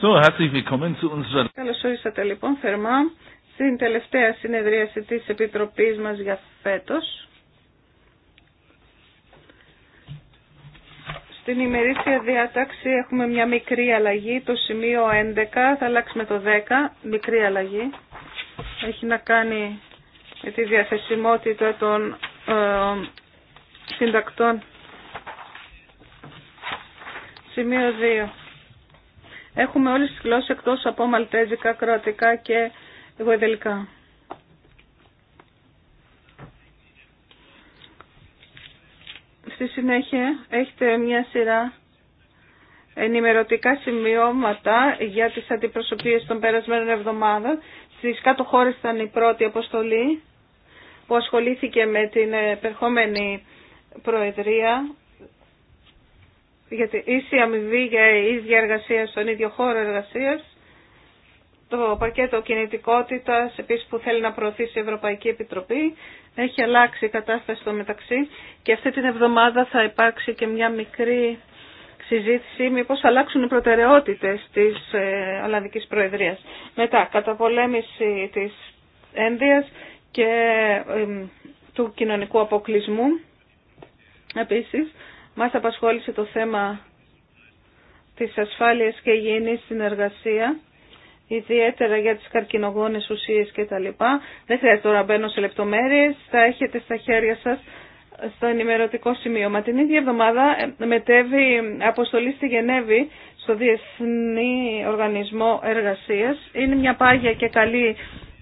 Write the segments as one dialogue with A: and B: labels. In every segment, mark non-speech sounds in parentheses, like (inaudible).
A: So, herzlich willkommen zu unserer...
B: Καλώς ήρθατε, λοιπόν θερμά στην τελευταία συνεδρίαση της Επιτροπής μας για φέτος. Στην ημερήσια διάταξη έχουμε μια μικρή αλλαγή, το σημείο 11, θα με το 10, μικρή αλλαγή. Έχει να κάνει με τη διαθεσιμότητα των ε, συντακτών. Σημείο 2 Έχουμε όλες τις γλώσσες εκτός από μαλτέζικα, κροατικά και γοεδελικά. Στη συνέχεια έχετε μια σειρά ενημερωτικά σημειώματα για τις αντιπροσωπείες των περασμένων εβδομάδων. Στις κάτω χώρες ήταν η πρώτη αποστολή που ασχολήθηκε με την επερχόμενη Προεδρία για την ίση αμοιβή για ίδια εργασία στον ίδιο χώρο εργασίας. Το πακέτο κινητικότητα, επίσης που θέλει να προωθήσει η Ευρωπαϊκή Επιτροπή έχει αλλάξει η κατάσταση στο μεταξύ και αυτή την εβδομάδα θα υπάρξει και μια μικρή συζήτηση Μήπω αλλάξουν οι προτεραιότητες της ε, Ολλανδική Προεδρία. Προεδρίας. Μετά, καταπολέμηση της ένδυα και του κοινωνικού αποκλεισμού επίσης μας απασχόλησε το θέμα της ασφάλειας και υγιεινής στην εργασία, ιδιαίτερα για τις καρκινογόνες ουσίες κτλ. Δεν χρειάζεται τώρα να μπαίνω σε λεπτομέρειες, τα έχετε στα χέρια σας στο ενημερωτικό σημείωμα. Την ίδια εβδομάδα ε, μετέβει αποστολή στη Γενέβη στο Διεθνή Οργανισμό Εργασίας. Είναι μια πάγια και καλή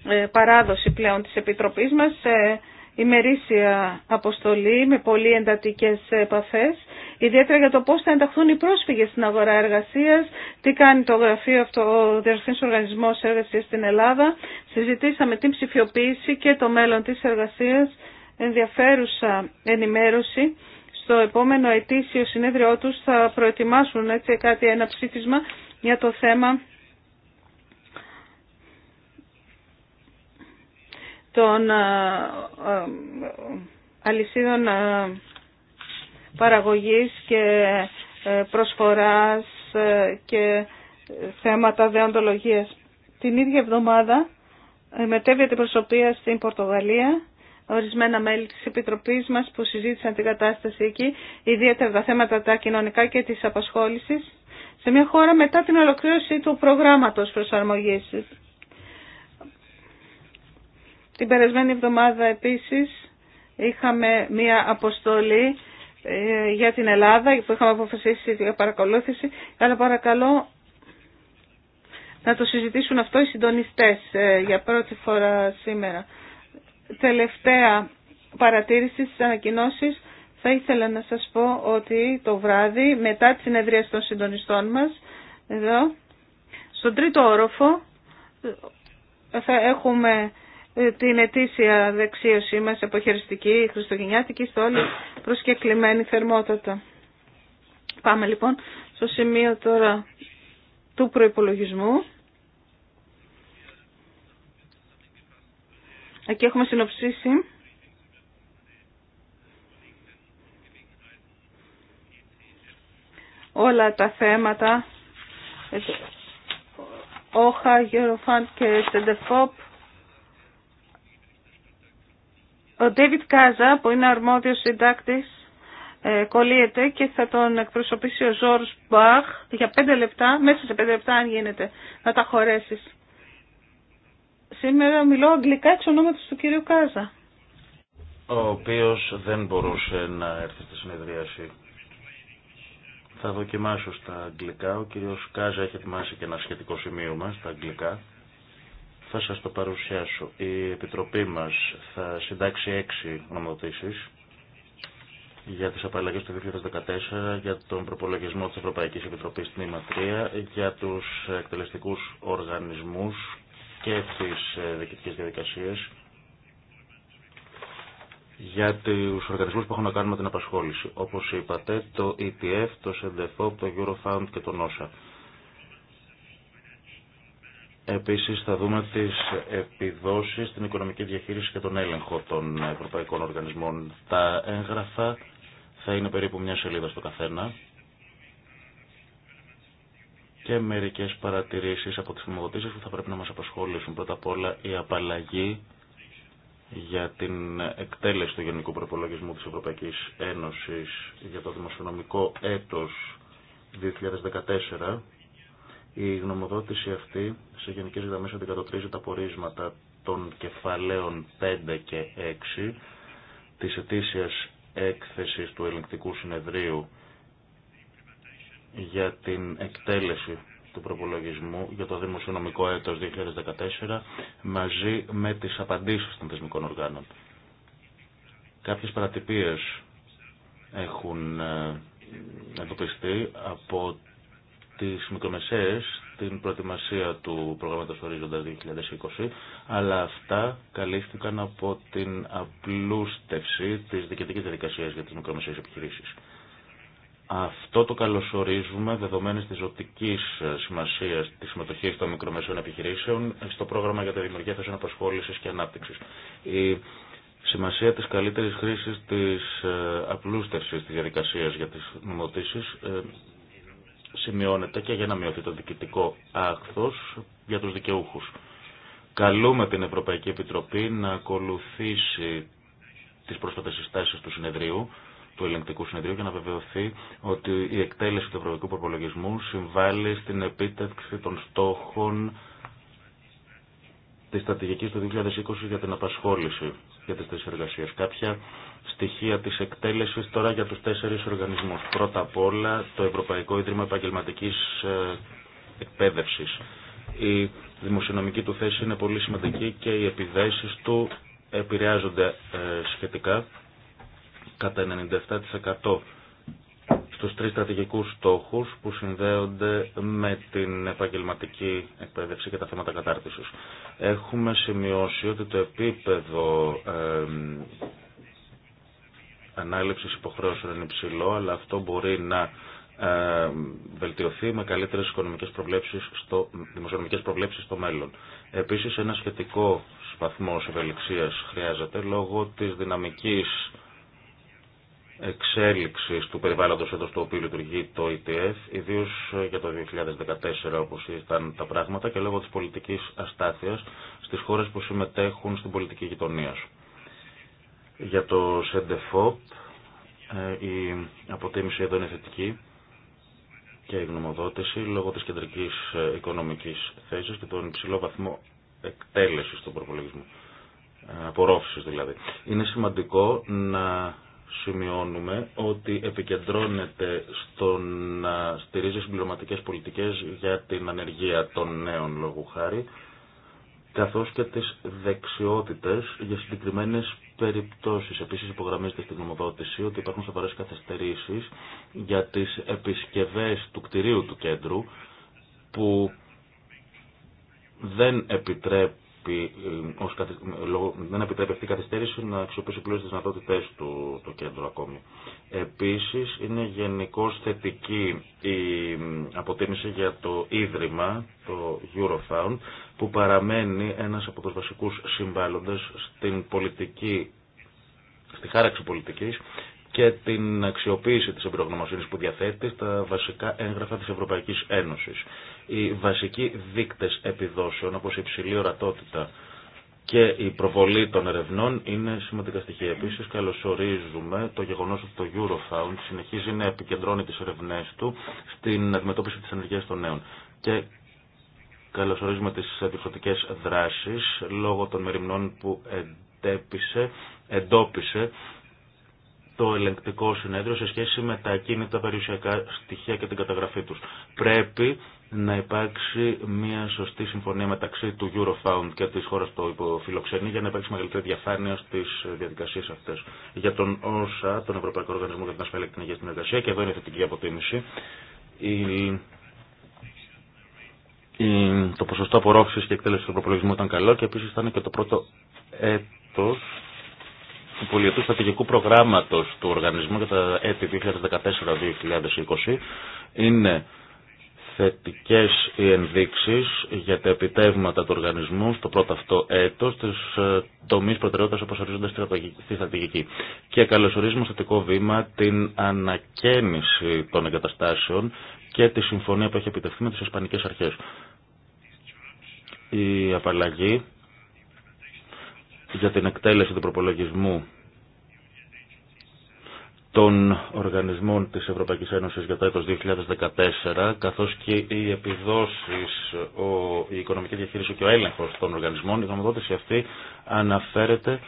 B: ε, παράδοση πλέον της Επιτροπής μας. Ε, ημερήσια αποστολή με πολύ εντατικές επαφές, ιδιαίτερα για το πώς θα ενταχθούν οι πρόσφυγες στην αγορά εργασίας, τι κάνει το γραφείο αυτό, ο Διεθνής Οργανισμός Εργασίας στην Ελλάδα. Συζητήσαμε την ψηφιοποίηση και το μέλλον της εργασίας, ενδιαφέρουσα ενημέρωση. Στο επόμενο ετήσιο συνέδριό τους θα προετοιμάσουν έτσι, κάτι ένα ψήφισμα για το θέμα των ε, ε, αλυσίδων ε, παραγωγής και προσφοράς και θέματα δεοντολογίας. Την ίδια εβδομάδα την προσωπία στην Πορτογαλία ορισμένα μέλη της Επιτροπής μας που συζήτησαν την κατάσταση εκεί, ιδιαίτερα τα θέματα τα κοινωνικά και της απασχόλησης, σε μια χώρα μετά την ολοκλήρωση του προγράμματος προσαρμογής την περασμένη εβδομάδα επίσης είχαμε μία αποστολή ε, για την Ελλάδα που είχαμε αποφασίσει για παρακολούθηση. Αλλά παρακαλώ να το συζητήσουν αυτό οι συντονιστές ε, για πρώτη φορά σήμερα. Τελευταία παρατήρηση στις ανακοινώσεις θα ήθελα να σας πω ότι το βράδυ μετά τη συνεδρία των συντονιστών μας εδώ στον τρίτο όροφο θα έχουμε ε, την ετήσια δεξίωσή μας αποχαιριστική χριστουγεννιάτικη στο όλοι προσκεκλημένη θερμότατα. Πάμε λοιπόν στο σημείο τώρα του προϋπολογισμού. Εκεί έχουμε συνοψίσει όλα τα θέματα όχα, ε, γεροφάν και τεντεφόπ Ο David Κάζα που είναι αρμόδιος συντάκτης ε, κολλείεται και θα τον εκπροσωπήσει ο Ζόρς Μπαχ για πέντε λεπτά, μέσα σε πέντε λεπτά αν γίνεται, να τα χωρέσεις. Σήμερα μιλώ αγγλικά εξ ονόματος του κυρίου Κάζα.
C: Ο οποίος δεν μπορούσε να έρθει στη συνεδρίαση. Θα δοκιμάσω στα αγγλικά. Ο κύριος Κάζα έχει ετοιμάσει και ένα σχετικό σημείο μας στα αγγλικά θα σας το παρουσιάσω. Η Επιτροπή μας θα συντάξει έξι νομοδοτήσεις για τις απαλλαγές του 2014, για τον προπολογισμό της Ευρωπαϊκής Επιτροπής στην Ιματρία, για τους εκτελεστικούς οργανισμούς και τις ε, διοικητικές διαδικασίες, για τους οργανισμούς που έχουν να κάνουν με την απασχόληση. Όπως είπατε, το ETF, το SEDEFOP, το Eurofound και το NOSA. Επίσης θα δούμε τις επιδόσεις, την οικονομική διαχείριση και τον έλεγχο των ευρωπαϊκών οργανισμών. Τα έγγραφα θα είναι περίπου μια σελίδα στο καθένα και μερικές παρατηρήσεις από τις θυμοδοτήσεις που θα πρέπει να μας απασχόλησουν. Πρώτα απ' όλα η απαλλαγή για την εκτέλεση του Γενικού Προπολογισμού της Ευρωπαϊκής Ένωσης για το δημοσιονομικό έτος 2014 η γνωμοδότηση αυτή σε γενικές γραμμές αντικατοπτρίζει τα πορίσματα των κεφαλαίων 5 και 6 της ετήσιας έκθεσης του ελληνικτικού συνεδρίου για την εκτέλεση του προπολογισμού για το δημοσιονομικό έτος 2014 μαζί με τις απαντήσεις των θεσμικών οργάνων. Κάποιες παρατυπίες έχουν ε, εντοπιστεί από τις μικρομεσαίες την προετοιμασία του προγράμματος Ορίζοντα 2020, αλλά αυτά καλύφθηκαν από την απλούστευση της διοικητικής διαδικασίας για τις μικρομεσαίες επιχειρήσεις. Αυτό το καλωσορίζουμε δεδομένες της οπτικής σημασίας της συμμετοχής των μικρομεσαίων επιχειρήσεων στο πρόγραμμα για τη δημιουργία θέσεων απασχόλησης και ανάπτυξης. Η σημασία της καλύτερης χρήσης της ε, απλούστευσης της διαδικασίας για τις νομοτήσεις ε, σημειώνεται και για να μειωθεί το διοικητικό άκθος για τους δικαιούχους. Καλούμε την Ευρωπαϊκή Επιτροπή να ακολουθήσει τις πρόσφατες συστάσεις του συνεδρίου, του ελεγκτικού συνεδρίου, για να βεβαιωθεί ότι η εκτέλεση του ευρωπαϊκού προπολογισμού συμβάλλει στην επίτευξη των στόχων της στρατηγικής του 2020 για την απασχόληση για τις τέσσερις εργασίες. Κάποια στοιχεία της εκτέλεσης τώρα για τους τέσσερις οργανισμούς. Πρώτα απ' όλα το Ευρωπαϊκό Ίδρυμα Επαγγελματικής ε, Εκπαίδευσης. Η δημοσιονομική του θέση είναι πολύ σημαντική και οι επιδέσεις του επηρεάζονται ε, σχετικά κατά 97% στους τρεις στρατηγικούς στόχους που συνδέονται με την επαγγελματική εκπαίδευση και τα θέματα κατάρτισης. Έχουμε σημειώσει ότι το επίπεδο ε, ανάληψης υποχρέωσεων είναι υψηλό, αλλά αυτό μπορεί να βελτιωθεί με καλύτερες οικονομικές προβλέψεις στο, δημοσιονομικές προβλέψεις στο μέλλον. Επίσης ένα σχετικό βαθμός ευελιξίας χρειάζεται λόγω της δυναμικής εξέλιξης του περιβάλλοντος εδώ στο οποίο λειτουργεί το ETF, ιδίως για το 2014 όπως ήταν τα πράγματα και λόγω της πολιτικής αστάθειας στις χώρες που συμμετέχουν στην πολιτική γειτονία. Για το ΣΕΝΤΕΦΟΠ ε, η αποτίμηση εδώ είναι θετική και η γνωμοδότηση λόγω της κεντρικής ε, οικονομικής θέσης και τον υψηλό βαθμό εκτέλεσης του προπολογισμού. Ε, απορρόφησης δηλαδή. Είναι σημαντικό να σημειώνουμε ότι επικεντρώνεται στο να στηρίζει συμπληρωματικέ πολιτικές για την ανεργία των νέων λόγου χάρη, καθώς και τις δεξιότητες για συγκεκριμένες περιπτώσεις. Επίσης υπογραμμίζεται στην νομοδότηση ότι υπάρχουν σοβαρές καθυστερήσεις για τις επισκευές του κτηρίου του κέντρου που δεν επιτρέπουν ε, ε, δεν επιτρέπει αυτή η καθυστέρηση να αξιοποιήσει πλήρω τι δυνατότητέ του το κέντρο ακόμη. Επίση, είναι γενικώ θετική η αποτίμηση για το ίδρυμα, το Eurofound, που παραμένει ένα από του βασικού συμβάλλοντε στην πολιτική, στη χάραξη πολιτική και την αξιοποίηση τη εμπειρογνωμοσύνη που διαθέτει στα βασικά έγγραφα τη Ευρωπαϊκή Ένωση οι βασικοί δείκτες επιδόσεων όπως η υψηλή ορατότητα και η προβολή των ερευνών είναι σημαντικά στοιχεία. Επίσης καλωσορίζουμε το γεγονός ότι το Eurofound συνεχίζει να επικεντρώνει τις ερευνές του στην αντιμετώπιση της ενεργείας των νέων. Και καλωσορίζουμε τις διχοτικές δράσεις λόγω των μεριμνών που εντέπισε, εντόπισε το ελεγκτικό συνέδριο σε σχέση με τα ακίνητα περιουσιακά στοιχεία και την καταγραφή τους. Πρέπει να υπάρξει μια σωστή συμφωνία μεταξύ του Eurofound και της χώρας που υποφιλοξενεί για να υπάρξει μεγαλύτερη διαφάνεια στις διαδικασίες αυτές. Για τον ΩΣΑ, τον Ευρωπαϊκό Οργανισμό για την Ασφάλεια και την Υγεία στην Εργασία, και εδώ είναι θετική αποτίμηση, η το ποσοστό απορρόφησης και εκτέλεσης του προπολογισμού ήταν καλό και επίσης ήταν και το πρώτο έτος του πολιετού στρατηγικού προγράμματος του οργανισμού για τα έτη 2014-2020. Είναι θετικές οι ενδείξεις για τα επιτεύγματα του οργανισμού στο πρώτο αυτό έτος, στις ε, τομείς προτεραιότητας όπως ορίζονται στη στρατηγική. Και καλωσορίζουμε στο θετικό βήμα την ανακαίνιση των εγκαταστάσεων και τη συμφωνία που έχει επιτευχθεί με τις Ισπανικές Αρχές. Η απαλλαγή για την εκτέλεση του προπολογισμού των οργανισμών της Ευρωπαϊκής Ένωσης για το έτος 2014, καθώς και οι επιδόσεις, ο, η οικονομική διαχείριση και ο έλεγχος των οργανισμών, η γνωμοδότηση αυτή αναφέρεται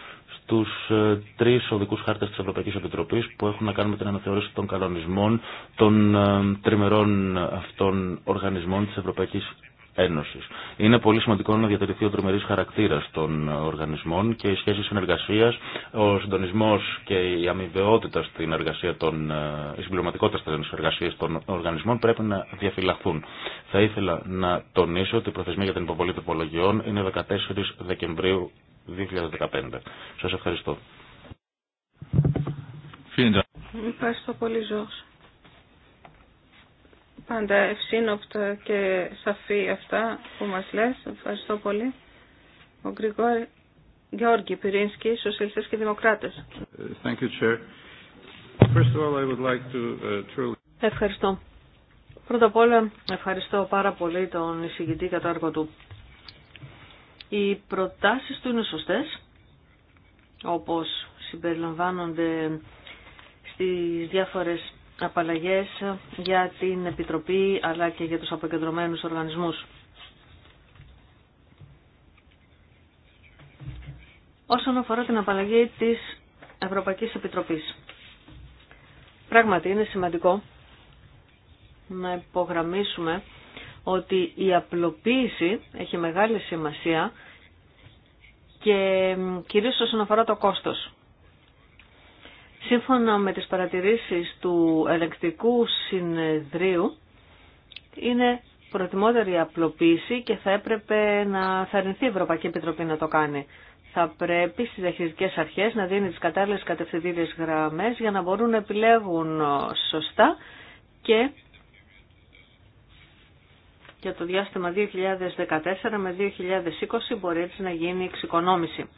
C: στους ε, τρεις οδικούς χάρτες της Ευρωπαϊκής Επιτροπής που έχουν να κάνουν με την αναθεώρηση των κανονισμών των ε, τριμερών αυτών οργανισμών της Ευρωπαϊκής είναι πολύ σημαντικό να διατηρηθεί ο τρομερής χαρακτήρα των οργανισμών και οι σχέσεις συνεργασία, ο συντονισμό και η αμοιβαιότητα στην εργασία των, ε, η συμπληρωματικότητα των οργανισμών πρέπει να διαφυλαχθούν. Θα ήθελα να τονίσω ότι η προθεσμία για την υποβολή των είναι 14 Δεκεμβρίου 2015. Σα ευχαριστώ.
B: Ευχαριστώ πολύ Ζώσο πάντα ευσύνοπτα και σαφή αυτά που μας λες. Ευχαριστώ πολύ. Ο Γκριγόρ Γιώργη Πυρίνσκη, Σοσιαλιστές και Δημοκράτες.
D: Uh,
E: ευχαριστώ. Πρώτα απ' όλα ευχαριστώ πάρα πολύ τον εισηγητή κατάργο του. Οι προτάσεις του είναι σωστές, όπως συμπεριλαμβάνονται στις διάφορες απαλλαγές για την Επιτροπή αλλά και για τους αποκεντρωμένους οργανισμούς. Όσον αφορά την απαλλαγή της Ευρωπαϊκής Επιτροπής. Πράγματι είναι σημαντικό να υπογραμμίσουμε ότι η απλοποίηση έχει μεγάλη σημασία και κυρίως όσον αφορά το κόστος. Σύμφωνα με τις παρατηρήσεις του ελεκτικού συνεδρίου, είναι προτιμότερη απλοποίηση και θα έπρεπε να θαρρυνθεί η Ευρωπαϊκή Επιτροπή να το κάνει. Θα πρέπει στις διαχειριστικές αρχές να δίνει τις κατάλληλες κατευθυντήριες γραμμές για να μπορούν να επιλέγουν σωστά και για το διάστημα 2014 με 2020 μπορεί έτσι να γίνει εξοικονόμηση.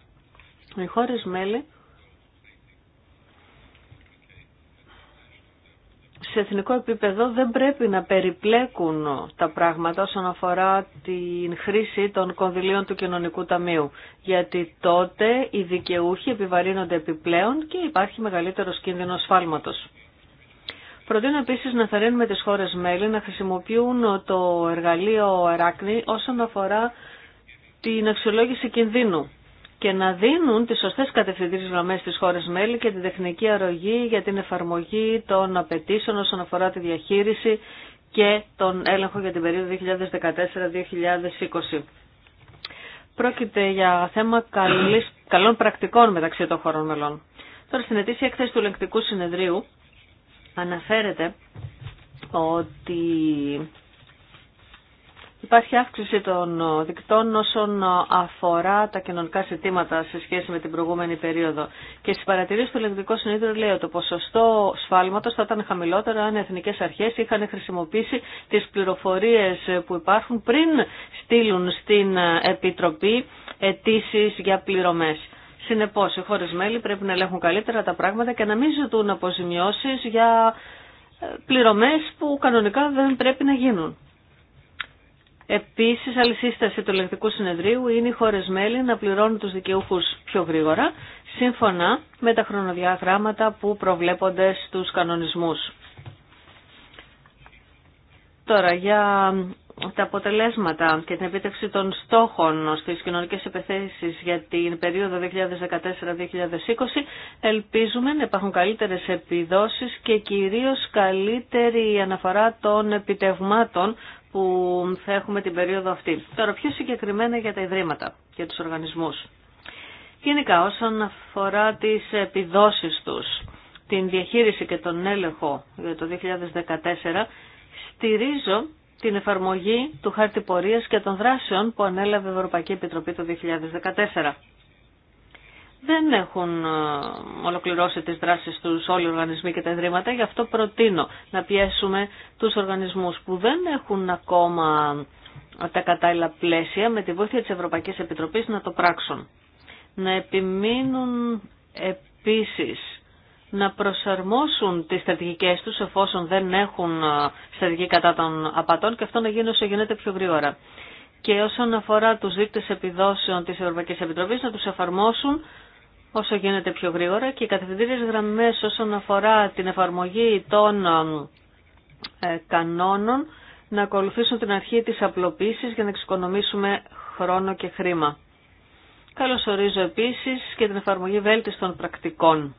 E: Οι χώρες μέλη σε εθνικό επίπεδο δεν πρέπει να περιπλέκουν τα πράγματα όσον αφορά την χρήση των κονδυλίων του κοινωνικού ταμείου. Γιατί τότε οι δικαιούχοι επιβαρύνονται επιπλέον και υπάρχει μεγαλύτερος κίνδυνος φάλματος. Προτείνω επίση να θαρρύνουμε τις χώρες μέλη να χρησιμοποιούν το εργαλείο Εράκνη όσον αφορά την αξιολόγηση κινδύνου και να δίνουν τις σωστές κατευθυντήριες γραμμές στις χώρες μέλη και την τεχνική αρρωγή για την εφαρμογή των απαιτήσεων όσον αφορά τη διαχείριση και τον έλεγχο για την περίοδο 2014-2020. Πρόκειται για θέμα καλών πρακτικών μεταξύ των χωρών μελών. Τώρα στην ετήσια εκθέση του ελεγκτικού Συνεδρίου αναφέρεται ότι Υπάρχει αύξηση των δικτών όσον αφορά τα κοινωνικά ζητήματα σε σχέση με την προηγούμενη περίοδο. Και στι παρατηρήσει του Ελληνικού Συνέδριου λέει ότι το ποσοστό σφάλματος θα ήταν χαμηλότερο αν οι εθνικέ αρχέ είχαν χρησιμοποιήσει τι πληροφορίε που υπάρχουν πριν στείλουν στην Επιτροπή αιτήσει για πληρωμέ. Συνεπώς, οι χώρε μέλη πρέπει να ελέγχουν καλύτερα τα πράγματα και να μην ζητούν αποζημιώσει για ε, πληρωμές που κανονικά δεν πρέπει να γίνουν. Επίση, άλλη σύσταση του Ελεκτικού συνεδρίου είναι οι χωρε μέλη να πληρώνουν τους δικαιούχου πιο γρήγορα, σύμφωνα με τα χρονοδιάγραμματα που προβλέπονται στου κανονισμούς. Τώρα, για τα αποτελέσματα και την επίτευξη των στόχων στις κοινωνικές επιθέσεις για την περίοδο 2014-2020 ελπίζουμε να υπάρχουν καλύτερες επιδόσεις και κυρίως καλύτερη αναφορά των επιτευγμάτων που θα έχουμε την περίοδο αυτή. Τώρα πιο συγκεκριμένα για τα ιδρύματα και τους οργανισμούς. Γενικά όσον αφορά τις επιδόσεις τους, την διαχείριση και τον έλεγχο για το 2014, στηρίζω την εφαρμογή του χάρτη πορείας και των δράσεων που ανέλαβε η Ευρωπαϊκή Επιτροπή το 2014 δεν έχουν ε, ολοκληρώσει τις δράσεις τους όλοι οι οργανισμοί και τα ιδρύματα, γι' αυτό προτείνω να πιέσουμε τους οργανισμούς που δεν έχουν ακόμα τα κατάλληλα πλαίσια με τη βοήθεια της Ευρωπαϊκής Επιτροπής να το πράξουν. Να επιμείνουν επίσης να προσαρμόσουν τις στρατηγικές τους εφόσον δεν έχουν ε, στρατηγική κατά των απατών και αυτό να γίνει όσο γίνεται πιο γρήγορα. Και όσον αφορά τους δείκτες επιδόσεων της Ευρωπαϊκής Επιτροπής να τους εφαρμόσουν όσο γίνεται πιο γρήγορα και οι κατευθυντήριες γραμμές όσον αφορά την εφαρμογή των ε, κανόνων να ακολουθήσουν την αρχή της απλοποίησης για να εξοικονομήσουμε χρόνο και χρήμα. Καλώς ορίζω επίσης και την εφαρμογή βέλτιστων πρακτικών.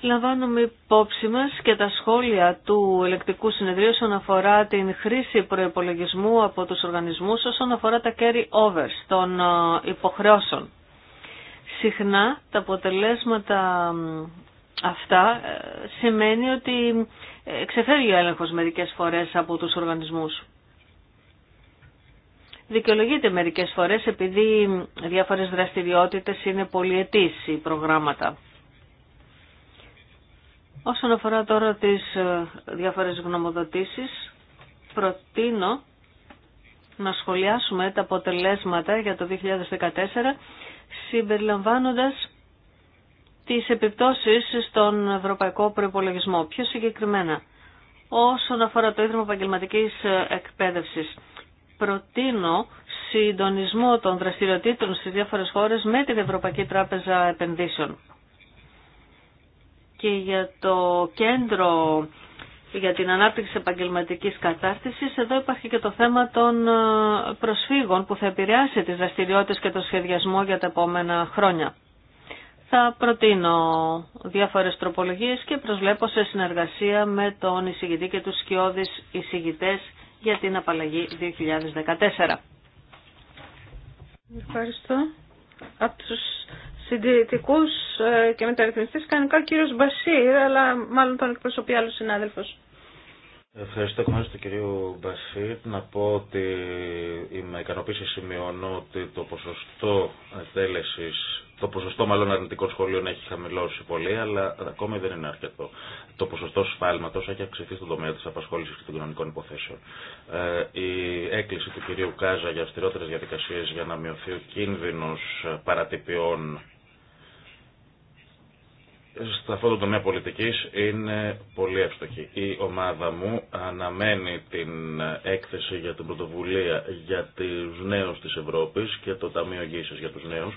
E: Λαμβάνουμε υπόψη μας και τα σχόλια του ελεκτικού συνεδρίου όσον αφορά την χρήση προϋπολογισμού από τους οργανισμούς όσον αφορά τα carry overs των ε, υποχρεώσεων συχνά τα αποτελέσματα αυτά ε, σημαίνει ότι ε, ξεφεύγει ο έλεγχος μερικές φορές από τους οργανισμούς. Δικαιολογείται μερικές φορές επειδή διάφορες δραστηριότητες είναι πολυετής οι προγράμματα. Όσον αφορά τώρα τις ε, διάφορες γνωμοδοτήσεις, προτείνω να σχολιάσουμε τα αποτελέσματα για το 2014 συμπεριλαμβάνοντας τις επιπτώσεις στον ευρωπαϊκό προϋπολογισμό. Πιο συγκεκριμένα, όσον αφορά το Ίδρυμα επαγγελματική Εκπαίδευσης, προτείνω συντονισμό των δραστηριοτήτων στις διάφορες χώρες με την Ευρωπαϊκή Τράπεζα Επενδύσεων. Και για το κέντρο για την ανάπτυξη επαγγελματικής κατάρτισης, εδώ υπάρχει και το θέμα των ε, προσφύγων που θα επηρεάσει τις δραστηριότητες και το σχεδιασμό για τα επόμενα χρόνια. Θα προτείνω διάφορες τροπολογίες και προσβλέπω σε συνεργασία με τον εισηγητή και τους σκιώδεις εισηγητές για την απαλλαγή 2014.
B: Ευχαριστώ. Από τους συντηρητικούς ε, και μεταρρυθμιστές κανονικά ο κύριος Μπασίρ, αλλά μάλλον τον εκπροσωπεί άλλος συνάδελφος.
C: Ευχαριστώ εκ μέρου του κυρίου Μπασίτ. Να πω ότι με ικανοποίηση σημειώνω ότι το ποσοστό εκτέλεση, το ποσοστό μάλλον αρνητικών σχολείων έχει χαμηλώσει πολύ, αλλά ακόμη δεν είναι αρκετό. Το ποσοστό σφάλματο έχει αυξηθεί στον τομέα τη απασχόληση και των κοινωνικών υποθέσεων. Ε, η έκκληση του κυρίου Κάζα για αυστηρότερε διαδικασίε για να μειωθεί ο κίνδυνο παρατυπιών σε αυτό το τομέα πολιτικής είναι πολύ εύστοχη. Η ομάδα μου αναμένει την έκθεση για την πρωτοβουλία για τους νέους της Ευρώπης και το Ταμείο Γύσης για τους νέους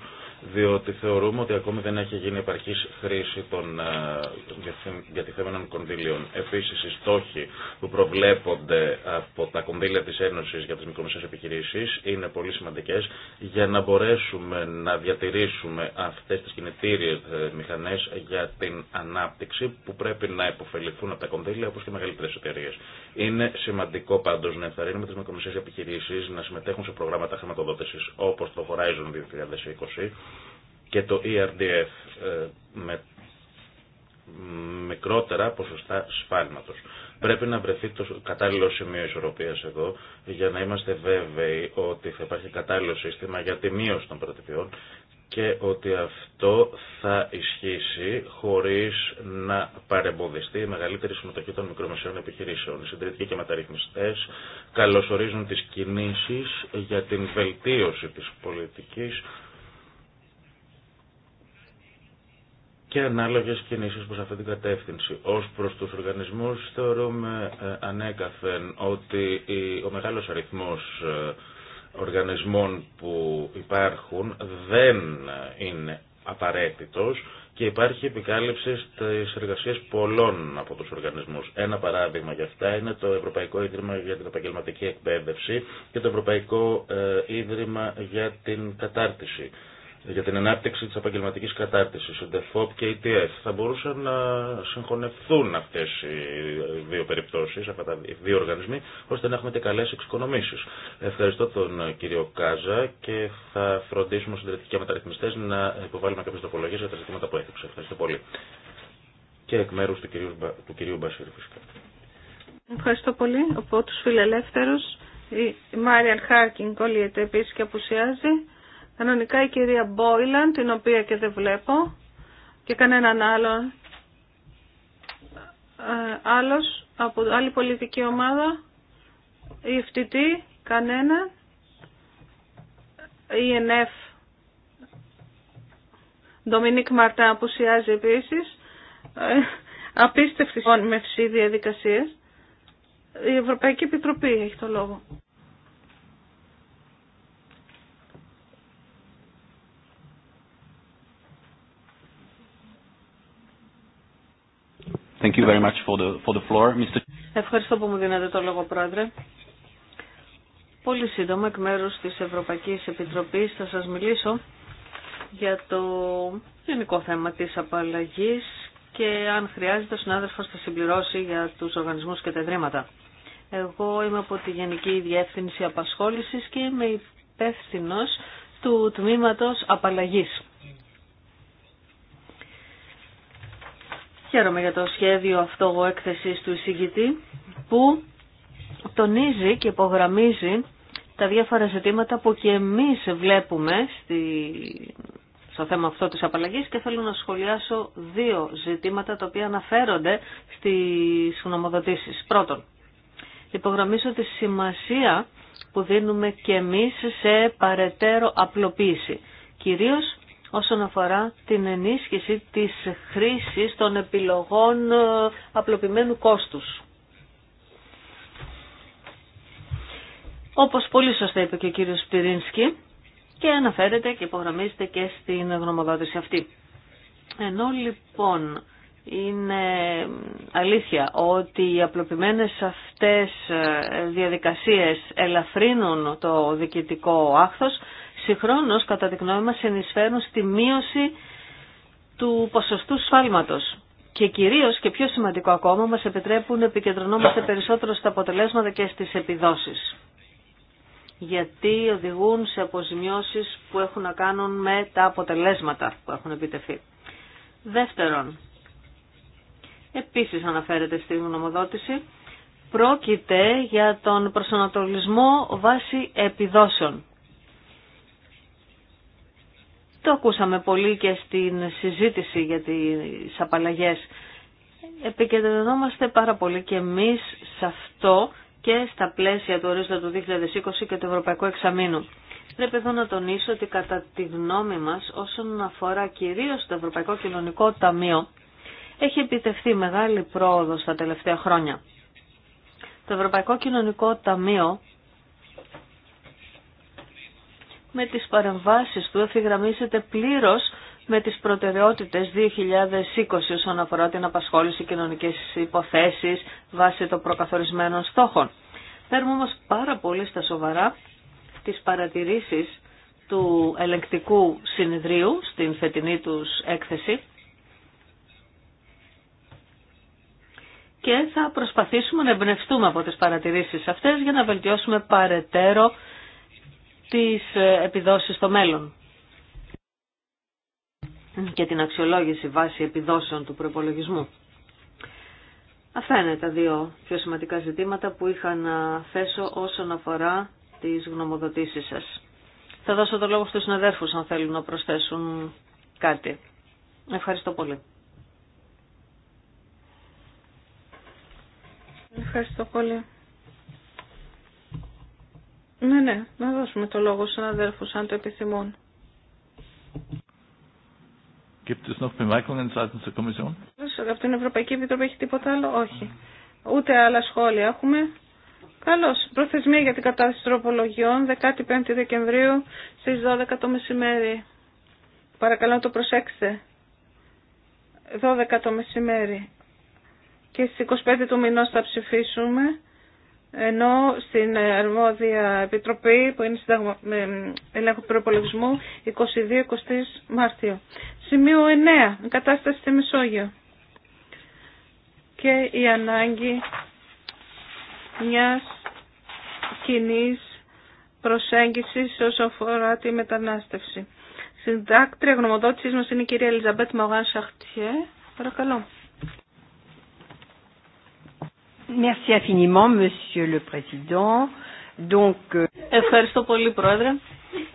C: διότι θεωρούμε ότι ακόμη δεν έχει γίνει επαρκής χρήση των ε, διατηθέμενων κονδύλιων. Επίση, οι στόχοι που προβλέπονται από τα κονδύλια τη Ένωση για τι μικρομεσαίε επιχειρήσει, είναι πολύ σημαντικέ για να μπορέσουμε να διατηρήσουμε αυτέ τι κινητήριε ε, μηχανέ για την ανάπτυξη που πρέπει να υποφεληθούν από τα κονδύλια όπω και μεγαλύτερε εταιρείε. Είναι σημαντικό πάντω να ενθαρρύνουμε τι μικρομεσαίε επιχειρήσει να συμμετέχουν σε προγράμματα χρηματοδότηση, όπω το Horizon 2020 και το ERDF ε, με μικρότερα ποσοστά σφάλματος. Πρέπει να βρεθεί το κατάλληλο σημείο ισορροπίας εδώ για να είμαστε βέβαιοι ότι θα υπάρχει κατάλληλο σύστημα για τη μείωση των προτυπιών και ότι αυτό θα ισχύσει χωρίς να παρεμποδιστεί η μεγαλύτερη συμμετοχή των μικρομεσαίων επιχειρήσεων. Οι συντηρητικοί και μεταρρυθμιστές καλωσορίζουν τις κινήσεις για την βελτίωση της πολιτικής και ανάλογε κινήσει προ αυτή την κατεύθυνση. Ω προς τους οργανισμούς θεωρούμε ε, ανέκαθεν ότι ο μεγάλος αριθμός ε, οργανισμών που υπάρχουν δεν είναι απαραίτητο και υπάρχει επικάλυψη στις εργασίες πολλών από του οργανισμού. Ένα παράδειγμα για αυτά είναι το Ευρωπαϊκό Ίδρυμα για την Επαγγελματική Εκπαίδευση και το Ευρωπαϊκό ε, Ίδρυμα για την Κατάρτιση για την ανάπτυξη της επαγγελματική κατάρτισης, ο DEFOP και η ETF. Θα μπορούσαν να συγχωνευτούν αυτές οι δύο περιπτώσεις, αυτά τα δύο οργανισμοί, ώστε να έχουμε και καλές εξοικονομήσεις. Ευχαριστώ τον κύριο Κάζα και θα φροντίσουμε ως συντηρητικοί μεταρρυθμιστές να υποβάλουμε κάποιες τοπολογίες για τα ζητήματα που έθιξε. Ευχαριστώ πολύ. Και εκ μέρους του κυρίου, του κυρίου φυσικά.
B: Ευχαριστώ πολύ. Από του η Μάριαν Χάρκινγκ η επίσης και απουσιάζει. Κανονικά η κυρία Μπόιλαν, την οποία και δεν βλέπω, και κανέναν άλλον ε, άλλος από άλλη πολιτική ομάδα, η FTT, κανένα, η ΕΝΕΦ, Ντομινίκ Μαρτά απουσιάζει επίσης, ε, απίστευτη με διαδικασίες. Η Ευρωπαϊκή Επιτροπή έχει το λόγο.
C: Thank you very much for the, for the floor, Mr.
E: Ευχαριστώ που μου δίνετε το λόγο, Πρόεδρε. Πολύ σύντομα, εκ μέρους της Ευρωπαϊκής Επιτροπής, θα σας μιλήσω για το γενικό θέμα της απαλλαγής και αν χρειάζεται ο συνάδελφος θα συμπληρώσει για τους οργανισμούς και τα ιδρύματα. Εγώ είμαι από τη Γενική Διεύθυνση Απασχόλησης και είμαι υπεύθυνο του τμήματο Απαλλαγής. Χαίρομαι για το σχέδιο αυτό έκθεσης του εισηγητή που τονίζει και υπογραμμίζει τα διάφορα ζητήματα που και εμείς βλέπουμε στη... στο θέμα αυτό της απαλλαγής και θέλω να σχολιάσω δύο ζητήματα τα οποία αναφέρονται στις γνωμοδοτήσεις. Πρώτον, υπογραμμίζω τη σημασία που δίνουμε και εμείς σε παρετέρω απλοποίηση, κυρίως όσον αφορά την ενίσχυση της χρήσης των επιλογών ε, απλοποιημένου κόστους. Όπως πολύ σωστά είπε και ο κύριος Πυρίνσκι και αναφέρεται και υπογραμμίζεται και στην γνωμοδότηση αυτή. Ενώ λοιπόν είναι αλήθεια ότι οι απλοποιημένες αυτές ε, διαδικασίες ελαφρύνουν το διοικητικό άχθος, συγχρόνως κατά τη γνώμη μας συνεισφέρουν στη μείωση του ποσοστού σφάλματος. Και κυρίως και πιο σημαντικό ακόμα μας επιτρέπουν να επικεντρωνόμαστε περισσότερο στα αποτελέσματα και στις επιδόσεις. Γιατί οδηγούν σε αποζημιώσεις που έχουν να κάνουν με τα αποτελέσματα που έχουν επιτεθεί. Δεύτερον, επίσης αναφέρεται στη γνωμοδότηση, πρόκειται για τον προσανατολισμό βάσει επιδόσεων. Το ακούσαμε πολύ και στην συζήτηση για τις απαλλαγές. Επικεντρωνόμαστε πάρα πολύ και εμείς σε αυτό και στα πλαίσια του ορίζοντα του 2020 και του Ευρωπαϊκού Εξαμήνου. Πρέπει εδώ να τονίσω ότι κατά τη γνώμη μας όσον αφορά κυρίως το Ευρωπαϊκό Κοινωνικό Ταμείο έχει επιτευχθεί μεγάλη πρόοδος τα τελευταία χρόνια. Το Ευρωπαϊκό Κοινωνικό Ταμείο με τις παρεμβάσεις του ευθυγραμμίζεται πλήρως με τις προτεραιότητες 2020 όσον αφορά την απασχόληση κοινωνικές υποθέσεις βάσει των προκαθορισμένων στόχων. Παίρνουμε όμως πάρα πολύ στα σοβαρά τις παρατηρήσεις του ελεγκτικού συνεδρίου στην φετινή τους έκθεση και θα προσπαθήσουμε να εμπνευστούμε από τις παρατηρήσεις αυτές για να βελτιώσουμε παρετέρω τις ε, επιδόσεις στο μέλλον και την αξιολόγηση βάση επιδόσεων του προπολογισμού. Αυτά είναι τα δύο πιο σημαντικά ζητήματα που είχα να θέσω όσον αφορά τις γνωμοδοτήσεις σας. Θα δώσω το λόγο στους συναδέρφους αν θέλουν να προσθέσουν κάτι.
B: Ευχαριστώ πολύ. Ευχαριστώ πολύ. Ναι, ναι, να δώσουμε το λόγο στους αδέρφους αν το επιθυμούν.
C: Gibt es noch Bemerkungen seitens der
B: Από την Ευρωπαϊκή Επιτροπή έχει τίποτα άλλο, όχι. Ούτε άλλα σχόλια έχουμε. Καλώ. Προθεσμία για την κατάσταση τροπολογιών 15 Δεκεμβρίου στι 12 το μεσημέρι. Παρακαλώ να το προσέξετε. 12 το μεσημέρι. Και στι 25 του μηνό θα ψηφίσουμε ενώ στην αρμόδια επιτροπή που είναι συνταγμα... ελέγχου προπολογισμού 22-23 Μάρτιο. Σημείο 9. Εγκατάσταση στη Μεσόγειο και η ανάγκη μιας κοινή προσέγγισης όσο αφορά τη μετανάστευση. Συντάκτρια γνωμοδότησής μας είναι η κυρία Ελιζαμπέτ Μαγάν Σαχτιέ. Παρακαλώ.
E: Euh, Ευχαριστώ πολύ, Πρόεδρε,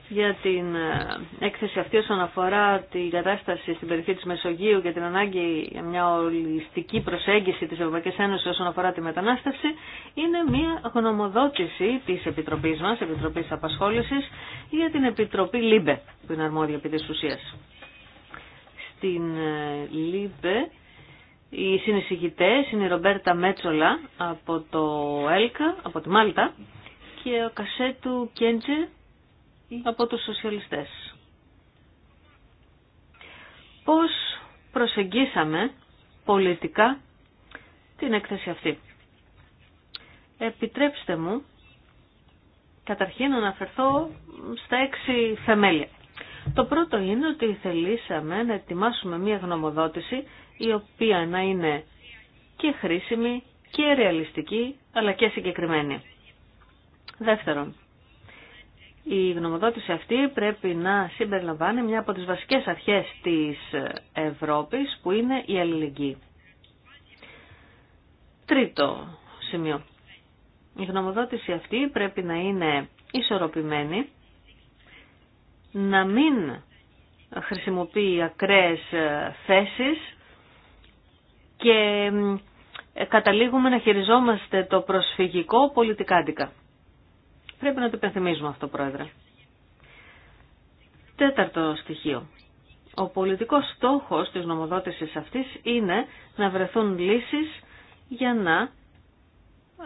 E: για την ε, έκθεση αυτή όσον αφορά την κατάσταση στην περιοχή της Μεσογείου και την ανάγκη για μια ολιστική προσέγγιση της Ευρωπαϊκής Ένωσης όσον αφορά τη μετανάστευση. Είναι μια γνωμοδότηση της Επιτροπής μας, Επιτροπής Απασχόλησης, για την Επιτροπή ΛΥΜΠΕ, που είναι αρμόδια επί της ουσίας. Στην ε, ΛΥΜΠΕ οι συνεισηγητές είναι η Ρομπέρτα Μέτσολα από το ΕΛΚΑ, από τη Μάλτα και ο Κασέτου Κέντζε από τους Σοσιαλιστές. Πώς προσεγγίσαμε πολιτικά την έκθεση αυτή. Επιτρέψτε μου καταρχήν να αναφερθώ στα έξι θεμέλια. Το πρώτο είναι ότι θελήσαμε να ετοιμάσουμε μία γνωμοδότηση η οποία να είναι και χρήσιμη και ρεαλιστική αλλά και συγκεκριμένη. Δεύτερον, η γνωμοδότηση αυτή πρέπει να συμπεριλαμβάνει μια από τις βασικές αρχές της Ευρώπης που είναι η αλληλεγγύη. Τρίτο σημείο. Η γνωμοδότηση αυτή πρέπει να είναι ισορροπημένη, να μην χρησιμοποιεί ακραίες θέσεις και ε, καταλήγουμε να χειριζόμαστε το προσφυγικό πολιτικά αντικά. Πρέπει να το υπενθυμίζουμε αυτό, Πρόεδρε. Τέταρτο στοιχείο. Ο πολιτικός στόχος της νομοδότησης αυτής είναι να βρεθούν λύσεις για να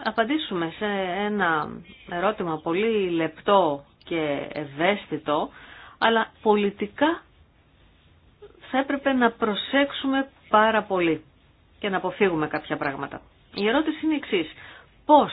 E: απαντήσουμε σε ένα ερώτημα πολύ λεπτό και ευαίσθητο, αλλά πολιτικά θα έπρεπε να προσέξουμε πάρα πολύ και να αποφύγουμε κάποια πράγματα. Η ερώτηση είναι η εξής. Πώς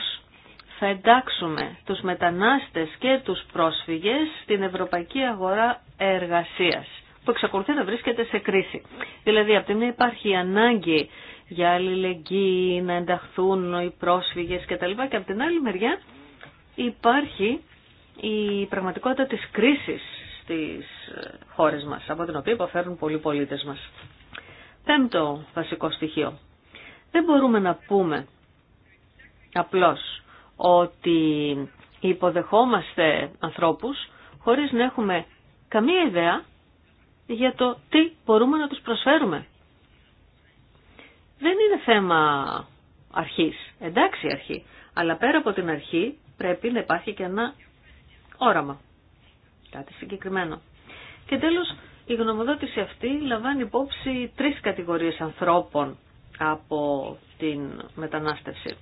E: θα εντάξουμε τους μετανάστες και τους πρόσφυγες στην ευρωπαϊκή αγορά εργασίας που εξακολουθεί να βρίσκεται σε κρίση. Δηλαδή, από τη μία υπάρχει η ανάγκη για αλληλεγγύη, να ενταχθούν οι πρόσφυγες κτλ. Και από την άλλη μεριά υπάρχει η πραγματικότητα της κρίσης στις ε, χώρες μας, από την οποία υποφέρουν πολλοί πολίτες μας. Πέμπτο βασικό στοιχείο. Δεν μπορούμε να πούμε απλώς ότι υποδεχόμαστε ανθρώπους χωρίς να έχουμε καμία ιδέα για το τι μπορούμε να τους προσφέρουμε. Δεν είναι θέμα αρχής, εντάξει αρχή, αλλά πέρα από την αρχή πρέπει να υπάρχει και ένα όραμα, κάτι συγκεκριμένο. Και τέλος η γνωμοδότηση αυτή λαμβάνει υπόψη τρεις κατηγορίες ανθρώπων από την μετανάστευση.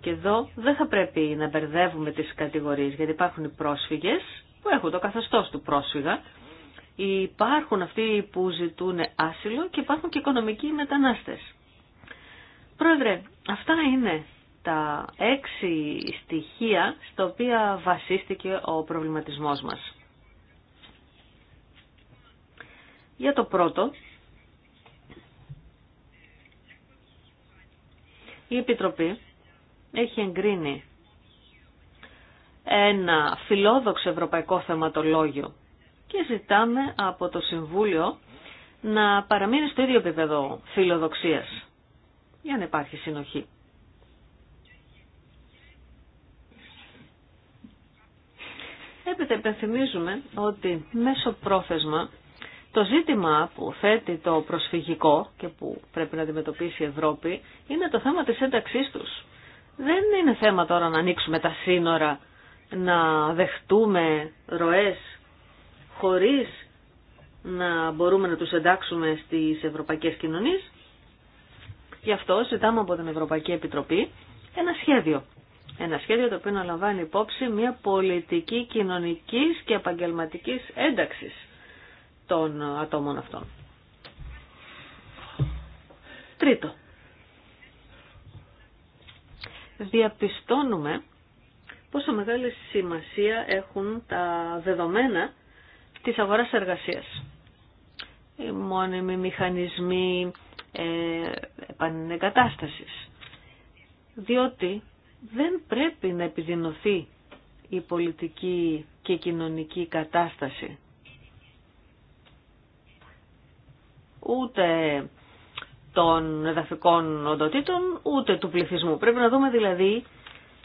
E: Και εδώ δεν θα πρέπει να μπερδεύουμε τις κατηγορίες, γιατί υπάρχουν οι πρόσφυγες που έχουν το καθεστώς του πρόσφυγα, υπάρχουν αυτοί που ζητούν άσυλο και υπάρχουν και οικονομικοί μετανάστες. Πρόεδρε, αυτά είναι τα έξι στοιχεία στα οποία βασίστηκε ο προβληματισμός μας. Για το πρώτο, η Επιτροπή έχει εγκρίνει ένα φιλόδοξο ευρωπαϊκό θεματολόγιο και ζητάμε από το Συμβούλιο να παραμείνει στο ίδιο επίπεδο φιλοδοξίας για να υπάρχει συνοχή. Έπειτα υπενθυμίζουμε ότι μέσω πρόθεσμα το ζήτημα που θέτει το προσφυγικό και που πρέπει να αντιμετωπίσει η Ευρώπη είναι το θέμα της ένταξής τους. Δεν είναι θέμα τώρα να ανοίξουμε τα σύνορα, να δεχτούμε ροές χωρίς να μπορούμε να τους εντάξουμε στις ευρωπαϊκές κοινωνίες. Γι' αυτό ζητάμε από την Ευρωπαϊκή Επιτροπή ένα σχέδιο. Ένα σχέδιο το οποίο να λαμβάνει υπόψη μια πολιτική κοινωνικής και επαγγελματική ένταξης των ατόμων αυτών. Τρίτο. Διαπιστώνουμε πόσο μεγάλη σημασία έχουν τα δεδομένα της αγοράς εργασίας. Οι μόνιμοι μηχανισμοί ε, επανεγκατάστασης. Διότι δεν πρέπει να επιδεινωθεί η πολιτική και κοινωνική κατάσταση ούτε των εδαφικών οντοτήτων, ούτε του πληθυσμού. Πρέπει να δούμε δηλαδή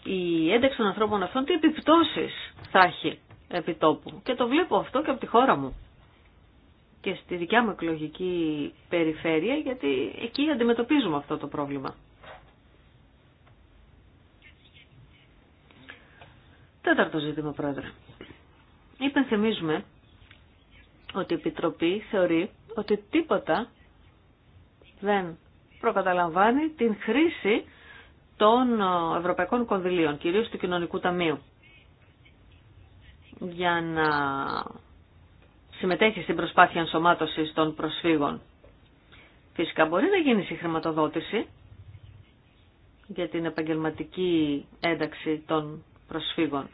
E: η ένταξη των ανθρώπων αυτών τι επιπτώσεις θα έχει επί τόπου. Και το βλέπω αυτό και από τη χώρα μου και στη δικιά μου εκλογική περιφέρεια, γιατί εκεί αντιμετωπίζουμε αυτό το πρόβλημα. Τέταρτο ζήτημα, Πρόεδρε. Υπενθυμίζουμε ότι η Επιτροπή θεωρεί ότι τίποτα δεν προκαταλαμβάνει την χρήση των ε, ευρωπαϊκών κονδυλίων, κυρίως του κοινωνικού ταμείου, για να συμμετέχει στην προσπάθεια ενσωμάτωσης των προσφύγων. Φυσικά μπορεί να γίνει χρηματοδότηση για την επαγγελματική ένταξη των προσφύγων.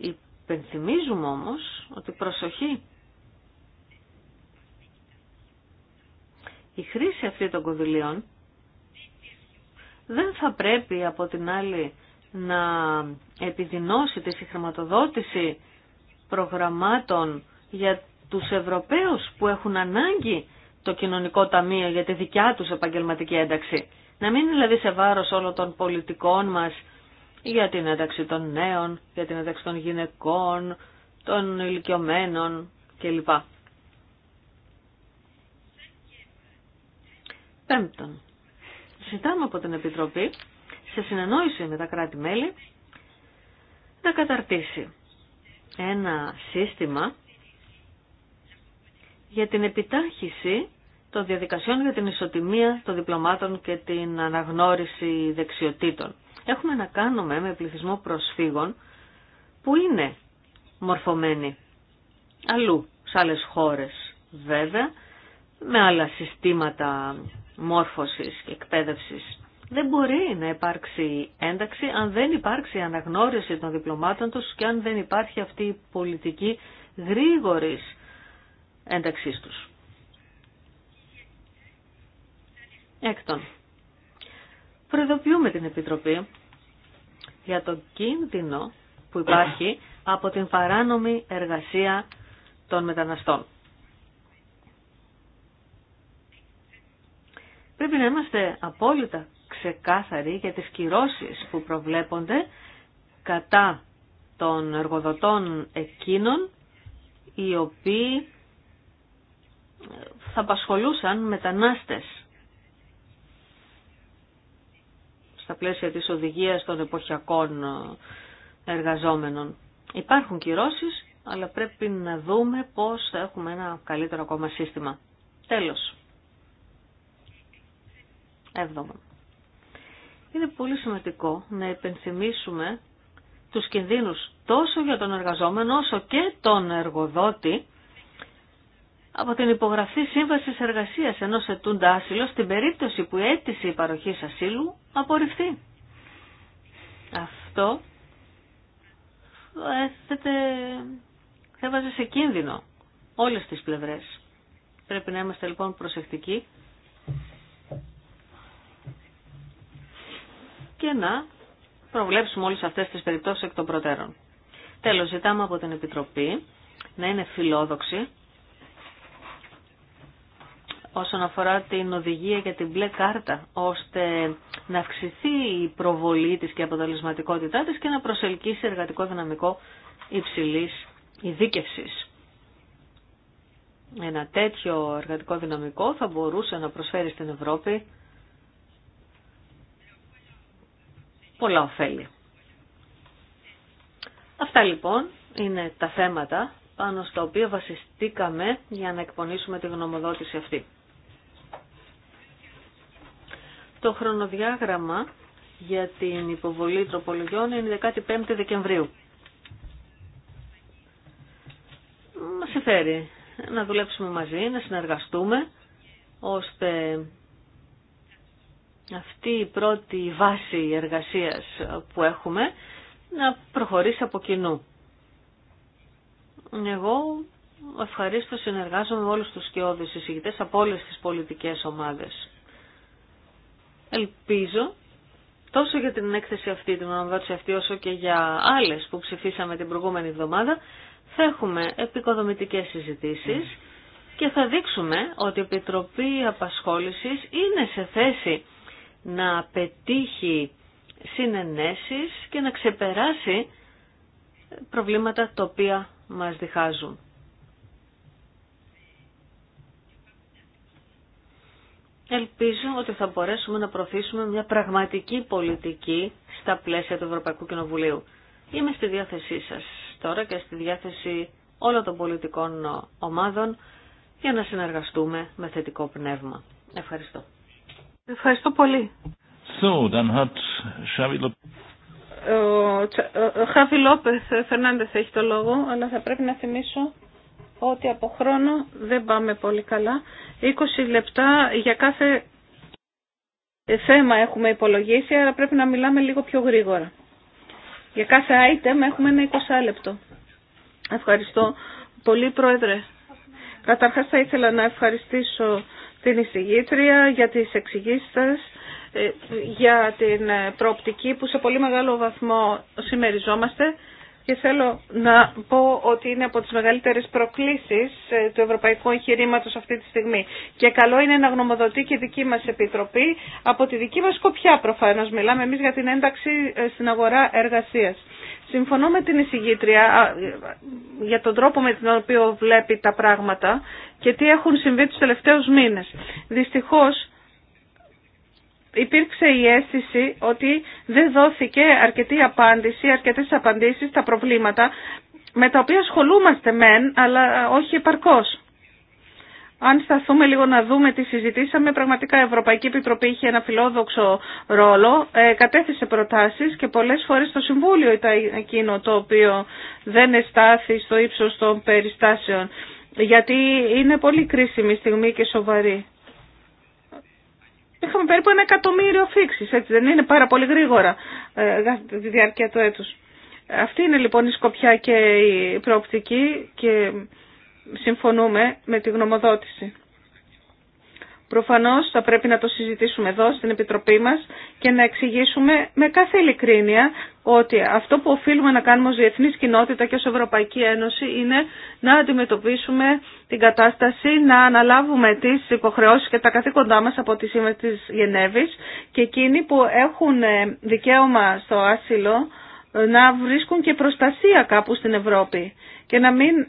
E: Υπενθυμίζουμε όμως ότι προσοχή Η χρήση αυτή των κονδυλίων δεν θα πρέπει από την άλλη να επιδεινώσει τη συγχρηματοδότηση προγραμμάτων για τους Ευρωπαίους που έχουν ανάγκη το κοινωνικό ταμείο για τη δικιά τους επαγγελματική ένταξη. Να μην δηλαδή σε βάρος όλων των πολιτικών μας για την ένταξη των νέων, για την ένταξη των γυναικών, των ηλικιωμένων κλπ. Πέμπτον, ζητάμε από την Επιτροπή σε συνεννόηση με τα κράτη-μέλη να καταρτήσει ένα σύστημα για την επιτάχυση των διαδικασιών για την ισοτιμία των διπλωμάτων και την αναγνώριση δεξιοτήτων. Έχουμε να κάνουμε με πληθυσμό προσφύγων που είναι μορφωμένοι αλλού, σε άλλες χώρες βέβαια, με άλλα συστήματα μόρφωσης και εκπαίδευσης. Δεν μπορεί να υπάρξει ένταξη αν δεν υπάρξει αναγνώριση των διπλωμάτων τους και αν δεν υπάρχει αυτή η πολιτική γρήγορης ένταξής τους. Έκτον, προειδοποιούμε την Επιτροπή για το κίνδυνο που υπάρχει από την παράνομη εργασία των μεταναστών. Πρέπει να είμαστε απόλυτα ξεκάθαροι για τις κυρώσεις που προβλέπονται κατά των εργοδοτών εκείνων οι οποίοι θα απασχολούσαν μετανάστες στα πλαίσια της οδηγίας των εποχιακών εργαζόμενων. Υπάρχουν κυρώσεις, αλλά πρέπει να δούμε πώς θα έχουμε ένα καλύτερο ακόμα σύστημα. Τέλος. Είναι πολύ σημαντικό να επενθυμίσουμε τους κινδύνους τόσο για τον εργαζόμενο όσο και τον εργοδότη από την υπογραφή σύμβασης εργασίας ενός ετούντα άσυλο στην περίπτωση που η αίτηση παροχή ασύλου απορριφθεί. Αυτό ε, έθετε, θα σε κίνδυνο όλες τις πλευρές. Πρέπει να είμαστε λοιπόν προσεκτικοί και να προβλέψουμε όλες αυτές τις περιπτώσεις εκ των προτέρων. Τέλος, ζητάμε από την Επιτροπή να είναι φιλόδοξη όσον αφορά την οδηγία για την μπλε κάρτα, ώστε να αυξηθεί η προβολή της και η αποτελεσματικότητά της και να προσελκύσει εργατικό δυναμικό υψηλής ειδίκευσης. Ένα τέτοιο εργατικό δυναμικό θα μπορούσε να προσφέρει στην Ευρώπη πολλά ωφέλη. Αυτά λοιπόν είναι τα θέματα πάνω στα οποία βασιστήκαμε για να εκπονήσουμε τη γνωμοδότηση αυτή. Το χρονοδιάγραμμα για την υποβολή τροπολογιών είναι 15 Δεκεμβρίου. Μας συμφέρει να δουλέψουμε μαζί, να συνεργαστούμε, ώστε αυτή η πρώτη βάση εργασίας που έχουμε να προχωρήσει από κοινού. Εγώ ευχαρίστω συνεργάζομαι με όλους τους σκιώδεις εισηγητές από όλες τις πολιτικές ομάδες. Ελπίζω τόσο για την έκθεση αυτή, την ονομαδότηση αυτή, όσο και για άλλες που ψηφίσαμε την προηγούμενη εβδομάδα, θα έχουμε επικοδομητικές συζητήσεις και θα δείξουμε ότι η Επιτροπή Απασχόλησης είναι σε θέση να πετύχει συνενέσεις και να ξεπεράσει προβλήματα τα οποία μας διχάζουν. Ελπίζω ότι θα μπορέσουμε να προωθήσουμε μια πραγματική πολιτική στα πλαίσια του Ευρωπαϊκού Κοινοβουλίου. Είμαι στη διάθεσή σας τώρα και στη διάθεση όλων των πολιτικών ομάδων για να συνεργαστούμε με θετικό
B: πνεύμα. Ευχαριστώ. Ευχαριστώ πολύ.
C: So, dann hat Xavi
B: Ο Χάβι Λόπεθ Φερνάντες έχει το λόγο, αλλά θα πρέπει να θυμίσω ότι από χρόνο δεν πάμε πολύ καλά. 20 λεπτά για κάθε θέμα έχουμε υπολογίσει, αλλά πρέπει να μιλάμε λίγο πιο γρήγορα. Για κάθε item έχουμε ένα 20 λεπτό. Ευχαριστώ πολύ, Πρόεδρε. Καταρχάς θα ήθελα να ευχαριστήσω την εισηγήτρια για τις εξηγήσεις σας, ε, για την ε, προοπτική που σε πολύ μεγάλο βαθμό συμμεριζόμαστε και θέλω να πω ότι είναι από τις μεγαλύτερες προκλήσεις ε, του ευρωπαϊκού εγχειρήματος αυτή τη στιγμή. Και καλό είναι να γνωμοδοτεί και η δική μας Επιτροπή από τη δική μας σκοπιά προφανώς. Μιλάμε εμείς για την ένταξη στην αγορά εργασίας. Συμφωνώ με την εισηγήτρια για τον τρόπο με τον οποίο βλέπει τα πράγματα και τι έχουν συμβεί τους τελευταίους μήνες. Δυστυχώς υπήρξε η αίσθηση ότι δεν δόθηκε αρκετή απάντηση, αρκετές απαντήσεις στα προβλήματα με τα οποία ασχολούμαστε μεν, αλλά όχι επαρκώς. Αν σταθούμε λίγο να δούμε τι συζητήσαμε, πραγματικά η Ευρωπαϊκή Επιτροπή είχε ένα φιλόδοξο ρόλο, ε, κατέθεσε προτάσεις και πολλές φορές το Συμβούλιο ήταν εκείνο το οποίο δεν εστάθη στο ύψος των περιστάσεων, γιατί είναι πολύ κρίσιμη στιγμή και σοβαρή. Είχαμε περίπου ένα εκατομμύριο φίξεις, έτσι δεν είναι πάρα πολύ γρήγορα ε, τη διάρκεια του έτους. Αυτή είναι λοιπόν η σκοπιά και η προοπτική και συμφωνούμε με τη γνωμοδότηση. Προφανώς θα πρέπει να το συζητήσουμε εδώ στην Επιτροπή μας και να εξηγήσουμε με κάθε ειλικρίνεια ότι αυτό που οφείλουμε να κάνουμε ως διεθνής κοινότητα και ως Ευρωπαϊκή Ένωση είναι να αντιμετωπίσουμε την κατάσταση, να αναλάβουμε τις υποχρεώσεις και τα καθήκοντά μας από τη Σύμβαση της Γενέβης και εκείνοι που έχουν δικαίωμα στο άσυλο να βρίσκουν και προστασία κάπου στην Ευρώπη και να μην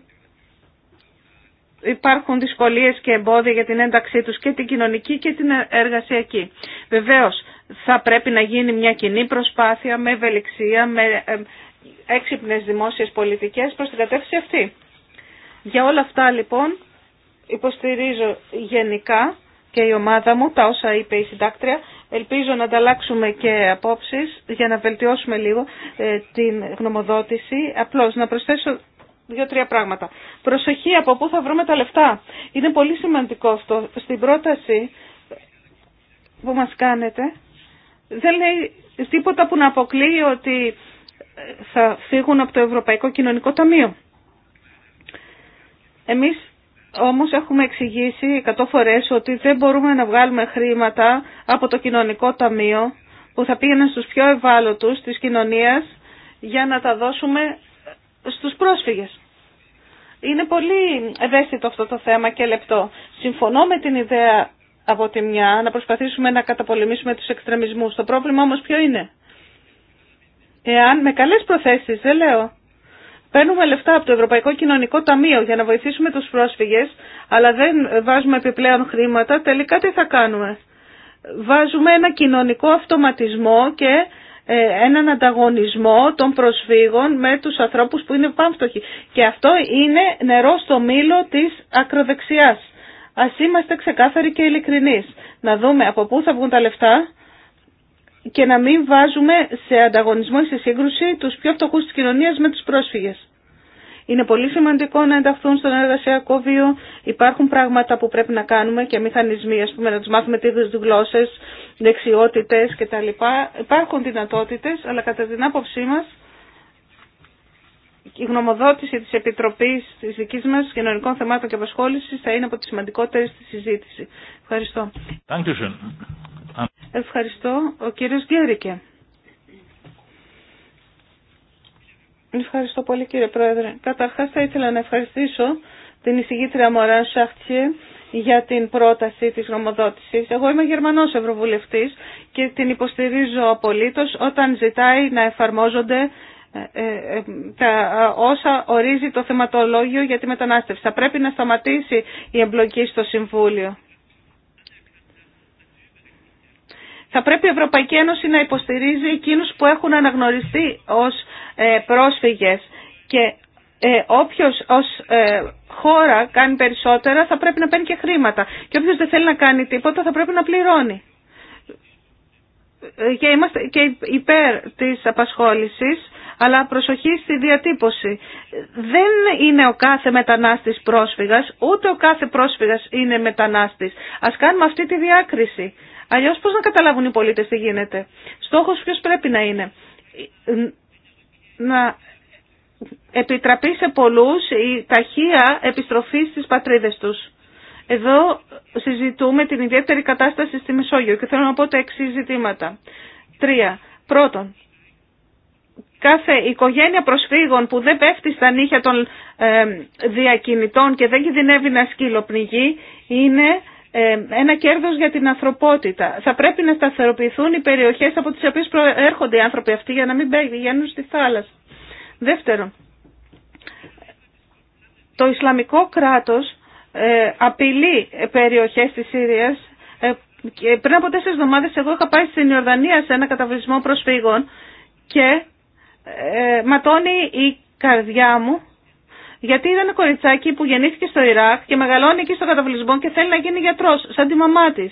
B: υπάρχουν δυσκολίες και εμπόδια για την ένταξή τους και την κοινωνική και την εργασιακή. Βεβαίως θα πρέπει να γίνει μια κοινή προσπάθεια με ευελιξία, με έξυπνες δημόσιες πολιτικές προς την κατεύθυνση αυτή. Για όλα αυτά λοιπόν υποστηρίζω γενικά και η ομάδα μου, τα όσα είπε η συντάκτρια, ελπίζω να ανταλλάξουμε και απόψεις για να βελτιώσουμε λίγο ε, την γνωμοδότηση. Απλώς να προσθέσω δύο-τρία πράγματα. Προσοχή από πού θα βρούμε τα λεφτά. Είναι πολύ σημαντικό αυτό. Στην πρόταση που μας κάνετε δεν λέει τίποτα που να αποκλείει ότι θα φύγουν από το Ευρωπαϊκό Κοινωνικό Ταμείο. Εμείς όμως έχουμε εξηγήσει 100 φορές ότι δεν μπορούμε να βγάλουμε χρήματα από το Κοινωνικό Ταμείο που θα βρουμε τα λεφτα ειναι πολυ σημαντικο αυτο στην προταση που μας κανετε δεν λεει τιποτα που να αποκλειει οτι θα φυγουν απο το ευρωπαικο κοινωνικο ταμειο εμεις ομως εχουμε εξηγησει 100 φορες οτι δεν μπορουμε να βγαλουμε χρηματα απο το κοινωνικο ταμειο που θα πηγαινε στους πιο ευάλωτους της κοινωνίας για να τα δώσουμε στους πρόσφυγες. Είναι πολύ ευαίσθητο αυτό το θέμα και λεπτό. Συμφωνώ με την ιδέα από τη μια να προσπαθήσουμε να καταπολεμήσουμε τους εξτρεμισμούς. Το πρόβλημα όμως ποιο είναι. Εάν με καλές προθέσεις, δεν λέω, παίρνουμε λεφτά από το Ευρωπαϊκό Κοινωνικό Ταμείο για να βοηθήσουμε τους πρόσφυγες, αλλά δεν βάζουμε επιπλέον χρήματα, τελικά τι θα κάνουμε. Βάζουμε ένα κοινωνικό αυτοματισμό και ε, έναν ανταγωνισμό των προσφύγων με τους ανθρώπους που είναι πάμφτωχοι. Και αυτό είναι νερό στο μήλο της ακροδεξιάς. Ας είμαστε ξεκάθαροι και ειλικρινεί Να δούμε από πού θα βγουν τα λεφτά και να μην βάζουμε σε ανταγωνισμό ή σε σύγκρουση τους πιο φτωχούς της κοινωνίας με τους πρόσφυγες. Είναι πολύ σημαντικό να ενταχθούν στον εργασιακό βίο. Υπάρχουν πράγματα που πρέπει να κάνουμε και μηχανισμοί, ας πούμε, να τους μάθουμε τι γλώσσες, δεξιότητες κτλ. Υπάρχουν δυνατότητες, αλλά κατά την άποψή μας, η γνωμοδότηση της Επιτροπής της δικής μας κοινωνικών θεμάτων και απασχόλησης θα είναι από τις σημαντικότερες στη συζήτηση. Ευχαριστώ. Ευχαριστώ. Ο κύριος Γκέρικε. Ευχαριστώ πολύ κύριε Πρόεδρε. Καταρχάς θα ήθελα να ευχαριστήσω την εισηγήτρια Μωράν Σαχτιέ για την πρόταση της νομοδότησης. Εγώ είμαι Γερμανός Ευρωβουλευτής και την υποστηρίζω απολύτως όταν ζητάει να εφαρμόζονται ε, ε, όσα ορίζει το θεματολόγιο για τη μετανάστευση. Θα πρέπει να σταματήσει η εμπλοκή στο Συμβούλιο. Θα πρέπει η Ευρωπαϊκή Ένωση να υποστηρίζει εκείνους που έχουν αναγνωριστεί ως ε, πρόσφυγες και ε, όποιος ως ε, χώρα κάνει περισσότερα θα πρέπει να παίρνει και χρήματα και όποιος δεν θέλει να κάνει τίποτα θα πρέπει να πληρώνει. Ε, και είμαστε και υπέρ της απασχόλησης αλλά προσοχή στη διατύπωση. Δεν είναι ο κάθε μετανάστης πρόσφυγας, ούτε ο κάθε πρόσφυγας είναι μετανάστης. Ας κάνουμε αυτή τη διάκριση. Αλλιώς πώς να καταλάβουν οι πολίτες τι γίνεται. Στόχος ποιος πρέπει να είναι. Να επιτραπεί σε πολλούς η ταχεία επιστροφή στις πατρίδες τους. Εδώ συζητούμε την ιδιαίτερη κατάσταση στη Μεσόγειο και θέλω να πω τα εξή ζητήματα. Τρία. Πρώτον, κάθε οικογένεια προσφύγων που δεν πέφτει στα νύχια των ε, διακινητών και δεν κινδυνεύει να σκύλο πνιγεί είναι ε, ένα κέρδος για την ανθρωπότητα. Θα πρέπει να σταθεροποιηθούν οι περιοχές από τις οποίες προέρχονται οι άνθρωποι αυτοί για να μην πηγαίνουν στη θάλασσα. Δεύτερον, το Ισλαμικό κράτος ε, απειλεί περιοχές της Συρίας. Ε, πριν από τέσσερις εβδομάδες εγώ είχα πάει στην Ιορδανία σε ένα καταβλησμό προσφύγων και ματώνει η καρδιά μου γιατί ένα κοριτσάκι που γεννήθηκε στο Ιράκ και μεγαλώνει εκεί στο καταβλησμό και θέλει να γίνει γιατρό, σαν τη μαμά τη.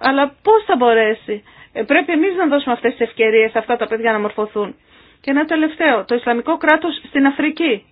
B: Αλλά πώ θα μπορέσει. Ε, πρέπει εμεί να δώσουμε αυτές τις ευκαιρίες αυτά τα παιδιά να μορφωθούν. Και ένα τελευταίο, το Ισλαμικό κράτο στην Αφρική.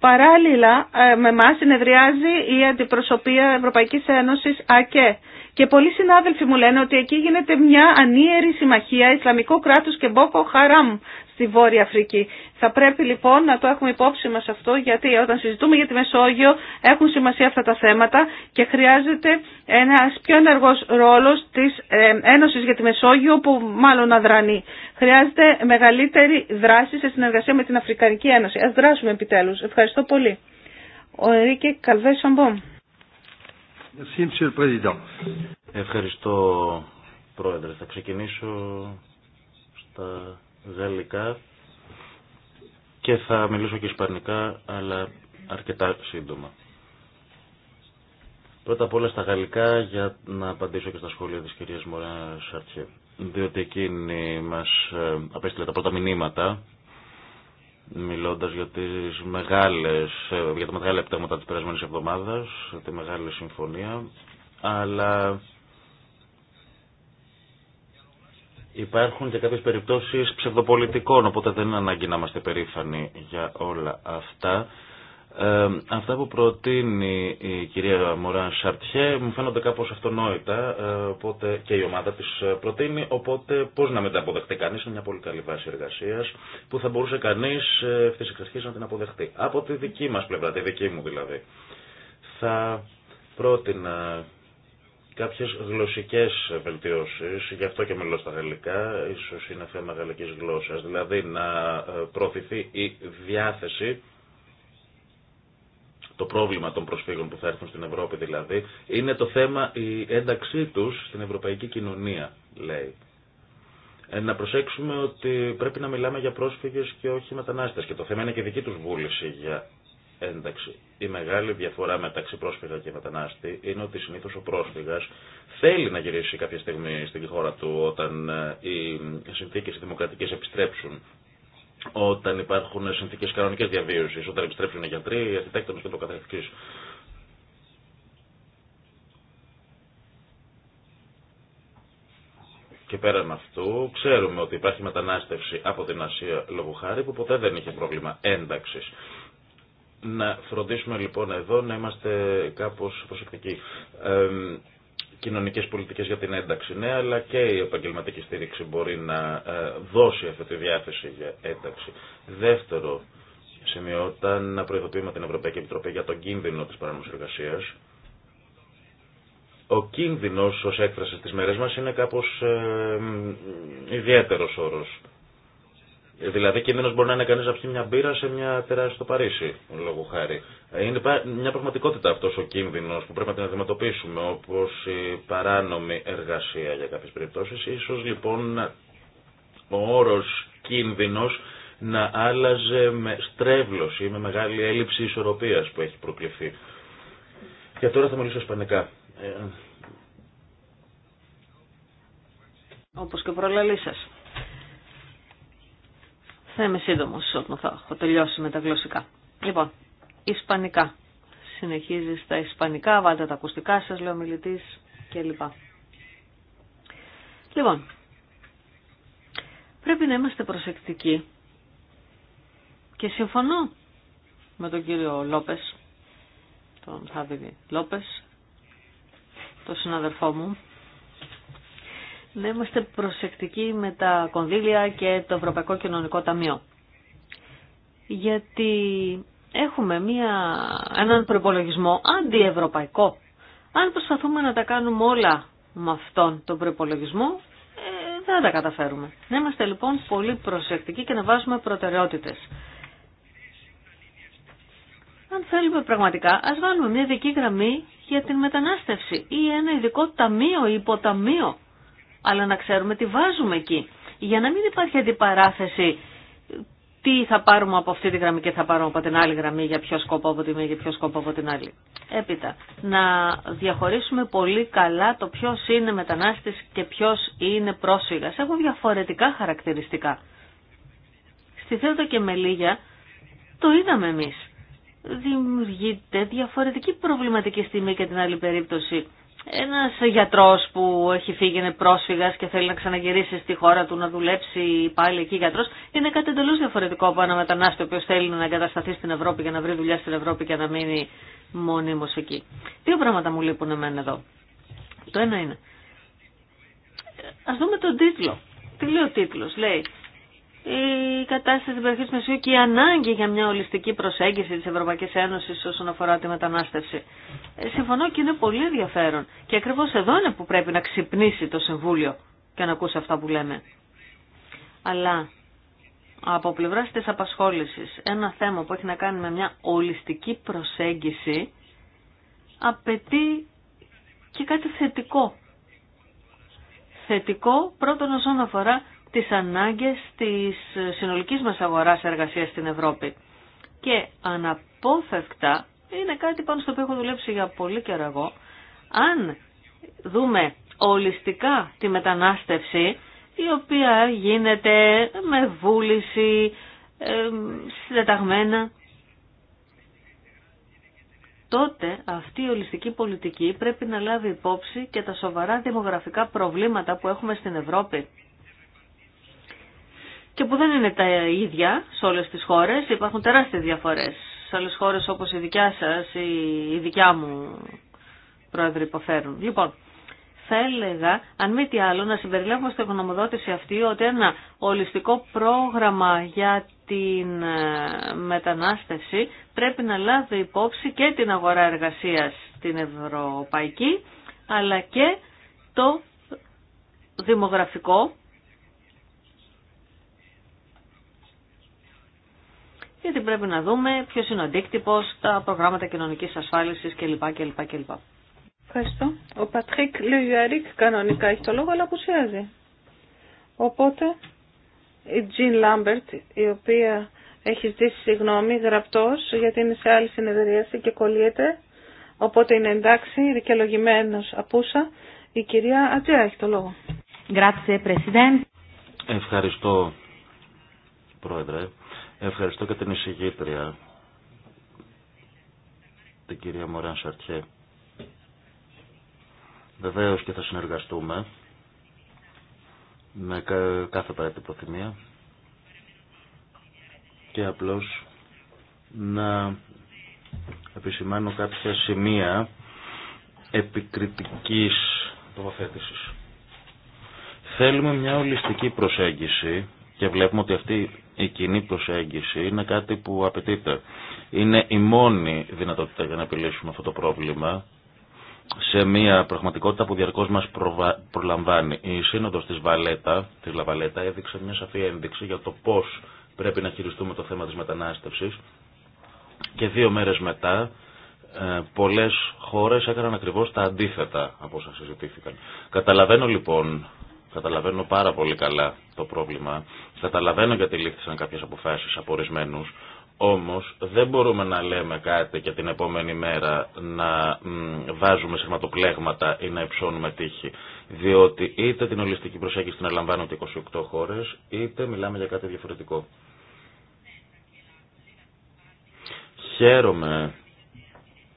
B: Παράλληλα ε, με εμά συνεδριάζει η αντιπροσωπεία Ευρωπαϊκή Ένωση ΑΚΕ. Και πολλοί συνάδελφοι μου λένε ότι εκεί γίνεται μια ανίερη συμμαχία Ισλαμικό κράτο και Μπόκο Χαράμ στη Βόρεια Αφρική. Θα πρέπει λοιπόν να το έχουμε υπόψη μας αυτό γιατί όταν συζητούμε για τη Μεσόγειο έχουν σημασία αυτά τα θέματα και χρειάζεται ένας πιο ενεργός ρόλος της ε, Ένωσης για τη Μεσόγειο που μάλλον αδρανεί. Χρειάζεται μεγαλύτερη δράση σε συνεργασία με την Αφρικανική Ένωση. Ας δράσουμε επιτέλους. Ευχαριστώ πολύ. Ο Καλβέ Σαμπόμ.
C: Ευχαριστώ Πρόεδρε. Θα ξεκινήσω στα γαλλικά και θα μιλήσω και ισπανικά, αλλά αρκετά σύντομα. Πρώτα απ' όλα στα γαλλικά για να απαντήσω και στα σχόλια της κυρίας Μωρά Σαρτσέ. Διότι εκείνη μας ε, απέστειλε τα πρώτα μηνύματα μιλώντας για, τις μεγάλες, ε, για τα μεγάλα επιτέγματα της περασμένης εβδομάδας, τη μεγάλη συμφωνία, αλλά Υπάρχουν και κάποιες περιπτώσεις ψευδοπολιτικών, οπότε δεν είναι ανάγκη να είμαστε περήφανοι για όλα αυτά. Ε, αυτά που προτείνει η κυρία Μωράν Σαρτιέ μου φαίνονται κάπως αυτονόητα ε, οπότε, και η ομάδα της προτείνει, οπότε πώς να μην τα κανείς, είναι μια πολύ καλή βάση εργασίας που θα μπορούσε κανείς ε, ευθύς εξ να την αποδεχτεί. Από τη δική μας πλευρά, τη δική μου δηλαδή. Θα πρότεινα κάποιες γλωσσικές βελτιώσεις, γι' αυτό και μιλώ στα γαλλικά, ίσως είναι θέμα γαλλικής γλώσσας, δηλαδή να ε, προωθηθεί η διάθεση, το πρόβλημα των προσφύγων που θα έρθουν στην Ευρώπη δηλαδή, είναι το θέμα η ένταξή τους στην ευρωπαϊκή κοινωνία, λέει. Ε, να προσέξουμε ότι πρέπει να μιλάμε για πρόσφυγες και όχι μετανάστες και το θέμα είναι και δική τους βούληση για ένταξη. Η μεγάλη διαφορά μεταξύ πρόσφυγα και μετανάστη είναι ότι συνήθω ο πρόσφυγα θέλει να γυρίσει κάποια στιγμή στην χώρα του όταν ε, οι συνθήκε δημοκρατικέ επιστρέψουν, όταν υπάρχουν συνθήκε κανονικέ διαβίωση, όταν επιστρέψουν οι γιατροί, οι αρχιτέκτονε και το καθεξή. Και πέραν αυτού, ξέρουμε ότι υπάρχει μετανάστευση από την Ασία λόγω χάρη που ποτέ δεν είχε πρόβλημα ένταξης. Να φροντίσουμε λοιπόν εδώ να είμαστε κάπως προσεκτικοί. Ε, κοινωνικές πολιτικές για την ένταξη, ναι, αλλά και η επαγγελματική στήριξη μπορεί να ε, δώσει αυτή τη διάθεση για ένταξη. Δεύτερο σημείο, όταν να προειδοποιούμε την Ευρωπαϊκή Επιτροπή για τον κίνδυνο της παράνομης εργασίας, ο κίνδυνος ως έκφραση στις μέρες μας είναι κάπως ε, ιδιαίτερος όρος. Δηλαδή, κινδύνο μπορεί να είναι κανεί να μια μπύρα σε μια τεράστια στο Παρίσι, λόγω χάρη. Είναι μια πραγματικότητα αυτό ο κίνδυνο που πρέπει να την αντιμετωπίσουμε, όπω η παράνομη εργασία για κάποιε περιπτώσει. σω λοιπόν ο όρο κίνδυνο να άλλαζε με στρέβλωση ή με μεγάλη έλλειψη ισορροπία που έχει προκληθεί. Και τώρα θα μιλήσω ισπανικά. Ε,
E: όπω και προλαλή σα. Θα είμαι σύντομο όταν θα έχω τελειώσει με τα γλωσσικά. Λοιπόν, ισπανικά. Συνεχίζει στα ισπανικά, βάλτε τα ακουστικά σας, λέω μιλητή κλπ. Λοιπόν, πρέπει να είμαστε προσεκτικοί και συμφωνώ με τον κύριο Λόπε, τον Θαβίδη Λόπε. τον συναδελφό μου, να είμαστε προσεκτικοί με τα κονδύλια και το Ευρωπαϊκό Κοινωνικό Ταμείο. Γιατί έχουμε μια, έναν προπολογισμό αντιευρωπαϊκό. Αν προσπαθούμε να τα κάνουμε όλα με αυτόν τον προπολογισμό, ε, δεν θα τα καταφέρουμε. Να είμαστε λοιπόν πολύ προσεκτικοί και να βάζουμε προτεραιότητες. Αν θέλουμε πραγματικά, ας βάλουμε μια ειδική γραμμή για την μετανάστευση ή ένα ειδικό ταμείο ή υποταμείο αλλά να ξέρουμε τι βάζουμε εκεί. Για να μην υπάρχει αντιπαράθεση τι θα πάρουμε από αυτή τη γραμμή και θα πάρουμε από την άλλη γραμμή, για ποιο σκοπό από τη μία και ποιο σκοπό από την άλλη. Έπειτα, να διαχωρίσουμε πολύ καλά το ποιο είναι μετανάστης και ποιο είναι πρόσφυγας. Έχουν διαφορετικά χαρακτηριστικά. Στη Θέοτα και Μελίγια το είδαμε εμείς. Δημιουργείται διαφορετική προβληματική στιγμή και την άλλη περίπτωση. Ένα γιατρό που έχει φύγει, είναι πρόσφυγας και θέλει να ξαναγυρίσει στη χώρα του να δουλέψει πάλι εκεί γιατρός, είναι κάτι εντελώ διαφορετικό από ένα μετανάστη ο οποίο θέλει να εγκατασταθεί στην Ευρώπη για να βρει δουλειά στην Ευρώπη και να μείνει μονίμω εκεί. Δύο πράγματα μου λείπουν εμένα εδώ. Το ένα είναι. Α δούμε τον τίτλο. Τι λέει ο τίτλο. Λέει η κατάσταση στην περιοχή της και η ανάγκη για μια ολιστική προσέγγιση της Ευρωπαϊκής Ένωσης όσον αφορά τη μετανάστευση. Ε, συμφωνώ και είναι πολύ ενδιαφέρον. Και ακριβώς εδώ είναι που πρέπει να ξυπνήσει το Συμβούλιο και να ακούσει αυτά που λέμε. Αλλά από πλευρά της απασχόλησης ένα θέμα που έχει να κάνει με μια ολιστική προσέγγιση απαιτεί και κάτι θετικό. Θετικό πρώτον όσον αφορά τις ανάγκες της συνολικής μας αγοράς εργασίας στην Ευρώπη. Και αναπόφευκτα είναι κάτι πάνω στο οποίο έχω δουλέψει για πολύ καιρό εγώ. Αν δούμε ολιστικά τη μετανάστευση, η οποία γίνεται με βούληση, ε, συντεταγμένα, τότε αυτή η ολιστική πολιτική πρέπει να λάβει υπόψη και τα σοβαρά δημογραφικά προβλήματα που έχουμε στην Ευρώπη και που δεν είναι τα ίδια σε όλες τις χώρες. Υπάρχουν τεράστιες διαφορές. Σε άλλες χώρες όπως η δικιά σας ή η δικιά μου πρόεδρο υποφέρουν. Λοιπόν, θα έλεγα, αν μη τι άλλο, να συμπεριλάβουμε στην γνωμοδότηση αυτή ότι ένα ολιστικό πρόγραμμα για την ε, μετανάστευση πρέπει να λάβει υπόψη και την αγορά εργασίας την ευρωπαϊκή, αλλά και το δημογραφικό γιατί πρέπει να δούμε ποιος είναι ο αντίκτυπος, τα προγράμματα κοινωνικής ασφάλισης κλπ. κλπ, κλπ.
B: Ευχαριστώ. Ο Πατρίκ Λιουγιαρίκ κανονικά έχει το λόγο, αλλά απουσιάζει. Οπότε η Τζιν Λάμπερτ, η οποία έχει ζητήσει συγγνώμη γραπτός, γιατί είναι σε άλλη συνεδρίαση και κολλείται. οπότε είναι εντάξει, δικαιολογημένος απούσα. Η κυρία Ατζέα έχει το λόγο.
C: Ευχαριστώ, Πρόεδρε. Ευχαριστώ και την εισηγήτρια, την κυρία Μωράν Σαρτιέ. Βεβαίω και θα συνεργαστούμε με κάθε παρέτη προθυμία και απλώς να επισημάνω κάποια σημεία επικριτικής τοποθέτησης. Θέλουμε μια ολιστική προσέγγιση και βλέπουμε ότι αυτή η κοινή προσέγγιση είναι κάτι που απαιτείται. Είναι η μόνη δυνατότητα για να επιλύσουμε αυτό το πρόβλημα σε μια πραγματικότητα που διαρκώς μας προλαμβάνει. Η σύνοδος της Βαλέτα, της Λαβαλέτα, έδειξε μια σαφή ένδειξη για το πώς πρέπει να χειριστούμε το θέμα της μετανάστευσης και δύο μέρες μετά ε, πολλές χώρες έκαναν ακριβώς τα αντίθετα από όσα συζητήθηκαν. Καταλαβαίνω λοιπόν Καταλαβαίνω πάρα πολύ καλά το πρόβλημα. Καταλαβαίνω γιατί λήφθησαν κάποιες αποφάσεις από ορισμένου. Όμως δεν μπορούμε να λέμε κάτι και την επόμενη μέρα να βάζουμε σειρματοπλέγματα ή να υψώνουμε τύχη. Διότι είτε την ολιστική προσέγγιση την ελαμβάνονται 28 χώρε είτε μιλάμε για κάτι διαφορετικό. Χαίρομαι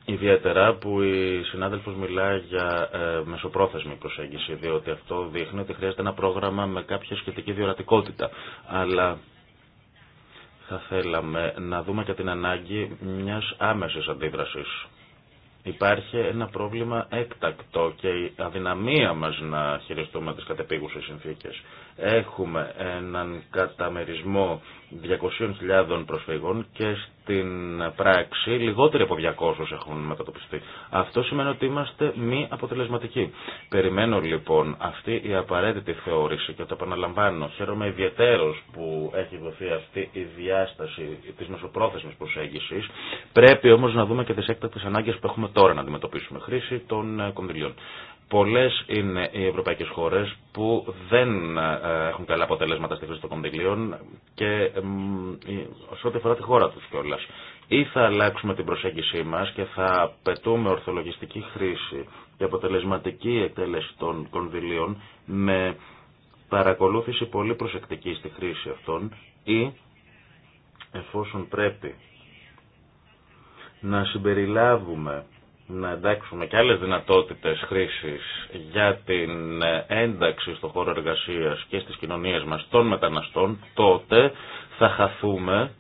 C: Ιδιαίτερα που η συνάδελφος μιλά για ε, μεσοπρόθεσμη προσέγγιση, διότι αυτό δείχνει ότι χρειάζεται ένα πρόγραμμα με κάποια σχετική διορατικότητα. Αλλά θα θέλαμε να δούμε και την ανάγκη μιας άμεσης αντίδρασης. Υπάρχει ένα πρόβλημα έκτακτο και η αδυναμία μας να χειριστούμε τις κατεπίγουσες συνθήκε Έχουμε έναν καταμερισμό 200.000 προσφύγων και την πράξη λιγότεροι από 200 έχουν μετατοπιστεί. Αυτό σημαίνει ότι είμαστε μη αποτελεσματικοί. Περιμένω λοιπόν αυτή η απαραίτητη θεώρηση και το επαναλαμβάνω. Χαίρομαι ιδιαίτερω που έχει δοθεί αυτή η διάσταση τη μεσοπρόθεσμη προσέγγιση. Πρέπει όμω να δούμε και τι έκτακτε ανάγκε που έχουμε τώρα να αντιμετωπίσουμε. Χρήση των κονδυλίων. Πολλές είναι οι ευρωπαϊκές χώρες που δεν ε, έχουν καλά αποτελέσματα στη χρήση των κονδυλίων και σε ό,τι αφορά τη χώρα τους κιόλα. Ή θα αλλάξουμε την προσέγγιση μας και θα πετούμε ορθολογιστική χρήση και αποτελεσματική εκτέλεση των κονδυλίων με παρακολούθηση πολύ προσεκτική στη χρήση αυτών ή εφόσον πρέπει να συμπεριλάβουμε να εντάξουμε και άλλες δυνατότητες χρήσης για την ένταξη στον χώρο εργασίας και στις κοινωνίες μας των μεταναστών, τότε θα χαθούμε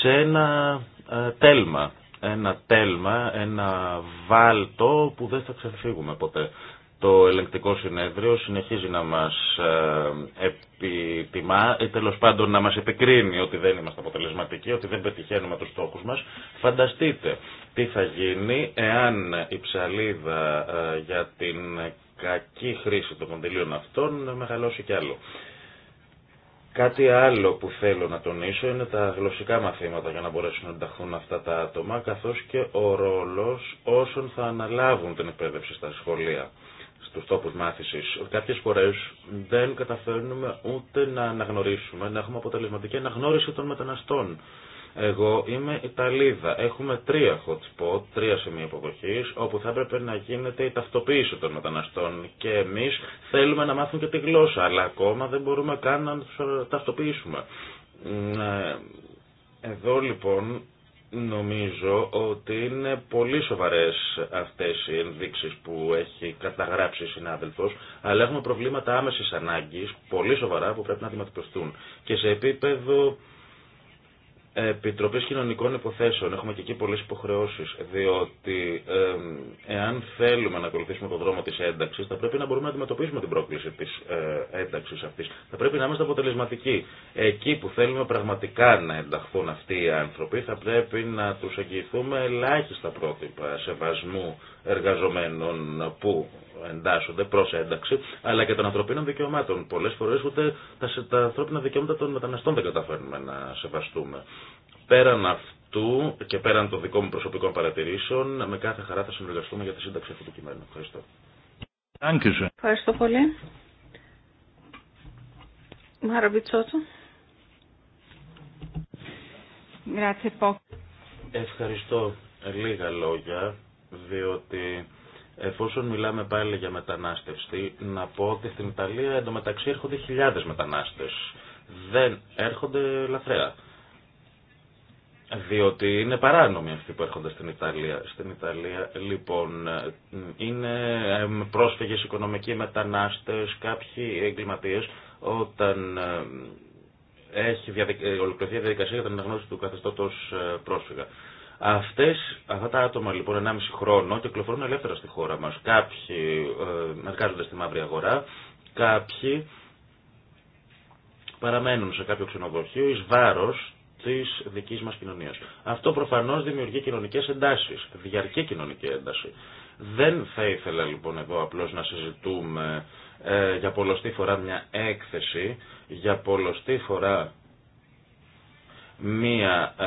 C: σε ένα ε, τέλμα. Ένα τέλμα, ένα βάλτο που δεν θα ξεφύγουμε ποτέ το ελεγκτικό συνέδριο συνεχίζει να μας ε, επιτιμά ή τέλος πάντων να μας επικρίνει ότι δεν είμαστε αποτελεσματικοί, ότι δεν πετυχαίνουμε τους στόχους μας. Φανταστείτε τι θα γίνει εάν η ψαλίδα ε, για την κακή χρήση των κοντιλίων αυτών μεγαλώσει κι άλλο. Κάτι άλλο που θέλω να τονίσω είναι τα γλωσσικά μαθήματα για να μπορέσουν να ενταχθούν αυτά τα άτομα, καθώς και ο ρόλος όσων θα αναλάβουν την εκπαίδευση στα σχολεία στους τόπους μάθησης. Κάποιε φορέ δεν καταφέρνουμε ούτε να αναγνωρίσουμε, να έχουμε αποτελεσματική αναγνώριση των μεταναστών. Εγώ είμαι Ιταλίδα. Έχουμε τρία hot spot, τρία σημεία υποδοχή, όπου θα έπρεπε να γίνεται η ταυτοποίηση των μεταναστών. Και εμεί θέλουμε να μάθουν και τη γλώσσα, αλλά ακόμα δεν μπορούμε καν να του ταυτοποιήσουμε. Ε, εδώ λοιπόν Νομίζω ότι είναι πολύ σοβαρές αυτές οι ενδείξεις που έχει καταγράψει η συνάδελφος, αλλά έχουμε προβλήματα άμεσης ανάγκης, πολύ σοβαρά, που πρέπει να αντιμετωπιστούν. Και σε επίπεδο Επιτροπή Κοινωνικών Υποθέσεων έχουμε και εκεί πολλές υποχρεώσεις, διότι εάν θέλουμε να ακολουθήσουμε τον δρόμο της ένταξη, θα πρέπει να μπορούμε να αντιμετωπίσουμε την πρόκληση της ε, ένταξη αυτής. Θα πρέπει να είμαστε αποτελεσματικοί. Εκεί που θέλουμε πραγματικά να ενταχθούν αυτοί οι άνθρωποι, θα πρέπει να του εγγυηθούμε ελάχιστα πρότυπα σεβασμού εργαζομένων που εντάσσονται προ ένταξη, αλλά και των ανθρωπίνων δικαιωμάτων. Πολλέ φορέ ούτε τα, ανθρώπινα δικαιώματα των μεταναστών δεν καταφέρνουμε να σεβαστούμε. Πέραν αυτού και πέραν των δικών μου προσωπικών παρατηρήσεων, με κάθε χαρά θα συνεργαστούμε για τη σύνταξη αυτού του κειμένου. Ευχαριστώ.
B: Ευχαριστώ πολύ.
C: Ευχαριστώ. Λίγα λόγια διότι εφόσον μιλάμε πάλι για μετανάστευση, να πω ότι στην Ιταλία εντωμεταξύ έρχονται χιλιάδες μετανάστες. Δεν έρχονται λαθρέα. Διότι είναι παράνομοι αυτοί που έρχονται στην Ιταλία. Στην Ιταλία, λοιπόν, είναι πρόσφυγες οικονομικοί μετανάστες, κάποιοι εγκληματίες, όταν έχει ολοκληρωθεί η διαδικασία για την αναγνώριση του καθεστώτος ε, πρόσφυγα. Αυτές, αυτά τα άτομα λοιπόν 1,5 χρόνο κυκλοφορούν ελεύθερα στη χώρα μας. Κάποιοι ε, εργάζονται στη μαύρη αγορά, κάποιοι παραμένουν σε κάποιο ξενοδοχείο εις βάρος της δικής μας κοινωνίας. Αυτό προφανώς δημιουργεί κοινωνικές εντάσεις, διαρκή κοινωνική ένταση. Δεν θα ήθελα λοιπόν εδώ απλώς να συζητούμε ε, για πολλωστή φορά μια έκθεση, για πολλωστή φορά μία ε,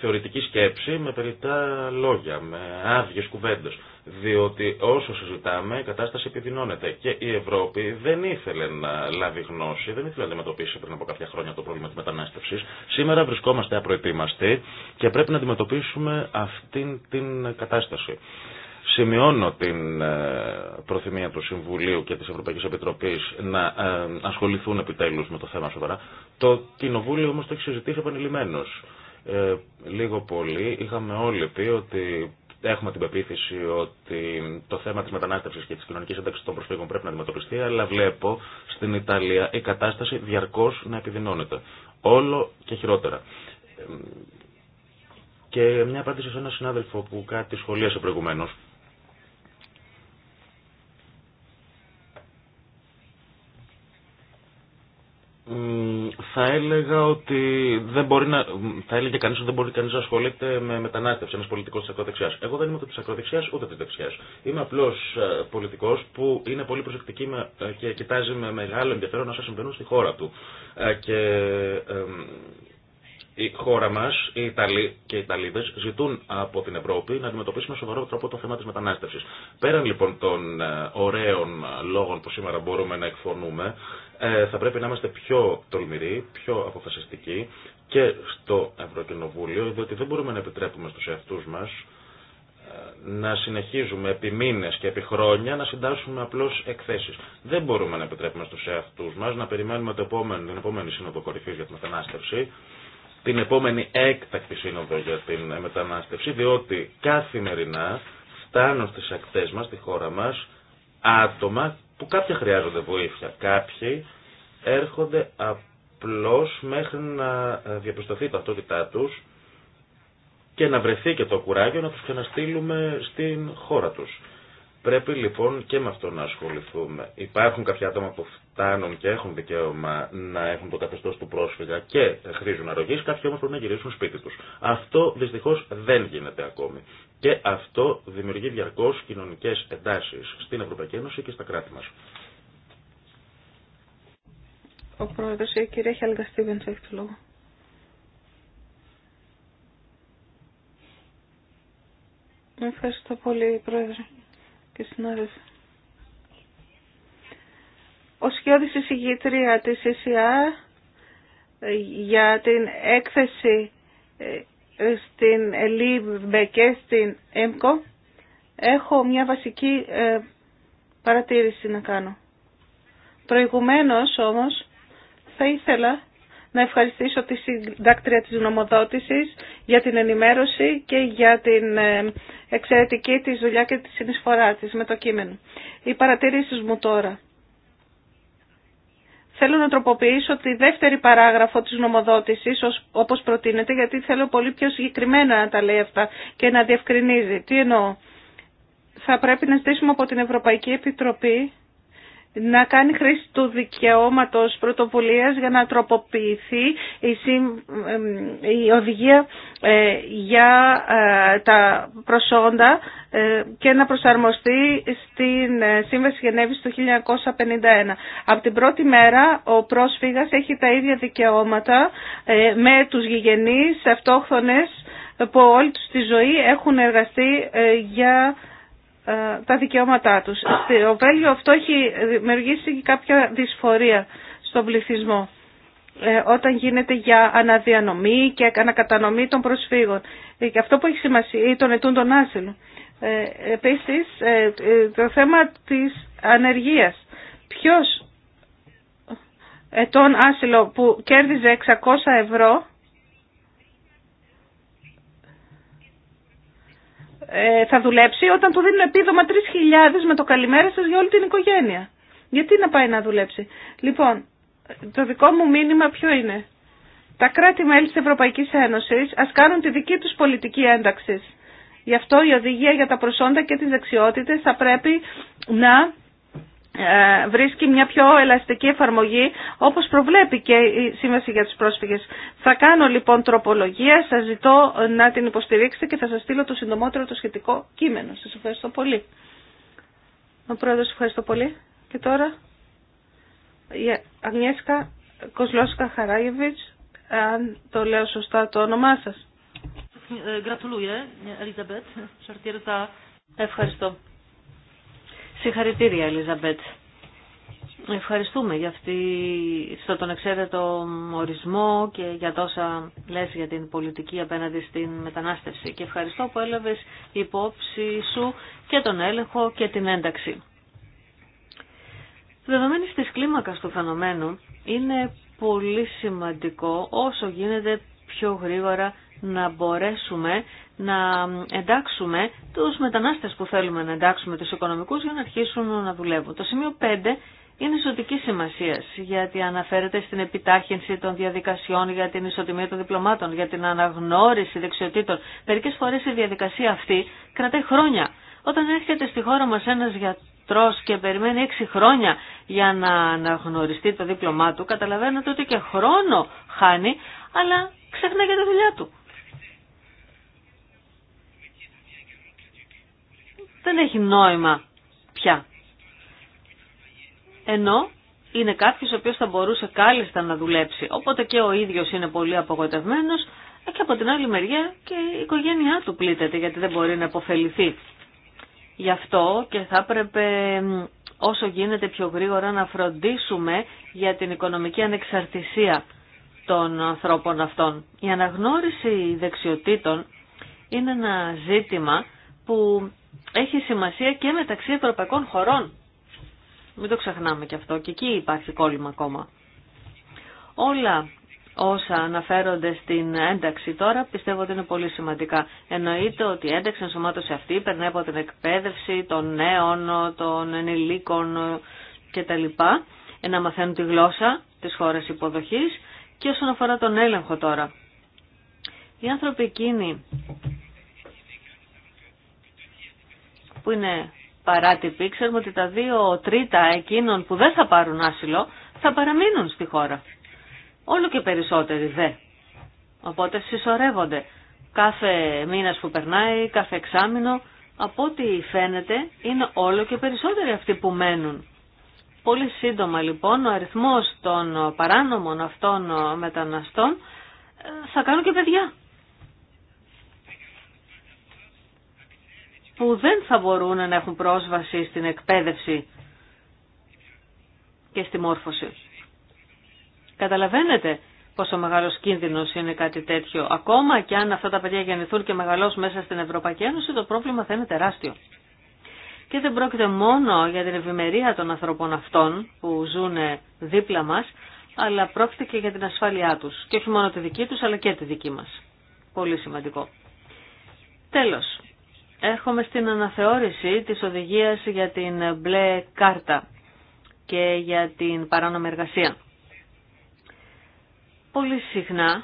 C: θεωρητική σκέψη με περιττά λόγια, με άδειε κουβέντε. Διότι όσο συζητάμε η κατάσταση επιδεινώνεται και η Ευρώπη δεν ήθελε να λάβει γνώση, δεν ήθελε να αντιμετωπίσει πριν από κάποια χρόνια το πρόβλημα τη μετανάστευση. Σήμερα βρισκόμαστε απροετοίμαστοι και πρέπει να αντιμετωπίσουμε αυτή την κατάσταση. Σημειώνω την ε, προθυμία του Συμβουλίου και της Ευρωπαϊκής Επιτροπής να ε, ασχοληθούν επιτέλους με το θέμα σοβαρά. Το Κοινοβούλιο όμως το έχει συζητήσει Ε, Λίγο πολύ είχαμε όλοι πει ότι έχουμε την πεποίθηση ότι το θέμα της μετανάστευσης και της κοινωνικής ένταξης των προσφύγων πρέπει να αντιμετωπιστεί, αλλά βλέπω στην Ιταλία η κατάσταση διαρκώς να επιδεινώνεται. Όλο και χειρότερα. Ε, και μια απάντηση σε έναν συνάδελφο που κάτι σχολίασε προηγουμένως. θα έλεγα ότι δεν μπορεί να. Θα έλεγε κανεί ότι δεν μπορεί κανεί να ασχολείται με μετανάστευση, ένα πολιτικό τη ακροδεξιά. Εγώ δεν είμαι ούτε τη ακροδεξιά ούτε τη δεξιά. Είμαι απλώ ε, πολιτικό που είναι πολύ προσεκτική ε, και κοιτάζει με μεγάλο ενδιαφέρον όσα συμβαίνουν στη χώρα του. Ε, και η χώρα μα, οι Ιταλοί και οι Ιταλίδε ζητούν από την Ευρώπη να αντιμετωπίσουμε με σοβαρό τρόπο το θέμα τη μετανάστευση. Πέραν λοιπόν των ωραίων λόγων που σήμερα μπορούμε να εκφωνούμε, ε, θα πρέπει να είμαστε πιο τολμηροί, πιο αποφασιστικοί και στο Ευρωκοινοβούλιο, διότι δεν μπορούμε να επιτρέπουμε στους εαυτούς μας ε, να συνεχίζουμε επί μήνες και επί χρόνια να συντάσσουμε απλώς εκθέσεις. Δεν μπορούμε να επιτρέπουμε στους εαυτούς μας να περιμένουμε το επόμενο, την επόμενη σύνοδο κορυφής για τη μετανάστευση, την επόμενη έκτακτη σύνοδο για την μετανάστευση, διότι καθημερινά φτάνουν στις ακτές μας, στη χώρα μας, άτομα που κάποια χρειάζονται βοήθεια. Κάποιοι έρχονται απλώς μέχρι να διαπιστωθεί η ταυτότητά τους και να βρεθεί και το κουράγιο να τους ξαναστείλουμε στην χώρα τους. Πρέπει λοιπόν και με αυτό να ασχοληθούμε. Υπάρχουν κάποια άτομα που φτάνουν και έχουν δικαίωμα να έχουν το καθεστώ του πρόσφυγα και χρήζουν αρρωγή, κάποιοι όμω πρέπει να γυρίσουν σπίτι του. Αυτό δυστυχώ δεν γίνεται ακόμη. Και αυτό δημιουργεί διαρκώ κοινωνικέ εντάσει στην Ευρωπαϊκή Ένωση και στα κράτη μα.
B: Ο πρόεδρος, η κυρία Χέλγα Στίβενς έχει το λόγο. Ευχαριστώ πολύ, πρόεδρε και συνάδελφοι. Ο σκιώδης εισηγήτρια της ΕΣΙΑ ε, για την έκθεση ε, στην ΛΥΜΠΕ και στην ΕΜΚΟ έχω μια βασική ε, παρατήρηση να κάνω. Προηγουμένως όμως θα ήθελα να ευχαριστήσω τη συντάκτρια της νομοδότησης για την ενημέρωση και για την ε, εξαιρετική της δουλειά και τη συνεισφορά της με το κείμενο. Οι παρατηρήσεις μου τώρα. Θέλω να τροποποιήσω τη δεύτερη παράγραφο της νομοδότησης όπως προτείνεται γιατί θέλω πολύ πιο συγκεκριμένα να τα λέει αυτά και να διευκρινίζει. Τι εννοώ. Θα πρέπει να ζητήσουμε από την Ευρωπαϊκή Επιτροπή να κάνει χρήση του δικαιώματος πρωτοβουλίας για να τροποποιηθεί η οδηγία ε, για ε, τα προσόντα ε, και να προσαρμοστεί στην Σύμβαση Γενέβης του 1951. Από την πρώτη μέρα ο πρόσφυγας έχει τα ίδια δικαιώματα με τους γηγενείς αυτόχθονες που όλη τους τη ζωή έχουν εργαστεί για ε, τα δικαιώματά τους. Ο Βέλγιο αυτό έχει δημιουργήσει κάποια δυσφορία στον πληθυσμό ε, όταν γίνεται για αναδιανομή και ανακατανομή των προσφύγων. Ε, και αυτό που έχει σημασία ή των ετούν τον άσυλο. Επίσης, το θέμα της ανεργίας. Ποιος ετών άσυλο που κέρδιζε 600 ευρώ Ε, θα δουλέψει όταν του δίνουν επίδομα 3.000 με το καλημέρα σας για όλη την οικογένεια. Γιατί να πάει να δουλέψει. Λοιπόν, το δικό μου μήνυμα ποιο είναι. Τα κράτη-μέλη της Ευρωπαϊκής Ένωσης ας κάνουν τη δική τους πολιτική ένταξης. Γι' αυτό η οδηγία για τα προσόντα και τις δεξιότητες θα πρέπει να ε, βρίσκει μια πιο ελαστική εφαρμογή όπως προβλέπει και η Σύμβαση για τους Πρόσφυγες. Θα κάνω λοιπόν τροπολογία, σας ζητώ να την υποστηρίξετε και θα σας στείλω το συντομότερο το σχετικό κείμενο. Σας ευχαριστώ πολύ. Ο Πρόεδρος, ευχαριστώ πολύ. Και τώρα η Αγνιέσκα Κοσλόσκα Χαράγεβιτς, αν το λέω σωστά το όνομά σας.
E: Ε, ε, ευχαριστώ. Συγχαρητήρια, Ελίζαμπετ. Ευχαριστούμε για αυτή, στο τον εξαίρετο ορισμό και για τόσα λες για την πολιτική απέναντι στην μετανάστευση. Και ευχαριστώ που έλαβες υπόψη σου και τον έλεγχο και την ένταξη. Δεδομένης της κλίμακας του φαινομένου, είναι πολύ σημαντικό όσο γίνεται πιο γρήγορα να μπορέσουμε να εντάξουμε τους μετανάστες που θέλουμε να εντάξουμε τους οικονομικούς για να αρχίσουν να δουλεύουν. Το σημείο 5 είναι ισοτική σημασία γιατί αναφέρεται στην επιτάχυνση των διαδικασιών για την ισοτιμία των διπλωμάτων, για την αναγνώριση δεξιοτήτων. Μερικέ φορέ η διαδικασία αυτή κρατάει χρόνια. Όταν έρχεται στη χώρα μα ένα γιατρό και περιμένει 6 χρόνια για να αναγνωριστεί το δίπλωμά του, καταλαβαίνετε ότι και χρόνο χάνει, αλλά ξεχνάει για τη δουλειά του. Δεν έχει νόημα πια. Ενώ είναι κάποιος ο οποίος θα μπορούσε κάλλιστα να δουλέψει. Οπότε και ο ίδιος είναι πολύ απογοητευμένος και από την άλλη μεριά και η οικογένειά του πλήττεται γιατί δεν μπορεί να υποφεληθεί. Γι' αυτό και θα έπρεπε όσο γίνεται πιο γρήγορα να φροντίσουμε για την οικονομική ανεξαρτησία των ανθρώπων αυτών. Η αναγνώριση δεξιοτήτων είναι ένα ζήτημα που έχει σημασία και μεταξύ ευρωπαϊκών χωρών. Μην το ξεχνάμε και αυτό. Και εκεί υπάρχει κόλλημα ακόμα. Όλα όσα αναφέρονται στην ένταξη τώρα πιστεύω ότι είναι πολύ σημαντικά. Εννοείται ότι η ένταξη ενσωμάτωση αυτή περνάει από την εκπαίδευση των νέων, των ενηλίκων κτλ. Ε, να μαθαίνουν τη γλώσσα της χώρας υποδοχής και όσον αφορά τον έλεγχο τώρα, οι άνθρωποι εκείνοι που είναι παράτυποι, ξέρουμε ότι τα δύο τρίτα εκείνων που δεν θα πάρουν άσυλο θα παραμείνουν στη χώρα. Όλο και περισσότεροι δε. Οπότε συσσωρεύονται. Κάθε μήνας που περνάει, κάθε εξάμηνο, από ό,τι φαίνεται είναι όλο και περισσότεροι αυτοί που μένουν. Πολύ σύντομα λοιπόν ο αριθμός των παράνομων αυτών μεταναστών ε, θα κάνουν και παιδιά. Που δεν θα μπορούν να έχουν πρόσβαση στην εκπαίδευση και στη μόρφωση. Καταλαβαίνετε πόσο μεγάλος κίνδυνος είναι κάτι τέτοιο. Ακόμα και αν αυτά τα παιδιά γεννηθούν και μεγαλώσουν μέσα στην Ευρωπαϊκή Ένωση, το πρόβλημα θα είναι τεράστιο. Και δεν πρόκειται μόνο για την ευημερία των ανθρώπων αυτών που ζουν δίπλα μας, αλλά πρόκειται και για την ασφάλειά τους. Και όχι μόνο τη δική τους, αλλά και τη δική μας. Πολύ σημαντικό. Τέλος, έρχομαι στην αναθεώρηση της οδηγίας για την μπλε κάρτα και για την παράνομη εργασία. Πολύ συχνά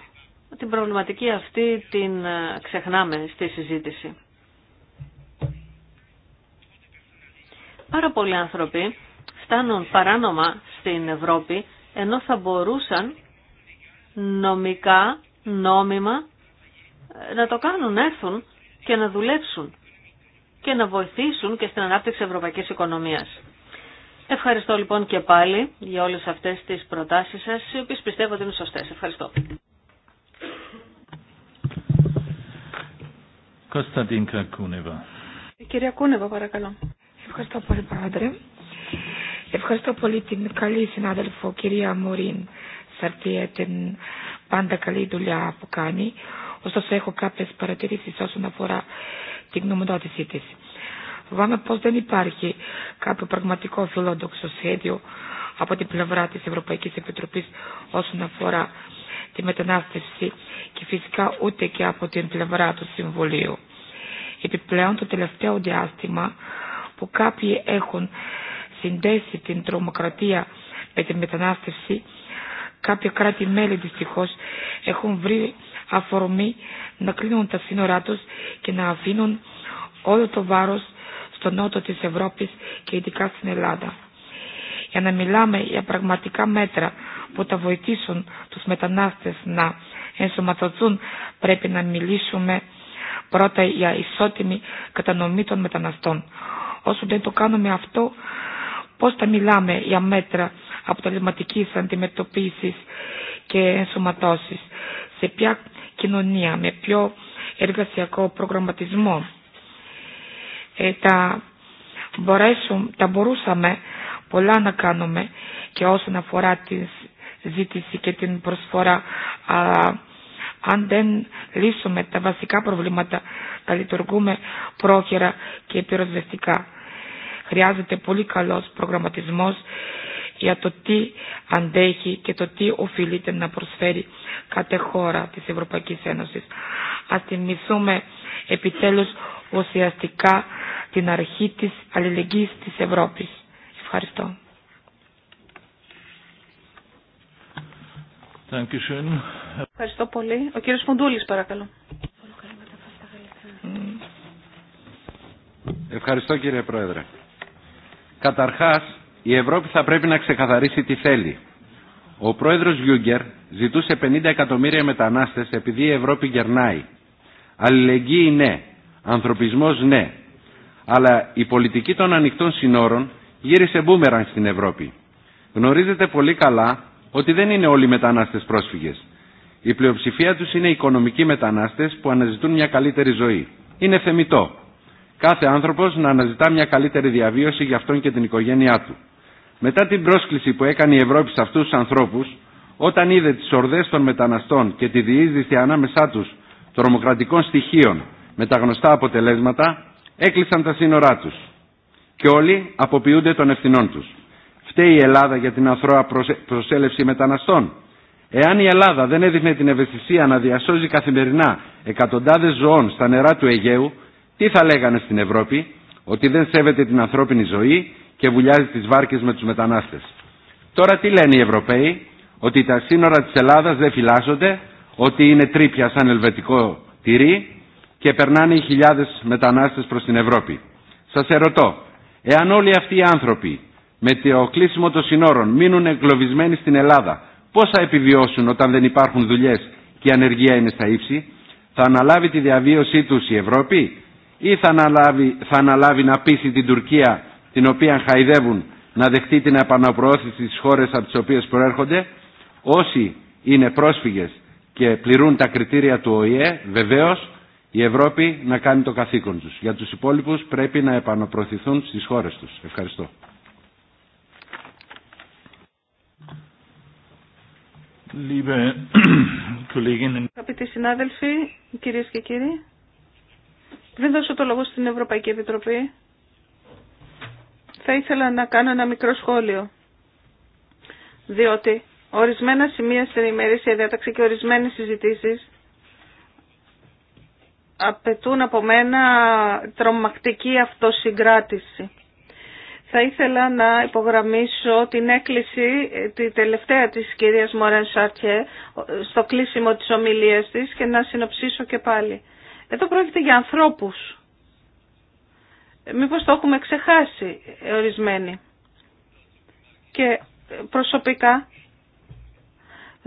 E: την προβληματική αυτή την ξεχνάμε στη συζήτηση. Πάρα πολλοί άνθρωποι φτάνουν παράνομα στην Ευρώπη, ενώ θα μπορούσαν νομικά, νόμιμα, ε, να το κάνουν, να έρθουν και να δουλέψουν και να βοηθήσουν και στην ανάπτυξη ευρωπαϊκής οικονομίας. Ευχαριστώ λοιπόν και πάλι για όλες αυτές τις προτάσεις σας, οι οποίες πιστεύω ότι είναι
B: σωστές. Ευχαριστώ. Κωνσταντίν κυρία Κούνεβα, παρακαλώ. Ευχαριστώ πολύ, Πρόεδρε.
A: Ευχαριστώ πολύ την καλή συνάδελφο κυρία Μωρίν Σαρτία την πάντα καλή δουλειά που κάνει. Ωστόσο έχω κάποιε παρατηρήσει όσον αφορά την γνωμοδότησή τη. Φοβάμαι πώ δεν υπάρχει κάποιο πραγματικό φιλόδοξο σχέδιο από την πλευρά τη Ευρωπαϊκή Επιτροπή όσον αφορά τη μετανάστευση και φυσικά ούτε και από την πλευρά του Συμβουλίου. Επιπλέον το τελευταίο διάστημα που κάποιοι έχουν συνδέσει την τρομοκρατία με τη μετανάστευση, κάποια κράτη-μέλη δυστυχώ έχουν βρει αφορμή να κλείνουν τα σύνορά του και να αφήνουν όλο το βάρο στο νότο τη Ευρώπη και ειδικά στην Ελλάδα. Για να μιλάμε για πραγματικά μέτρα που θα βοηθήσουν τους μετανάστες να ενσωματωθούν, πρέπει να μιλήσουμε πρώτα για ισότιμη κατανομή των μεταναστών Όσο δεν το κάνουμε αυτό, πώς θα μιλάμε για μέτρα αποτελεσματικής αντιμετωπίσης και ενσωματώσεις. Σε ποια κοινωνία, με ποιο εργασιακό προγραμματισμό τα, ε, τα μπορούσαμε πολλά να κάνουμε και όσον αφορά τη ζήτηση και την προσφορά αν δεν λύσουμε τα βασικά προβλήματα θα λειτουργούμε πρόχειρα και πυροσβεστικά. Χρειάζεται πολύ καλός προγραμματισμός για το τι αντέχει και το τι οφείλεται να προσφέρει κάθε χώρα της Ευρωπαϊκής Ένωσης. Ας θυμηθούμε επιτέλους ουσιαστικά την αρχή της αλληλεγγύης της Ευρώπης. Ευχαριστώ.
B: Ευχαριστώ πολύ. Ο κύριος Φοντούλης, παρακαλώ.
D: Ευχαριστώ κύριε Πρόεδρε. Καταρχάς, η Ευρώπη θα πρέπει να ξεκαθαρίσει τι θέλει. Ο πρόεδρος Γιούγκερ ζητούσε 50 εκατομμύρια μετανάστες επειδή η Ευρώπη γερνάει. Αλληλεγγύη ναι, ανθρωπισμός ναι. Αλλά η πολιτική των ανοιχτών συνόρων γύρισε μπούμεραν στην Ευρώπη. Γνωρίζετε πολύ καλά ότι δεν είναι όλοι οι μετανάστες πρόσφυγες. Η πλειοψηφία τους είναι οικονομικοί μετανάστες που αναζητούν μια καλύτερη ζωή. Είναι θεμητό. Κάθε άνθρωπος να αναζητά μια καλύτερη διαβίωση για αυτόν και την οικογένειά του. Μετά την πρόσκληση που έκανε η Ευρώπη σε αυτούς τους ανθρώπους, όταν είδε τις ορδές των μεταναστών και τη διείσδυση ανάμεσά τους τρομοκρατικών στοιχείων με τα γνωστά αποτελέσματα, έκλεισαν τα σύνορά τους. Και όλοι αποποιούνται των ευθυνών τους. Φταίει η Ελλάδα για την αθρώα προσέλευση μεταναστών. Εάν η Ελλάδα δεν έδειχνε την ευαισθησία να διασώζει καθημερινά εκατοντάδε ζωών στα νερά του Αιγαίου, τι θα λέγανε στην Ευρώπη, ότι δεν σέβεται την ανθρώπινη ζωή και βουλιάζει τις βάρκες με τους μετανάστες. Τώρα τι λένε οι Ευρωπαίοι, ότι τα σύνορα της Ελλάδας δεν φυλάσσονται, ότι είναι τρύπια σαν ελβετικό τυρί και περνάνε οι χιλιάδες μετανάστες προς την Ευρώπη. Σας ερωτώ, εάν όλοι αυτοί οι άνθρωποι με το κλείσιμο των συνόρων μείνουν εγκλωβισμένοι στην Ελλάδα, πώς θα επιβιώσουν όταν δεν υπάρχουν δουλειές και η ανεργία είναι στα ύψη. Θα αναλάβει τη διαβίωσή τους η Ευρώπη ή θα αναλάβει, θα αναλάβει να πείσει την Τουρκία την οποία χαϊδεύουν να δεχτεί την επαναπροώθηση στις χώρες από τις οποίες προέρχονται. Όσοι είναι πρόσφυγες και πληρούν τα κριτήρια του ΟΗΕ, βεβαίως η Ευρώπη να κάνει το καθήκον τους. Για τους υπόλοιπους πρέπει να επαναπροωθηθούν στις χώρες τους. Ευχαριστώ.
C: (clears throat)
B: Αγαπητοί συνάδελφοι, κυρίες και κύριοι, πριν δώσω το λόγο στην Ευρωπαϊκή Επιτροπή, θα ήθελα να κάνω ένα μικρό σχόλιο, διότι ορισμένα σημεία στην ημερήσια διάταξη και ορισμένες συζητήσεις απαιτούν από μένα τρομακτική αυτοσυγκράτηση. Θα ήθελα να υπογραμμίσω την έκκληση τη τελευταία της κυρίας Μωρέν Σάρτιε στο κλείσιμο της ομιλίας της και να συνοψίσω και πάλι. Εδώ πρόκειται για ανθρώπους. Μήπως το έχουμε ξεχάσει ε, ορισμένοι. Και ε, προσωπικά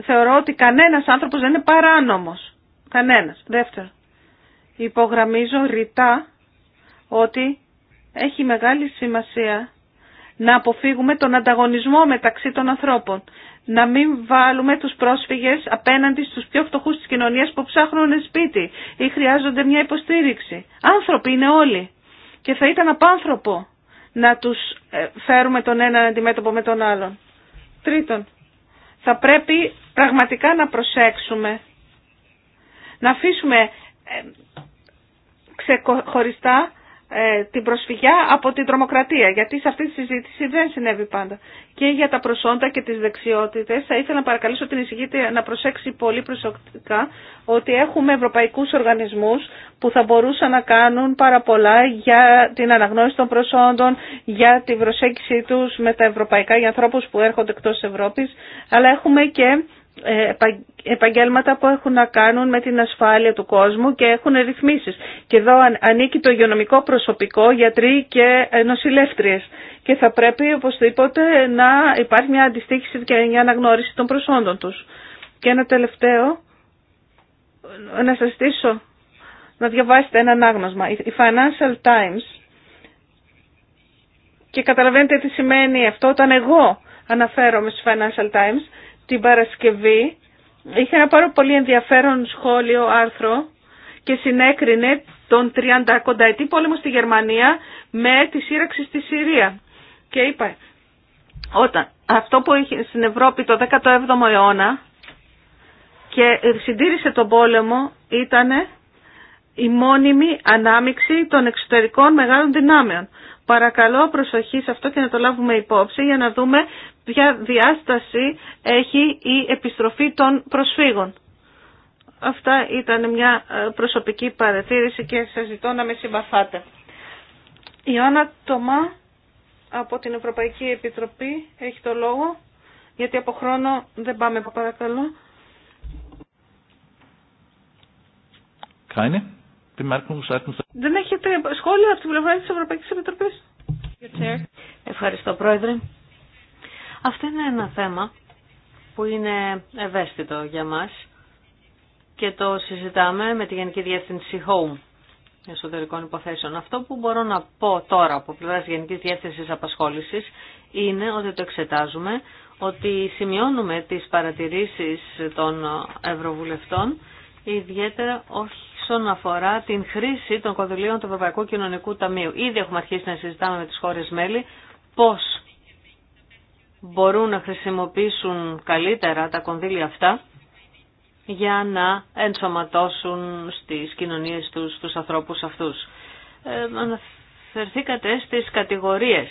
B: θεωρώ ότι κανένας άνθρωπος δεν είναι παράνομος. Κανένας. δεύτερο, υπογραμμίζω ρητά ότι έχει μεγάλη σημασία να αποφύγουμε τον ανταγωνισμό μεταξύ των ανθρώπων. Να μην βάλουμε τους πρόσφυγες απέναντι στους πιο φτωχούς της κοινωνίας που ψάχνουν σπίτι ή χρειάζονται μια υποστήριξη. Άνθρωποι είναι όλοι και θα ήταν απάνθρωπο να τους ε, φέρουμε τον έναν αντιμέτωπο με τον άλλον. Τρίτον, θα πρέπει πραγματικά να προσέξουμε, να αφήσουμε ε, ξεχωριστά ε, την προσφυγιά από την τρομοκρατία, γιατί σε αυτή τη συζήτηση δεν συνέβη πάντα. Και για τα προσόντα και τις δεξιότητες θα ήθελα να παρακαλέσω την εισηγήτη να προσέξει πολύ προσωπικά ότι έχουμε ευρωπαϊκούς οργανισμούς που θα μπορούσαν να κάνουν πάρα πολλά για την αναγνώριση των προσόντων, για την προσέγγιση τους με τα ευρωπαϊκά για ανθρώπους που έρχονται εκτός Ευρώπης, αλλά έχουμε και επαγγέλματα που έχουν να κάνουν με την ασφάλεια του κόσμου και έχουν ρυθμίσεις. Και εδώ ανήκει το υγειονομικό προσωπικό, γιατροί και ε, νοσηλεύτριες. Και θα πρέπει οπωσδήποτε να υπάρχει μια αντιστοίχηση και μια αναγνώριση των προσόντων τους. Και ένα τελευταίο, να σας στήσω να διαβάσετε ένα ανάγνωσμα. Η Financial Times και καταλαβαίνετε τι σημαίνει αυτό όταν εγώ αναφέρομαι στους Financial Times την Παρασκευή είχε ένα πάρα πολύ ενδιαφέρον σχόλιο άρθρο και συνέκρινε τον 30 κονταετή πόλεμο στη Γερμανία με τη σύραξη στη Συρία. Και είπα, όταν αυτό που είχε στην Ευρώπη το 17ο αιώνα και συντήρησε τον πόλεμο ήτανε η μόνιμη ανάμειξη των εξωτερικών μεγάλων δυνάμεων. Παρακαλώ προσοχή σε αυτό και να το λάβουμε υπόψη για να δούμε ποια διάσταση έχει η επιστροφή των προσφύγων. Αυτά ήταν μια ε, προσωπική παρατήρηση και σα ζητώ να με συμπαθάτε. Η Άννα Τομά από την Ευρωπαϊκή Επιτροπή έχει το λόγο, γιατί από χρόνο δεν πάμε παρακαλώ.
D: Keine? Δεν
B: έχετε σχόλια από την πλευρά τη Ευρωπαϊκή Επιτροπή. Ευχαριστώ
E: Πρόεδρε. Αυτό είναι ένα θέμα που είναι ευαίσθητο για μας και το συζητάμε με τη Γενική Διεύθυνση Home εσωτερικών υποθέσεων. Αυτό που μπορώ να πω τώρα από πλευρά Γενική Διεύθυνση Απασχόληση είναι ότι το εξετάζουμε, ότι σημειώνουμε τι παρατηρήσει των Ευρωβουλευτών, ιδιαίτερα όχι όσον αφορά την χρήση των κονδυλίων του Ευρωπαϊκού Κοινωνικού Ταμείου. Ήδη έχουμε αρχίσει να συζητάμε με τις χώρες μέλη πώς μπορούν να χρησιμοποιήσουν καλύτερα τα κονδύλια αυτά για να ενσωματώσουν στις κοινωνίες τους τους ανθρώπους αυτούς. Ε, αναφερθήκατε στις κατηγορίες.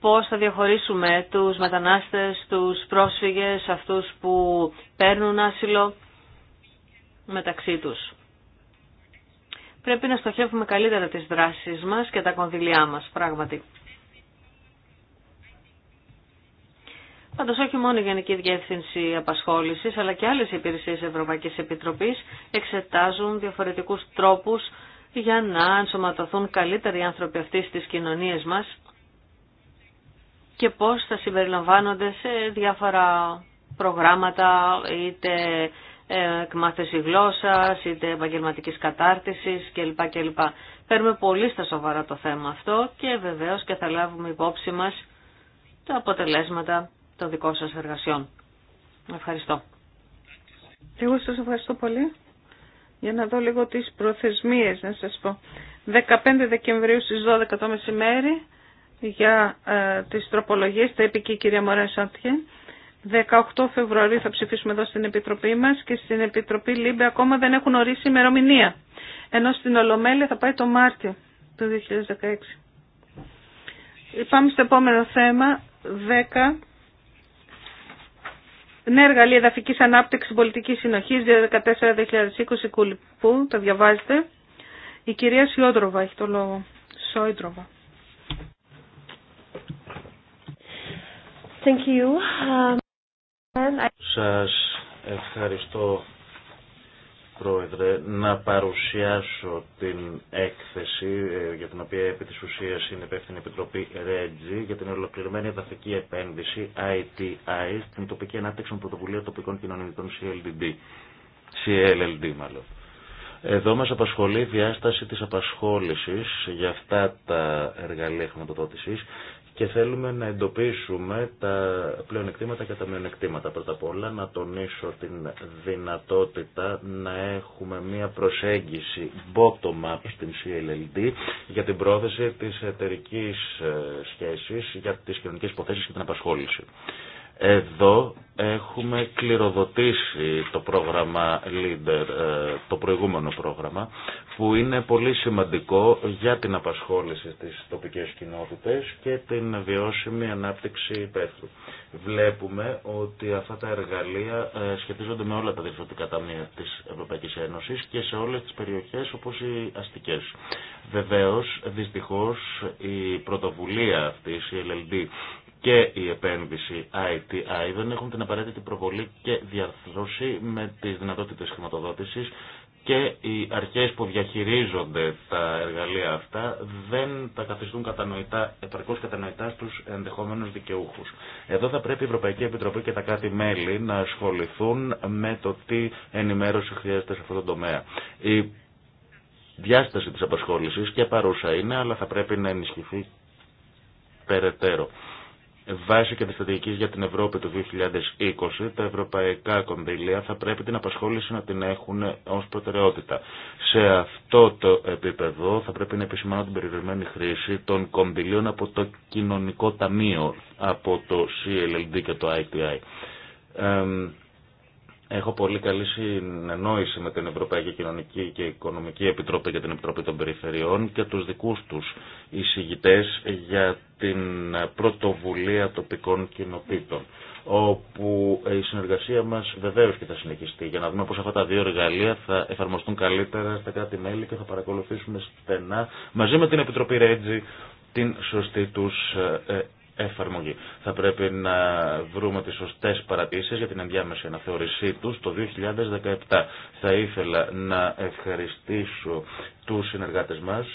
E: Πώς θα διαχωρίσουμε τους μετανάστες, τους πρόσφυγες, αυτούς που παίρνουν άσυλο μεταξύ τους. Πρέπει να στοχεύουμε καλύτερα τις δράσεις μας και τα κονδυλιά μας, πράγματι. Πάντω όχι μόνο η Γενική Διεύθυνση Απασχόληση, αλλά και άλλε υπηρεσίε Ευρωπαϊκή Επιτροπή εξετάζουν διαφορετικού τρόπου για να ενσωματωθούν καλύτεροι οι άνθρωποι αυτοί στι κοινωνίε μα και πώς θα συμπεριλαμβάνονται σε διάφορα προγράμματα, είτε ε, εκμάθηση γλώσσα, είτε επαγγελματική κατάρτισης κλπ. κλπ. Παίρνουμε πολύ στα σοβαρά το θέμα αυτό και βεβαίως και θα λάβουμε υπόψη μας τα αποτελέσματα των δικών σας εργασιών. Ευχαριστώ.
B: Εγώ σας ευχαριστώ πολύ. Για να δω λίγο τις προθεσμίες να σας πω. 15 Δεκεμβρίου στις 12 το μεσημέρι για ε, τις τροπολογίες, τα είπε και η κυρία Μωρέν Σαντιέν. 18 Φεβρουαρίου θα ψηφίσουμε εδώ στην Επιτροπή μας και στην Επιτροπή ΛΥΜΠΕ ακόμα δεν έχουν ορίσει ημερομηνία. Ενώ στην Ολομέλεια θα πάει το Μάρτιο του 2016. Πάμε στο επόμενο θέμα, 10. Νέα εργαλεία εδαφική ανάπτυξη πολιτική συνοχή 2014-2020 Κουλυπού, το διαβάζετε. Η κυρία Σιόντροβα έχει το λόγο. Σόιντροβα. Thank you. Um,
C: σας ευχαριστώ Πρόεδρε, να παρουσιάσω την έκθεση ε, για την οποία επί της ουσίας είναι υπεύθυνη Επιτροπή Ρέτζι για την ολοκληρωμένη εδαφική επένδυση ITI στην τοπική ανάπτυξη των πρωτοβουλίων τοπικών κοινωνικών CLDD. CLLD μάλλον. Εδώ μας απασχολεί η διάσταση της απασχόλησης για αυτά τα εργαλεία χρηματοδότησης και θέλουμε να εντοπίσουμε τα πλεονεκτήματα και τα μειονεκτήματα. Πρώτα απ' όλα να τονίσω την δυνατότητα να έχουμε μία προσέγγιση bottom-up στην CLLD για την πρόθεση της εταιρικής ε, σχέσης, για τις κοινωνικές υποθέσεις και την απασχόληση. Εδώ έχουμε κληροδοτήσει το πρόγραμμα LEADER, ε, το προηγούμενο πρόγραμμα, που είναι πολύ σημαντικό για την απασχόληση στις τοπικές κοινότητες και την βιώσιμη ανάπτυξη υπαίθρου. Βλέπουμε ότι αυτά τα εργαλεία ε, σχετίζονται με όλα τα διευθυντικά ταμεία της Ευρωπαϊκής Ένωσης και σε όλες τις περιοχές όπως οι αστικές. Βεβαίως, δυστυχώς, η πρωτοβουλία αυτής, η LLD, και η επένδυση ITI δεν έχουν την απαραίτητη προβολή και διαρθρώση με τις δυνατότητες χρηματοδότησης και οι αρχές που διαχειρίζονται τα εργαλεία αυτά δεν τα καθιστούν κατανοητά, επαρκώς κατανοητά στους ενδεχόμενους δικαιούχους. Εδώ θα πρέπει η Ευρωπαϊκή Επιτροπή και τα κάτι μέλη να ασχοληθούν με το τι ενημέρωση χρειάζεται σε αυτό το τομέα. Η διάσταση της απασχόλησης και παρούσα είναι, αλλά θα πρέπει να ενισχυθεί περαιτέρω. Βάσει και τη στρατηγική για την Ευρώπη του 2020, τα ευρωπαϊκά κονδύλια θα πρέπει την απασχόληση να την έχουν ω προτεραιότητα. Σε αυτό το επίπεδο θα πρέπει να επισημάνω την περιορισμένη χρήση των κονδυλίων από το Κοινωνικό Ταμείο, από το CLLD και το ITI. Έχω πολύ καλή συνεννόηση με την Ευρωπαϊκή Κοινωνική και Οικονομική Επιτροπή και την Επιτροπή των Περιφερειών και τους δικούς τους εισηγητές για την πρωτοβουλία τοπικών κοινοτήτων όπου η συνεργασία μας βεβαίως και θα συνεχιστεί για να δούμε πώς αυτά τα δύο εργαλεία θα εφαρμοστούν καλύτερα στα κράτη-μέλη και θα παρακολουθήσουμε στενά μαζί με την Επιτροπή Ρέτζη την σωστή τους ε, εφαρμογή. Θα πρέπει να βρούμε τις σωστές παρατήσεις για την ενδιάμεση αναθεωρησή τους το 2017. Θα ήθελα να ευχαριστήσω τους συνεργάτες μας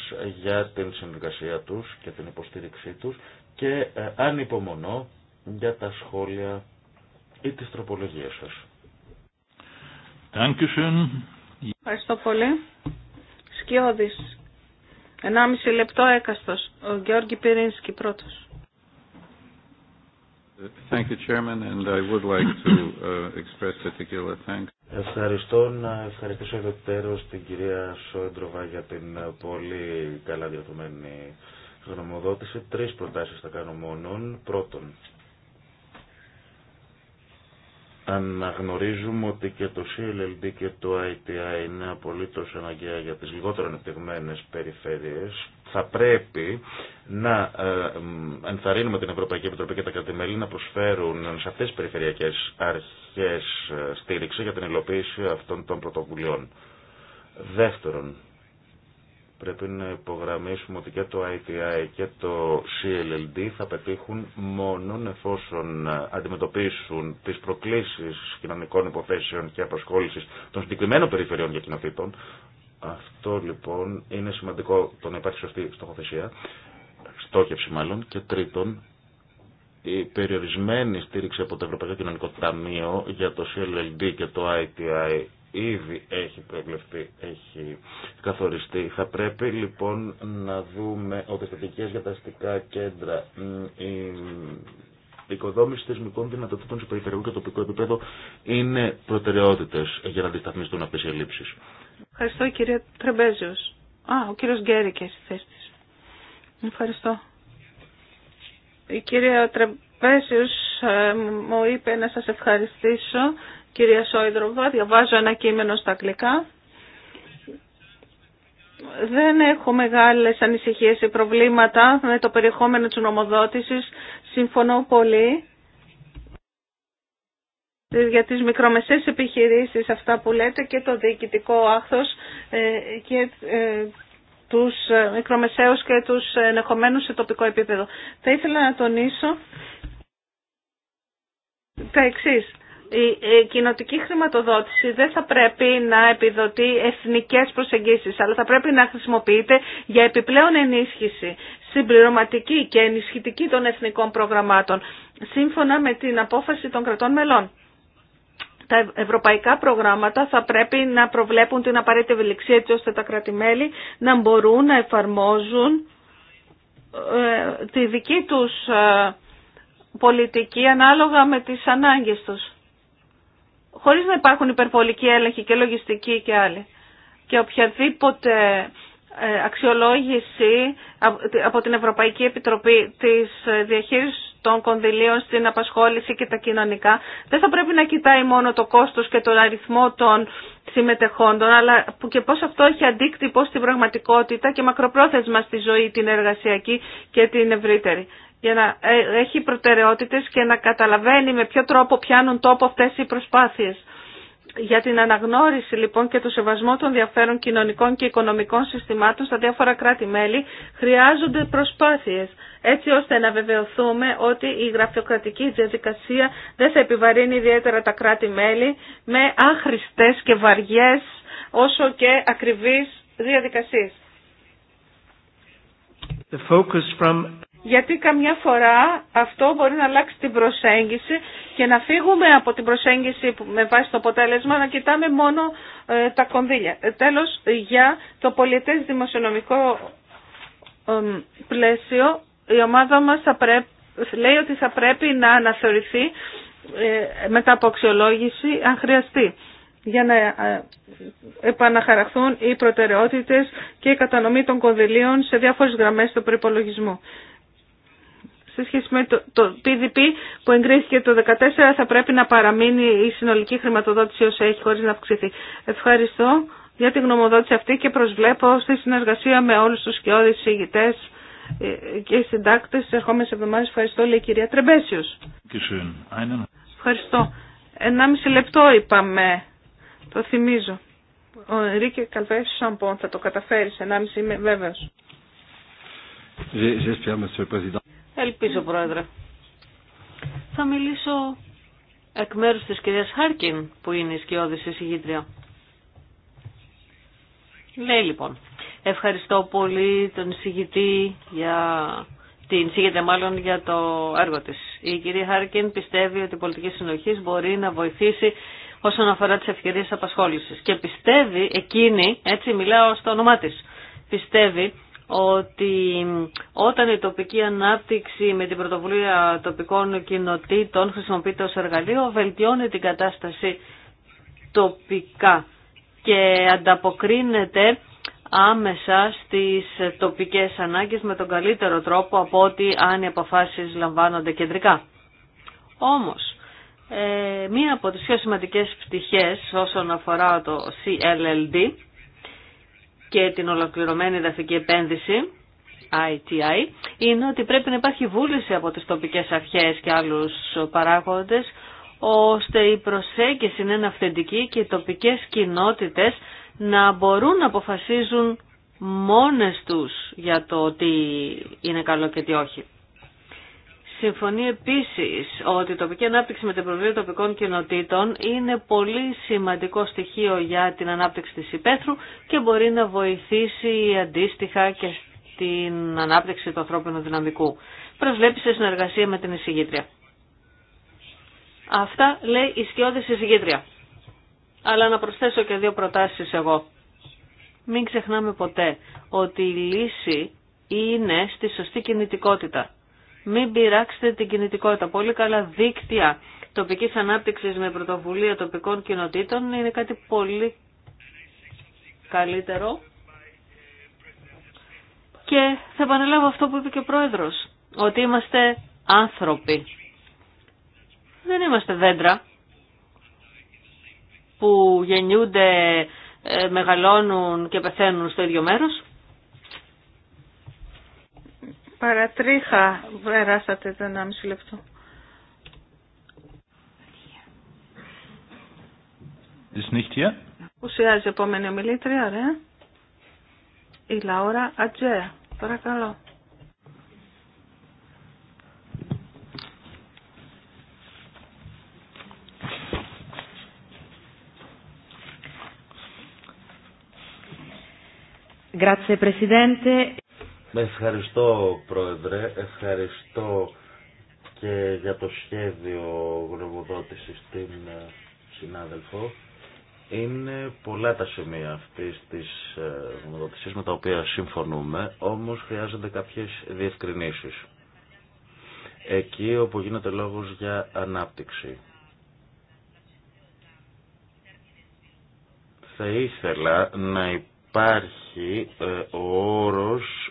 C: για την συνεργασία τους και την υποστήριξή τους και ε, αν για τα σχόλια ή τις τροπολογίες σας.
B: Ευχαριστώ πολύ. Σκιώδης. 1,5 λεπτό έκαστος. Ο Γιώργη Πυρίνσκι πρώτος.
D: Thank you, Chairman, and I would like to uh, express particular thanks.
C: Ευχαριστώ να ευχαριστήσω εδώ την κυρία Σόντροβα για την ε, πολύ καλά διαδομένη γνωμοδότηση. Τρεις προτάσεις θα κάνω μόνον. Πρώτον, γνωρίζουμε ότι και το CLLD και το ITI είναι απολύτως αναγκαία για τις λιγότερο ανεπτυγμένες περιφέρειες. Θα πρέπει να ε, ενθαρρύνουμε την Ευρωπαϊκή Επιτροπή και τα κρατημέλη να προσφέρουν σε αυτές τις περιφερειακές αρχές ε, στήριξη για την υλοποίηση αυτών των πρωτοβουλειών. Δεύτερον, Πρέπει να υπογραμμίσουμε ότι και το ITI και το CLLD θα πετύχουν μόνον εφόσον αντιμετωπίσουν τις προκλήσεις κοινωνικών υποθέσεων και απασχόλησης των συγκεκριμένων περιφερειών για κοινοθήτων. Αυτό λοιπόν είναι σημαντικό το να υπάρχει σωστή στοχοθεσία, στόχευση μάλλον, και τρίτον η περιορισμένη στήριξη από το Ευρωπαϊκό Κοινωνικό Ταμείο για το CLLD και το ITI ήδη έχει προβλεφθεί, έχει καθοριστεί. Θα πρέπει λοιπόν να δούμε ότι θετικές για τα αστικά κέντρα, η οικοδόμηση θεσμικών δυνατοτήτων σε περιφερειακό και τοπικό επίπεδο είναι προτεραιότητες για να αντισταθμιστούν αυτές οι ελλείψεις.
B: Ευχαριστώ κύριε Τρεμπέζιος. Α, ο κύριος Γκέρι και θέση Ευχαριστώ. Η κυρία Τρεμπέζιος ε, μου είπε να σας ευχαριστήσω κυρία Σόιδροβα, διαβάζω ένα κείμενο στα αγγλικά. Δεν έχω μεγάλες ανησυχίες ή προβλήματα με το περιεχόμενο της νομοδότησης. Συμφωνώ πολύ για τις μικρομεσαίες επιχειρήσεις αυτά που λέτε και το διοικητικό άχθος ε, και ε, τους μικρομεσαίους και τους ενεχομένους σε τοπικό επίπεδο. Θα ήθελα να τονίσω τα εξής η κοινοτική χρηματοδότηση δεν θα πρέπει να επιδοτεί εθνικές προσεγγίσεις, αλλά θα πρέπει να χρησιμοποιείται για επιπλέον ενίσχυση, συμπληρωματική και ενισχυτική των εθνικών προγραμμάτων, σύμφωνα με την απόφαση των κρατών μελών. Τα ευρωπαϊκά προγράμματα θα πρέπει να προβλέπουν την απαραίτητη ευελιξία έτσι ώστε τα κράτη-μέλη να μπορούν να εφαρμόζουν ε, τη δική τους ε, πολιτική ανάλογα με τις ανάγκες τους χωρίς να υπάρχουν υπερβολικοί έλεγχοι και λογιστικοί και άλλοι. Και οποιαδήποτε ε, αξιολόγηση από την Ευρωπαϊκή Επιτροπή της ε, διαχείρισης των κονδυλίων στην απασχόληση και τα κοινωνικά δεν θα πρέπει να κοιτάει μόνο το κόστος και τον αριθμό των συμμετεχόντων αλλά και πώς αυτό έχει αντίκτυπο στην πραγματικότητα και μακροπρόθεσμα στη ζωή την εργασιακή και την ευρύτερη για να ε, έχει προτεραιότητες και να καταλαβαίνει με ποιο τρόπο πιάνουν τόπο αυτές οι προσπάθειες. Για την αναγνώριση λοιπόν και το σεβασμό των διαφέρων κοινωνικών και οικονομικών συστημάτων στα διάφορα κράτη-μέλη χρειάζονται προσπάθειες έτσι ώστε να βεβαιωθούμε ότι η γραφειοκρατική διαδικασία δεν θα επιβαρύνει ιδιαίτερα τα κράτη-μέλη με άχρηστες και βαριές όσο και ακριβείς διαδικασίες.
A: The focus from...
B: Γιατί καμιά φορά αυτό μπορεί να αλλάξει την προσέγγιση και να φύγουμε από την προσέγγιση με βάση το αποτέλεσμα να κοιτάμε μόνο ε, τα κονδύλια. Ε, τέλος, για το πολιτές δημοσιονομικό πλαίσιο, η ομάδα μας θα λέει ότι θα πρέπει να αναθεωρηθεί ε, μετά από αξιολόγηση αν χρειαστεί για να επαναχαραχθούν οι προτεραιότητες και η κατανομή των κονδυλίων σε διάφορες γραμμές του προπολογισμού σε σχέση με το, το TDP που εγκρίθηκε το 2014 θα πρέπει να παραμείνει η συνολική χρηματοδότηση όσο έχει χωρίς να αυξηθεί. Ευχαριστώ για την γνωμοδότηση αυτή και προσβλέπω στη συνεργασία με όλους τους σκιώδεις συγητές ε, και συντάκτες Σε ερχόμενες εβδομάδες. Ευχαριστώ λέει η κυρία Τρεμπέσιος. Ευχαριστώ. Ενάμιση λεπτό είπαμε. Το θυμίζω. Ο Ρίκε Καλβέσιος Σαμπον θα το καταφέρει σε είμαι βέβαιος. Ελπίζω, ναι. Πρόεδρε.
E: Θα μιλήσω εκ μέρους της κυρίας Χάρκιν, που είναι η σκιώδης εισηγήτρια. Λέει λοιπόν, ευχαριστώ πολύ τον εισηγητή για... Την εισηγήτρια μάλλον για το έργο της. Η κυρία Χάρκιν πιστεύει ότι η πολιτική συνοχής μπορεί να βοηθήσει όσον αφορά τις ευκαιρίες απασχόλησης. Και πιστεύει εκείνη, έτσι μιλάω στο όνομά της, πιστεύει ότι όταν η τοπική ανάπτυξη με την πρωτοβουλία τοπικών κοινοτήτων χρησιμοποιείται ως εργαλείο, βελτιώνει την κατάσταση τοπικά και ανταποκρίνεται άμεσα στις τοπικές ανάγκες με τον καλύτερο τρόπο από ότι αν οι αποφάσεις λαμβάνονται κεντρικά. Όμως, ε, μία από τις πιο σημαντικές πτυχές όσον αφορά το CLLD και την ολοκληρωμένη δαφική επένδυση, ITI, είναι ότι πρέπει να υπάρχει βούληση από τις τοπικές αρχές και άλλους παράγοντες, ώστε η προσέγγιση είναι αυθεντική και οι τοπικές κοινότητες να μπορούν να αποφασίζουν μόνες τους για το τι είναι καλό και τι όχι. Συμφωνεί επίσης ότι η τοπική ανάπτυξη με την προβλήμα τοπικών κοινοτήτων είναι πολύ σημαντικό στοιχείο για την ανάπτυξη της υπαίθρου και μπορεί να βοηθήσει αντίστοιχα και στην ανάπτυξη του ανθρώπινου δυναμικού. Προσβλέπει σε συνεργασία με την εισηγήτρια. Αυτά λέει η σκιώδης εισηγήτρια. Αλλά να προσθέσω και δύο προτάσεις εγώ. Μην ξεχνάμε ποτέ ότι η λύση είναι στη σωστή κινητικότητα. Μην πειράξετε την κινητικότητα. Πολύ καλά δίκτυα τοπικής ανάπτυξης με πρωτοβουλία τοπικών κοινοτήτων είναι κάτι πολύ καλύτερο. Και θα επαναλάβω αυτό που είπε και ο Πρόεδρος, ότι είμαστε άνθρωποι. Δεν είμαστε δέντρα που γεννιούνται, ε, μεγαλώνουν και πεθαίνουν στο ίδιο μέρος.
B: Παρατρίχα, περάσατε το 1,5 λεπτό.
D: Ist
B: Ουσιάζει η επόμενη ομιλήτρια, ωραία. Η Λαώρα Ατζέα. Παρακαλώ.
A: Grazie Presidente.
C: Με ευχαριστώ Πρόεδρε, ευχαριστώ και για το σχέδιο γνωμοδότησης στην ε, συνάδελφο. Είναι πολλά τα σημεία αυτής της ε, γνωμοδότησης με τα οποία συμφωνούμε, όμως χρειάζονται κάποιες διευκρινήσεις. Εκεί όπου γίνεται λόγος για ανάπτυξη. Θα ήθελα να υπάρχει ε, ο όρος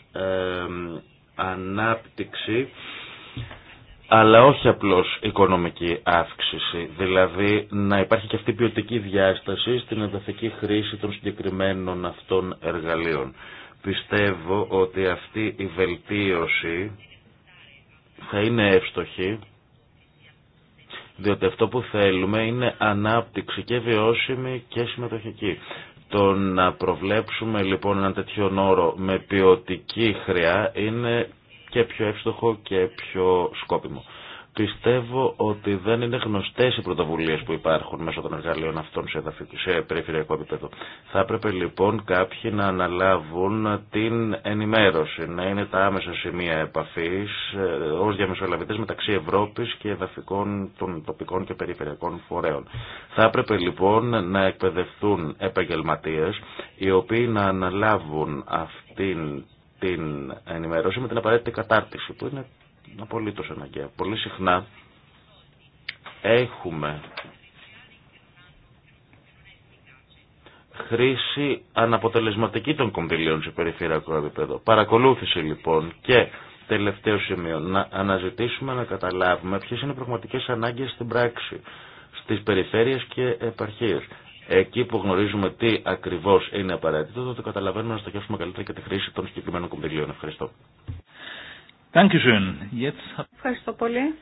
C: ανάπτυξη αλλά όχι απλώς οικονομική αύξηση, δηλαδή να υπάρχει και αυτή η ποιοτική διάσταση στην ενταφική χρήση των συγκεκριμένων αυτών εργαλείων. Πιστεύω ότι αυτή η βελτίωση θα είναι εύστοχη, διότι αυτό που θέλουμε είναι ανάπτυξη και βιώσιμη και συμμετοχική. Το να προβλέψουμε λοιπόν ένα τέτοιο όρο με ποιοτική χρειά είναι και πιο εύστοχο και πιο σκόπιμο. Πιστεύω ότι δεν είναι γνωστέ οι πρωτοβουλίε που υπάρχουν μέσω των εργαλείων αυτών σε, περιφερειακό επίπεδο. Θα έπρεπε λοιπόν κάποιοι να αναλάβουν την ενημέρωση, να είναι τα άμεσα σημεία επαφή ε, ω διαμεσολαβητέ μεταξύ Ευρώπη και εδαφικών των τοπικών και περιφερειακών φορέων. Θα έπρεπε λοιπόν να εκπαιδευτούν επαγγελματίε οι οποίοι να αναλάβουν αυτήν την ενημέρωση με την απαραίτητη κατάρτιση που είναι απολύτως αναγκαία. Πολύ συχνά έχουμε χρήση αναποτελεσματική των κονδυλίων σε περιφερειακό επίπεδο. Παρακολούθηση λοιπόν και τελευταίο σημείο να αναζητήσουμε να καταλάβουμε ποιες είναι οι πραγματικές ανάγκες στην πράξη, στις περιφέρειες και επαρχίες. Εκεί που γνωρίζουμε τι ακριβώς είναι απαραίτητο, το καταλαβαίνουμε να στοχεύσουμε καλύτερα και τη χρήση των συγκεκριμένων κονδυλίων. Ευχαριστώ. Ευχαριστώ
B: πολύ.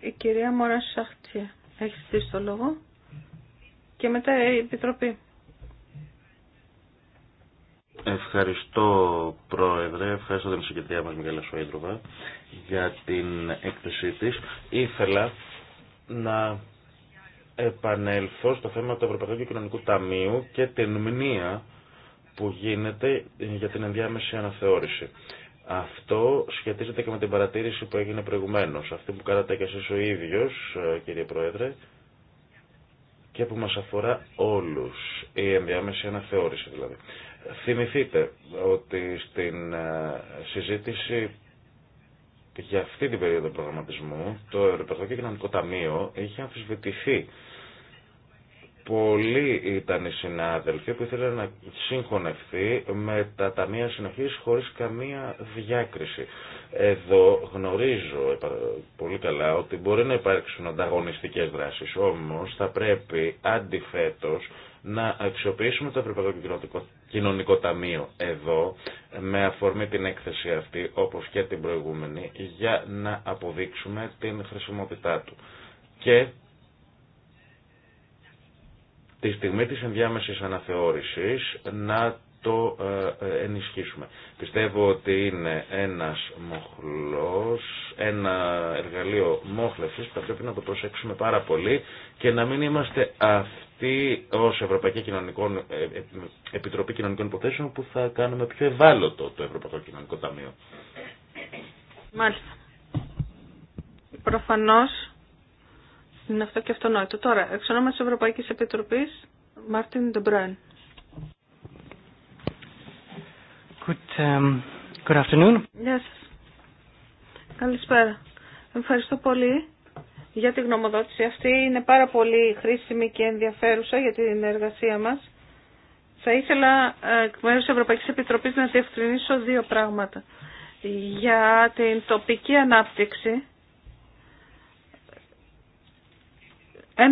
B: Η κυρία Μωρά Σαχτσία έχει στήσει το λόγο. Και μετά η Επιτροπή.
C: Ευχαριστώ Πρόεδρε, ευχαριστώ την συγκεκριά μας Μιγέλα Σουέντροβα για την έκθεσή της. Ήθελα να επανέλθω στο θέμα του Ευρωπαϊκού Κοινωνικού Ταμείου και την μνήα που γίνεται για την ενδιάμεση αναθεώρηση. Αυτό σχετίζεται και με την παρατήρηση που έγινε προηγουμένως, αυτή που κάνατε και εσείς ο ίδιος, ε, κύριε Πρόεδρε, και που μας αφορά όλους, η ενδιάμεση αναθεώρηση δηλαδή. Θυμηθείτε ότι στην ε, συζήτηση για αυτή την περίοδο προγραμματισμού το Ευρωπαϊκό Κοινωνικό Ταμείο είχε αμφισβητηθεί Πολλοί ήταν οι συνάδελφοι που ήθελαν να συγχωνευτεί με τα ταμεία συνοχής χωρίς καμία διάκριση. Εδώ γνωρίζω πολύ καλά ότι μπορεί να υπάρξουν ανταγωνιστικές δράσεις, όμως θα πρέπει αντιφέτος να αξιοποιήσουμε το Ευρωπαϊκό Κοινωνικό Ταμείο εδώ με αφορμή την έκθεση αυτή όπως και την προηγούμενη για να αποδείξουμε την χρησιμότητά του. Και τη στιγμή της ενδιάμεσης αναθεώρησης να το ε, ε, ενισχύσουμε. Πιστεύω ότι είναι ένας μοχλός, ένα εργαλείο μόχλευσης που θα πρέπει να το προσέξουμε πάρα πολύ και να μην είμαστε αυτοί ως Ευρωπαϊκή Κοινωνικών, ε, Επιτροπή Κοινωνικών Υποθέσεων που θα κάνουμε πιο ευάλωτο το Ευρωπαϊκό Κοινωνικό Ταμείο.
B: Μάλιστα. Προφανώς είναι αυτό και αυτονόητο. Τώρα, εξ Ευρωπαϊκή Ευρωπαϊκής Επιτροπής, Μάρτιν Ντεμπρέν.
E: Good, um, good afternoon.
B: Γεια σα. Καλησπέρα. Ευχαριστώ πολύ για τη γνωμοδότηση αυτή. Είναι πάρα πολύ χρήσιμη και ενδιαφέρουσα για την εργασία μας. Θα ήθελα ε, εκ μέρου τη Ευρωπαϊκής Επιτροπής να διευκρινίσω δύο πράγματα. Για την τοπική ανάπτυξη, 1,2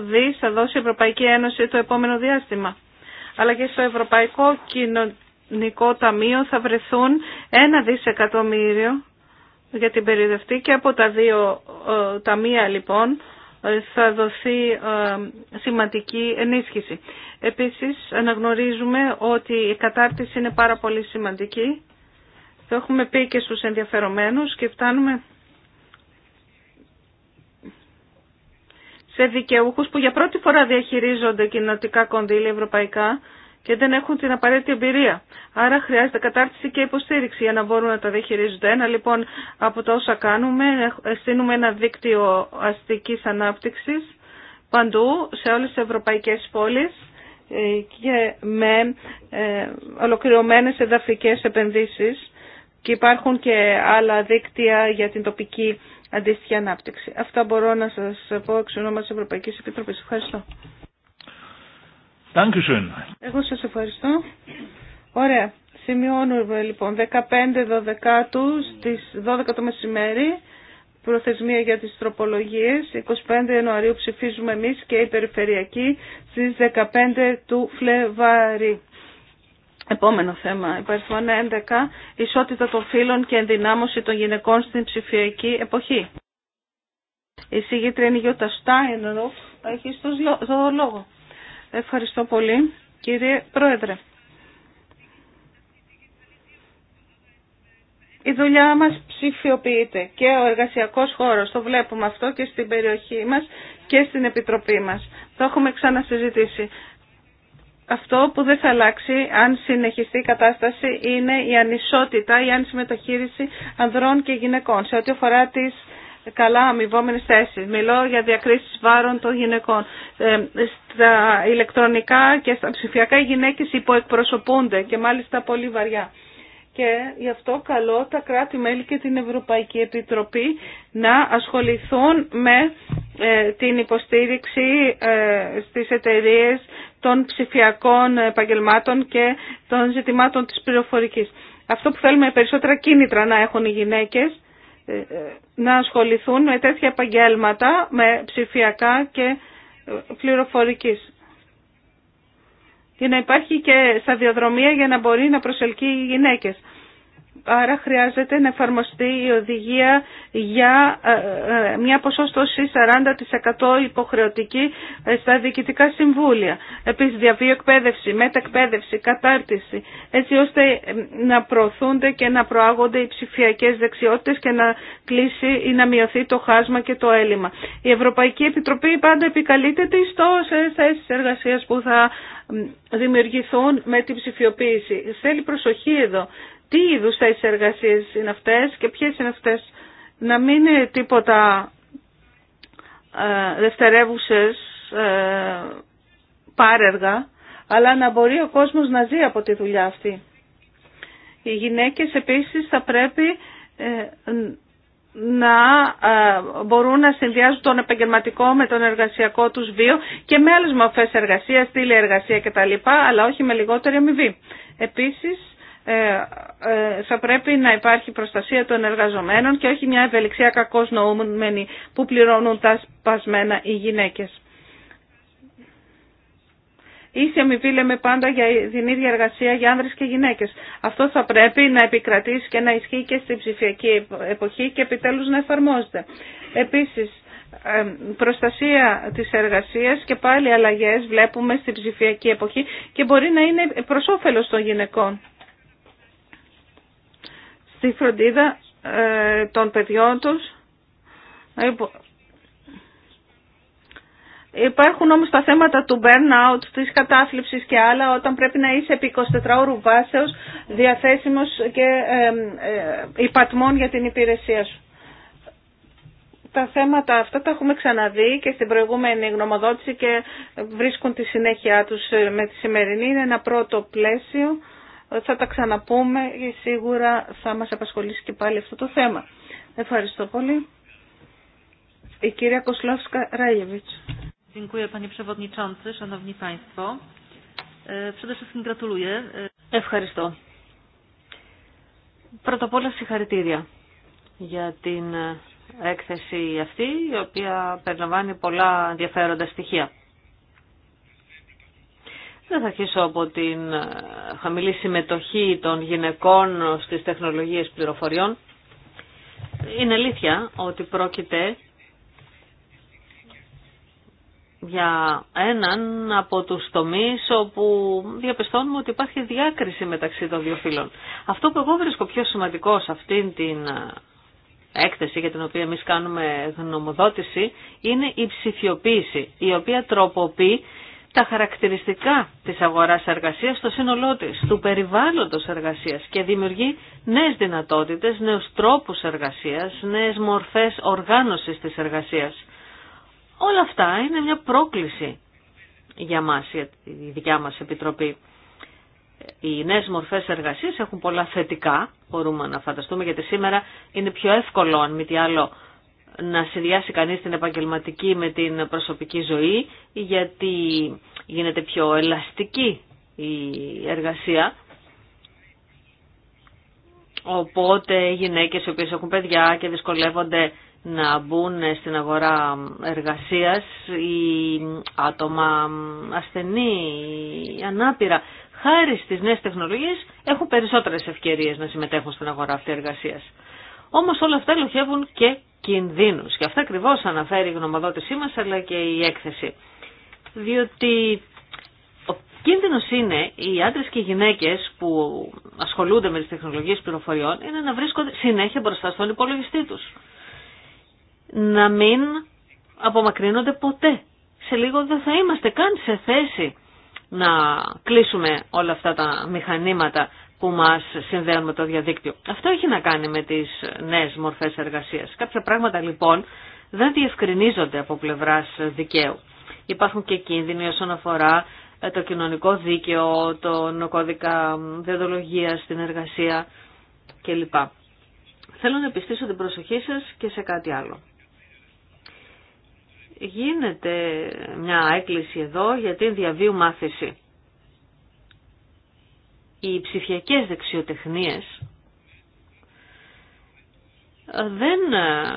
B: δις θα δώσει η Ευρωπαϊκή Ένωση το επόμενο διάστημα. Αλλά και στο Ευρωπαϊκό Κοινωνικό Ταμείο θα βρεθούν 1 δισεκατομμύριο για την περιοδευτή και από τα δύο ε, ταμεία λοιπόν ε, θα δοθεί ε, σημαντική ενίσχυση. Επίσης αναγνωρίζουμε ότι η κατάρτιση είναι πάρα πολύ σημαντική. Το έχουμε πει και στους ενδιαφερομένους και φτάνουμε σε δικαιούχους που για πρώτη φορά διαχειρίζονται κοινοτικά κονδύλια ευρωπαϊκά και δεν έχουν την απαραίτητη εμπειρία. Άρα χρειάζεται κατάρτιση και υποστήριξη για να μπορούν να τα διαχειρίζονται. Ένα λοιπόν από τα όσα κάνουμε, στείλουμε ένα δίκτυο αστικής ανάπτυξης παντού σε όλες τις ευρωπαϊκές πόλεις ε, και με ε, ολοκληρωμένες εδαφικές επενδύσεις και υπάρχουν και άλλα δίκτυα για την τοπική αντίστοιχη ανάπτυξη. Αυτά μπορώ να σας πω εξ ονόμα της Ευρωπαϊκής Επιτροπής. Ευχαριστώ. Εγώ σας ευχαριστώ. Ωραία. Σημειώνουμε λοιπόν 15 του στις 12 το μεσημέρι προθεσμία για τις τροπολογίες. 25 Ιανουαρίου ψηφίζουμε εμείς και η Περιφερειακή στις 15 του Φλεβάρι. Επόμενο θέμα, υπαριθμό 11, ισότητα των φύλων και ενδυνάμωση των γυναικών στην ψηφιακή εποχή. Η συγγήτρια είναι η Γιώτα Στάινροφ, έχει το λόγο. Ευχαριστώ πολύ, κύριε Πρόεδρε. Η δουλειά μας ψηφιοποιείται και ο εργασιακός χώρος, το βλέπουμε αυτό και στην περιοχή μας και στην Επιτροπή μας. Το έχουμε ξανασυζητήσει αυτό που δεν θα αλλάξει αν συνεχιστεί η κατάσταση είναι η ανισότητα, η ανισμεταχείριση ανδρών και γυναικών σε ό,τι αφορά τις καλά αμοιβόμενες θέσεις. Μιλώ για διακρίσεις βάρων των γυναικών. Ε, στα ηλεκτρονικά και στα ψηφιακά οι γυναίκες υποεκπροσωπούνται και μάλιστα πολύ βαριά. Και γι' αυτό καλό τα κράτη-μέλη και την Ευρωπαϊκή Επιτροπή να ασχοληθούν με ε, την υποστήριξη ε, στις εταιρείες των ψηφιακών επαγγελμάτων και των ζητημάτων της πληροφορική. Αυτό που θέλουμε περισσότερα κίνητρα να έχουν οι γυναίκες ε, ε, να ασχοληθούν με τέτοια επαγγέλματα, με ψηφιακά και ε, πληροφορική. Και να υπάρχει και σταδιοδρομία για να μπορεί να προσελκύει οι γυναίκες. Άρα χρειάζεται να εφαρμοστεί η οδηγία για ε, ε, μια ποσόστοση 40% υποχρεωτική ε, στα διοικητικά συμβούλια. Επίσης διαβίω εκπαίδευση, μετακπαίδευση, κατάρτιση, έτσι ώστε να προωθούνται και να προάγονται οι ψηφιακές δεξιότητες και να κλείσει ή να μειωθεί το χάσμα και το έλλειμμα. Η Ευρωπαϊκή Επιτροπή πάντα επικαλείται τις τόσες θέσεις εργασίας που θα δημιουργηθούν με την ψηφιοποίηση. Θέλει προσοχή εδώ τι είδους θέσεις εργασίες είναι αυτές και ποιες είναι αυτές. Να μην είναι τίποτα ε, δευτερεύουσες ε, πάρεργα, αλλά να μπορεί ο κόσμος να ζει από τη δουλειά αυτή. Οι γυναίκες επίσης θα πρέπει ε, να ε, μπορούν να συνδυάζουν τον επαγγελματικό με τον εργασιακό τους βίο και με άλλες μορφές εργασίας, τηλεεργασία κτλ. αλλά όχι με λιγότερη αμοιβή. Επίσης, ε, ε, θα πρέπει να υπάρχει προστασία των εργαζομένων και όχι μια ευελιξία κακώς νοούμενη που πληρώνουν τα σπασμένα οι γυναίκες. Ίσια αμοιβή λέμε πάντα για την ίδια εργασία για άνδρες και γυναίκες. Αυτό θα πρέπει να επικρατήσει και να ισχύει και στην ψηφιακή εποχή και επιτέλους να εφαρμόζεται. Επίσης, ε, προστασία της εργασίας και πάλι αλλαγές βλέπουμε στην ψηφιακή εποχή και μπορεί να είναι προς όφελος των γυναικών στη φροντίδα ε, των παιδιών τους. Υπάρχουν όμως τα θέματα του burnout, της κατάθλιψης και άλλα, όταν πρέπει να είσαι επί 24 ώρου βάσεως διαθέσιμος και ε, υπατμών για την υπηρεσία σου. Τα θέματα αυτά τα έχουμε ξαναδεί και στην προηγούμενη γνωμοδότηση και βρίσκουν τη συνέχεια τους ε, με τη σημερινή. Είναι ένα πρώτο πλαίσιο θα τα ξαναπούμε και σίγουρα θα μας απασχολήσει και πάλι αυτό το θέμα. Ευχαριστώ πολύ. Η κυρία Κοσλόφσκα Ράγεβιτς.
E: E, e, Ευχαριστώ. Πρώτα απ' όλα συγχαρητήρια για την ε, έκθεση αυτή, η οποία περιλαμβάνει πολλά ενδιαφέροντα στοιχεία. Δεν θα αρχίσω από την ε, χαμηλή συμμετοχή των γυναικών στις τεχνολογίες πληροφοριών. Είναι αλήθεια ότι πρόκειται για έναν από τους τομείς όπου διαπιστώνουμε ότι υπάρχει διάκριση μεταξύ των δύο φύλων. Αυτό που εγώ βρίσκω πιο σημαντικό σε αυτήν την ε, έκθεση για την οποία εμείς κάνουμε γνωμοδότηση είναι η ψηφιοποίηση, η οποία τροποποιεί τα χαρακτηριστικά της αγοράς εργασίας στο σύνολό της, του περιβάλλοντος εργασίας και δημιουργεί νέες δυνατότητες, νέους τρόπους εργασίας, νέες μορφές οργάνωσης της εργασίας. Όλα αυτά είναι μια πρόκληση για μας, για τη δικιά μας Επιτροπή. Οι νέες μορφές εργασίας έχουν πολλά θετικά, μπορούμε να φανταστούμε, γιατί σήμερα είναι πιο εύκολο, αν μη τι άλλο, να συνδυάσει κανείς την επαγγελματική με την προσωπική ζωή γιατί γίνεται πιο ελαστική η εργασία. Οπότε οι γυναίκες οι οποίες έχουν παιδιά και δυσκολεύονται να μπουν στην αγορά εργασίας ή άτομα ασθενή, ανάπηρα, χάρη στις νέες τεχνολογίες έχουν περισσότερες ευκαιρίες να συμμετέχουν στην αγορά αυτή εργασίας. Όμως όλα αυτά ελοχεύουν και κινδύνους. Και αυτά ακριβώ αναφέρει η γνωμοδότησή μας αλλά και η έκθεση. Διότι ο κίνδυνος είναι οι άντρες και οι γυναίκες που ασχολούνται με τις τεχνολογίες πληροφοριών είναι να βρίσκονται συνέχεια μπροστά στον υπολογιστή τους. Να μην απομακρύνονται ποτέ. Σε λίγο δεν θα είμαστε καν σε θέση να κλείσουμε όλα αυτά τα μηχανήματα που μας συνδέουν με το διαδίκτυο. Αυτό έχει να κάνει με τις νέες μορφές εργασίας. Κάποια πράγματα λοιπόν δεν διευκρινίζονται από πλευράς δικαίου. Υπάρχουν και κίνδυνοι όσον αφορά ε, το κοινωνικό δίκαιο, τον κώδικα δεδολογίας την εργασία κλπ. Θέλω να επιστήσω την προσοχή σας και σε κάτι άλλο. Γίνεται μια έκκληση εδώ για την διαβίου μάθηση οι ψηφιακές δεξιοτεχνίες δεν ε,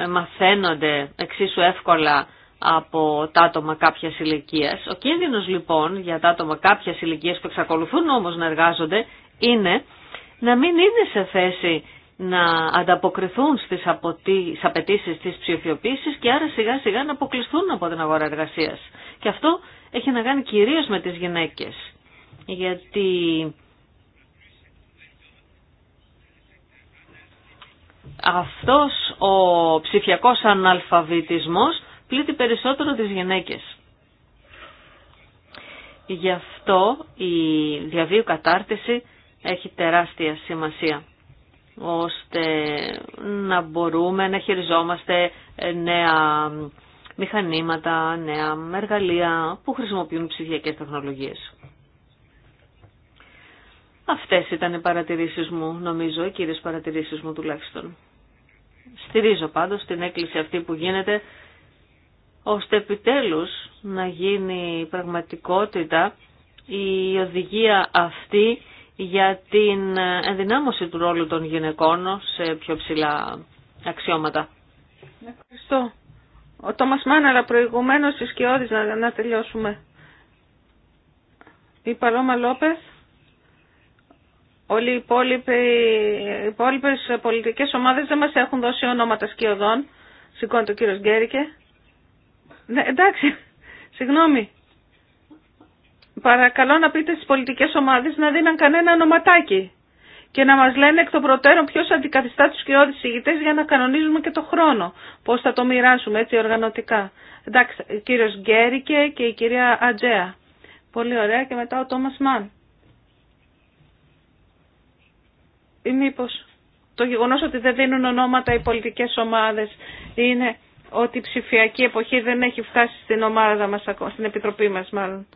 E: ε, μαθαίνονται εξίσου εύκολα από τα άτομα κάποια ηλικία. Ο κίνδυνο λοιπόν για τα άτομα κάποια ηλικία που εξακολουθούν όμω να εργάζονται είναι να μην είναι σε θέση να ανταποκριθούν στι απαιτήσει τη ψηφιοποίηση και άρα σιγά σιγά να αποκλειστούν από την αγορά εργασία. Και αυτό έχει να κάνει κυρίω με τι γυναίκε γιατί αυτός ο ψηφιακός αναλφαβητισμός πλήττει περισσότερο τις γυναίκες. Γι' αυτό η διαβίου κατάρτιση έχει τεράστια σημασία ώστε να μπορούμε να χειριζόμαστε νέα μηχανήματα, νέα εργαλεία που χρησιμοποιούν ψηφιακές τεχνολογίες. Αυτές ήταν οι παρατηρήσεις μου, νομίζω, οι κύριες παρατηρήσεις μου τουλάχιστον. Στηρίζω πάντως την έκκληση αυτή που γίνεται, ώστε επιτέλους να γίνει πραγματικότητα η οδηγία αυτή για την ενδυνάμωση του ρόλου των γυναικών σε πιο ψηλά αξιώματα.
B: Ευχαριστώ. Ο Τόμας Μάναρα προηγουμένως της να, να τελειώσουμε. Η Παλώμα Λόπες. Όλοι οι, υπόλοιποι, πολιτικέ υπόλοιπες πολιτικές ομάδες δεν μας έχουν δώσει ονόματα σκιωδών. Σηκώνει το κύριος Γκέρικε. Ναι, εντάξει, συγγνώμη. Παρακαλώ να πείτε στις πολιτικές ομάδες να δίναν κανένα ονοματάκι και να μας λένε εκ των προτέρων ποιος αντικαθιστά τους σκιώδεις ηγητές για να κανονίζουμε και το χρόνο, πώς θα το μοιράσουμε έτσι οργανωτικά. Εντάξει, ο κύριος Γκέρικε και η κυρία Ατζέα. Πολύ ωραία και μετά ο Τόμας Μαν. ή μήπως το γεγονός ότι δεν δίνουν ονόματα οι πολιτικές ομάδες είναι ότι η μήπω, το γεγονό οτι δεν δινουν ονοματα οι πολιτικέ ομαδες ειναι οτι φτάσει στην ομάδα μας, στην επιτροπή μας μάλλον.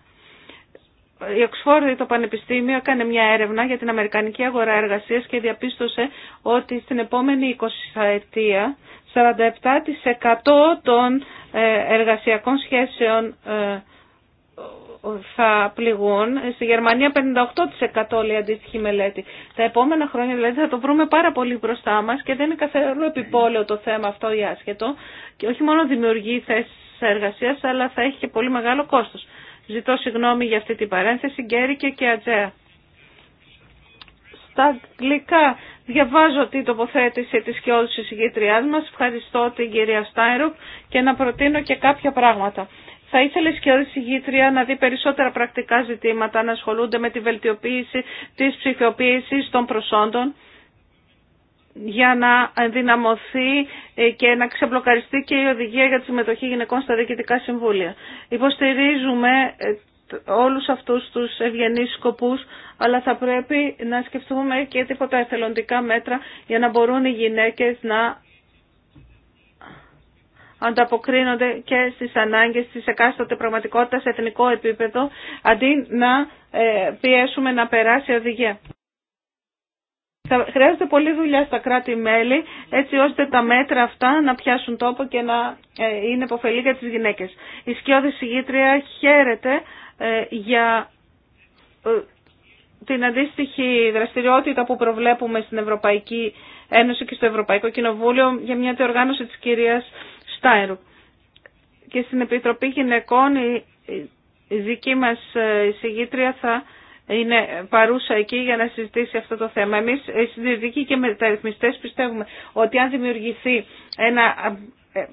B: Η Οξφόρδη, το Πανεπιστήμιο, έκανε μια έρευνα για την Αμερικανική αγορά εργασίας και διαπίστωσε ότι στην επόμενη 20 ετία 47% των ε, εργασιακών σχέσεων ε, θα πληγούν. Στη Γερμανία 58% λέει αντίστοιχη μελέτη. Τα επόμενα χρόνια δηλαδή θα το βρούμε πάρα πολύ μπροστά μα και δεν είναι καθόλου επιπόλαιο το θέμα αυτό ή άσχετο και όχι μόνο δημιουργεί θέσει εργασία, αλλά θα έχει και πολύ μεγάλο κόστο. Ζητώ συγγνώμη για αυτή την παρένθεση Γκέρικε και Ατζέα. Στα αγγλικά διαβάζω την τοποθέτηση της και τη της μας. Ευχαριστώ την κυρία Στάιρουκ και να προτείνω και κάποια πράγματα. Θα ήθελε και όλη η να δει περισσότερα πρακτικά ζητήματα να ασχολούνται με τη βελτιοποίηση της ψηφιοποίηση των προσόντων για να ενδυναμωθεί και να ξεμπλοκαριστεί και η οδηγία για τη συμμετοχή γυναικών στα διοικητικά συμβούλια. Υποστηρίζουμε ε, όλους αυτούς τους ευγενείς σκοπούς, αλλά θα πρέπει να σκεφτούμε και τίποτα εθελοντικά μέτρα για να μπορούν οι γυναίκες να ανταποκρίνονται και στις ανάγκες της εκάστοτε πραγματικότητας σε εθνικό επίπεδο, αντί να ε, πιέσουμε να περάσει οδηγία. Θα χρειάζεται πολλή δουλειά στα κράτη-μέλη, έτσι ώστε τα μέτρα αυτά να πιάσουν τόπο και να ε, είναι υποφελή για τις γυναίκες. Η Σκιώδη Συγήτρια χαίρεται ε, για την αντίστοιχη δραστηριότητα που προβλέπουμε στην Ευρωπαϊκή Ένωση και στο Ευρωπαϊκό Κοινοβούλιο για μια διοργάνωση της κυρίας Στάιρου. Και στην Επιτροπή Γυναικών η δική μας ε, εισηγήτρια θα είναι παρούσα εκεί για να συζητήσει αυτό το θέμα. Εμείς οι ε, συντηρητικοί και μεταρρυθμιστές πιστεύουμε ότι αν δημιουργηθεί ένα ε,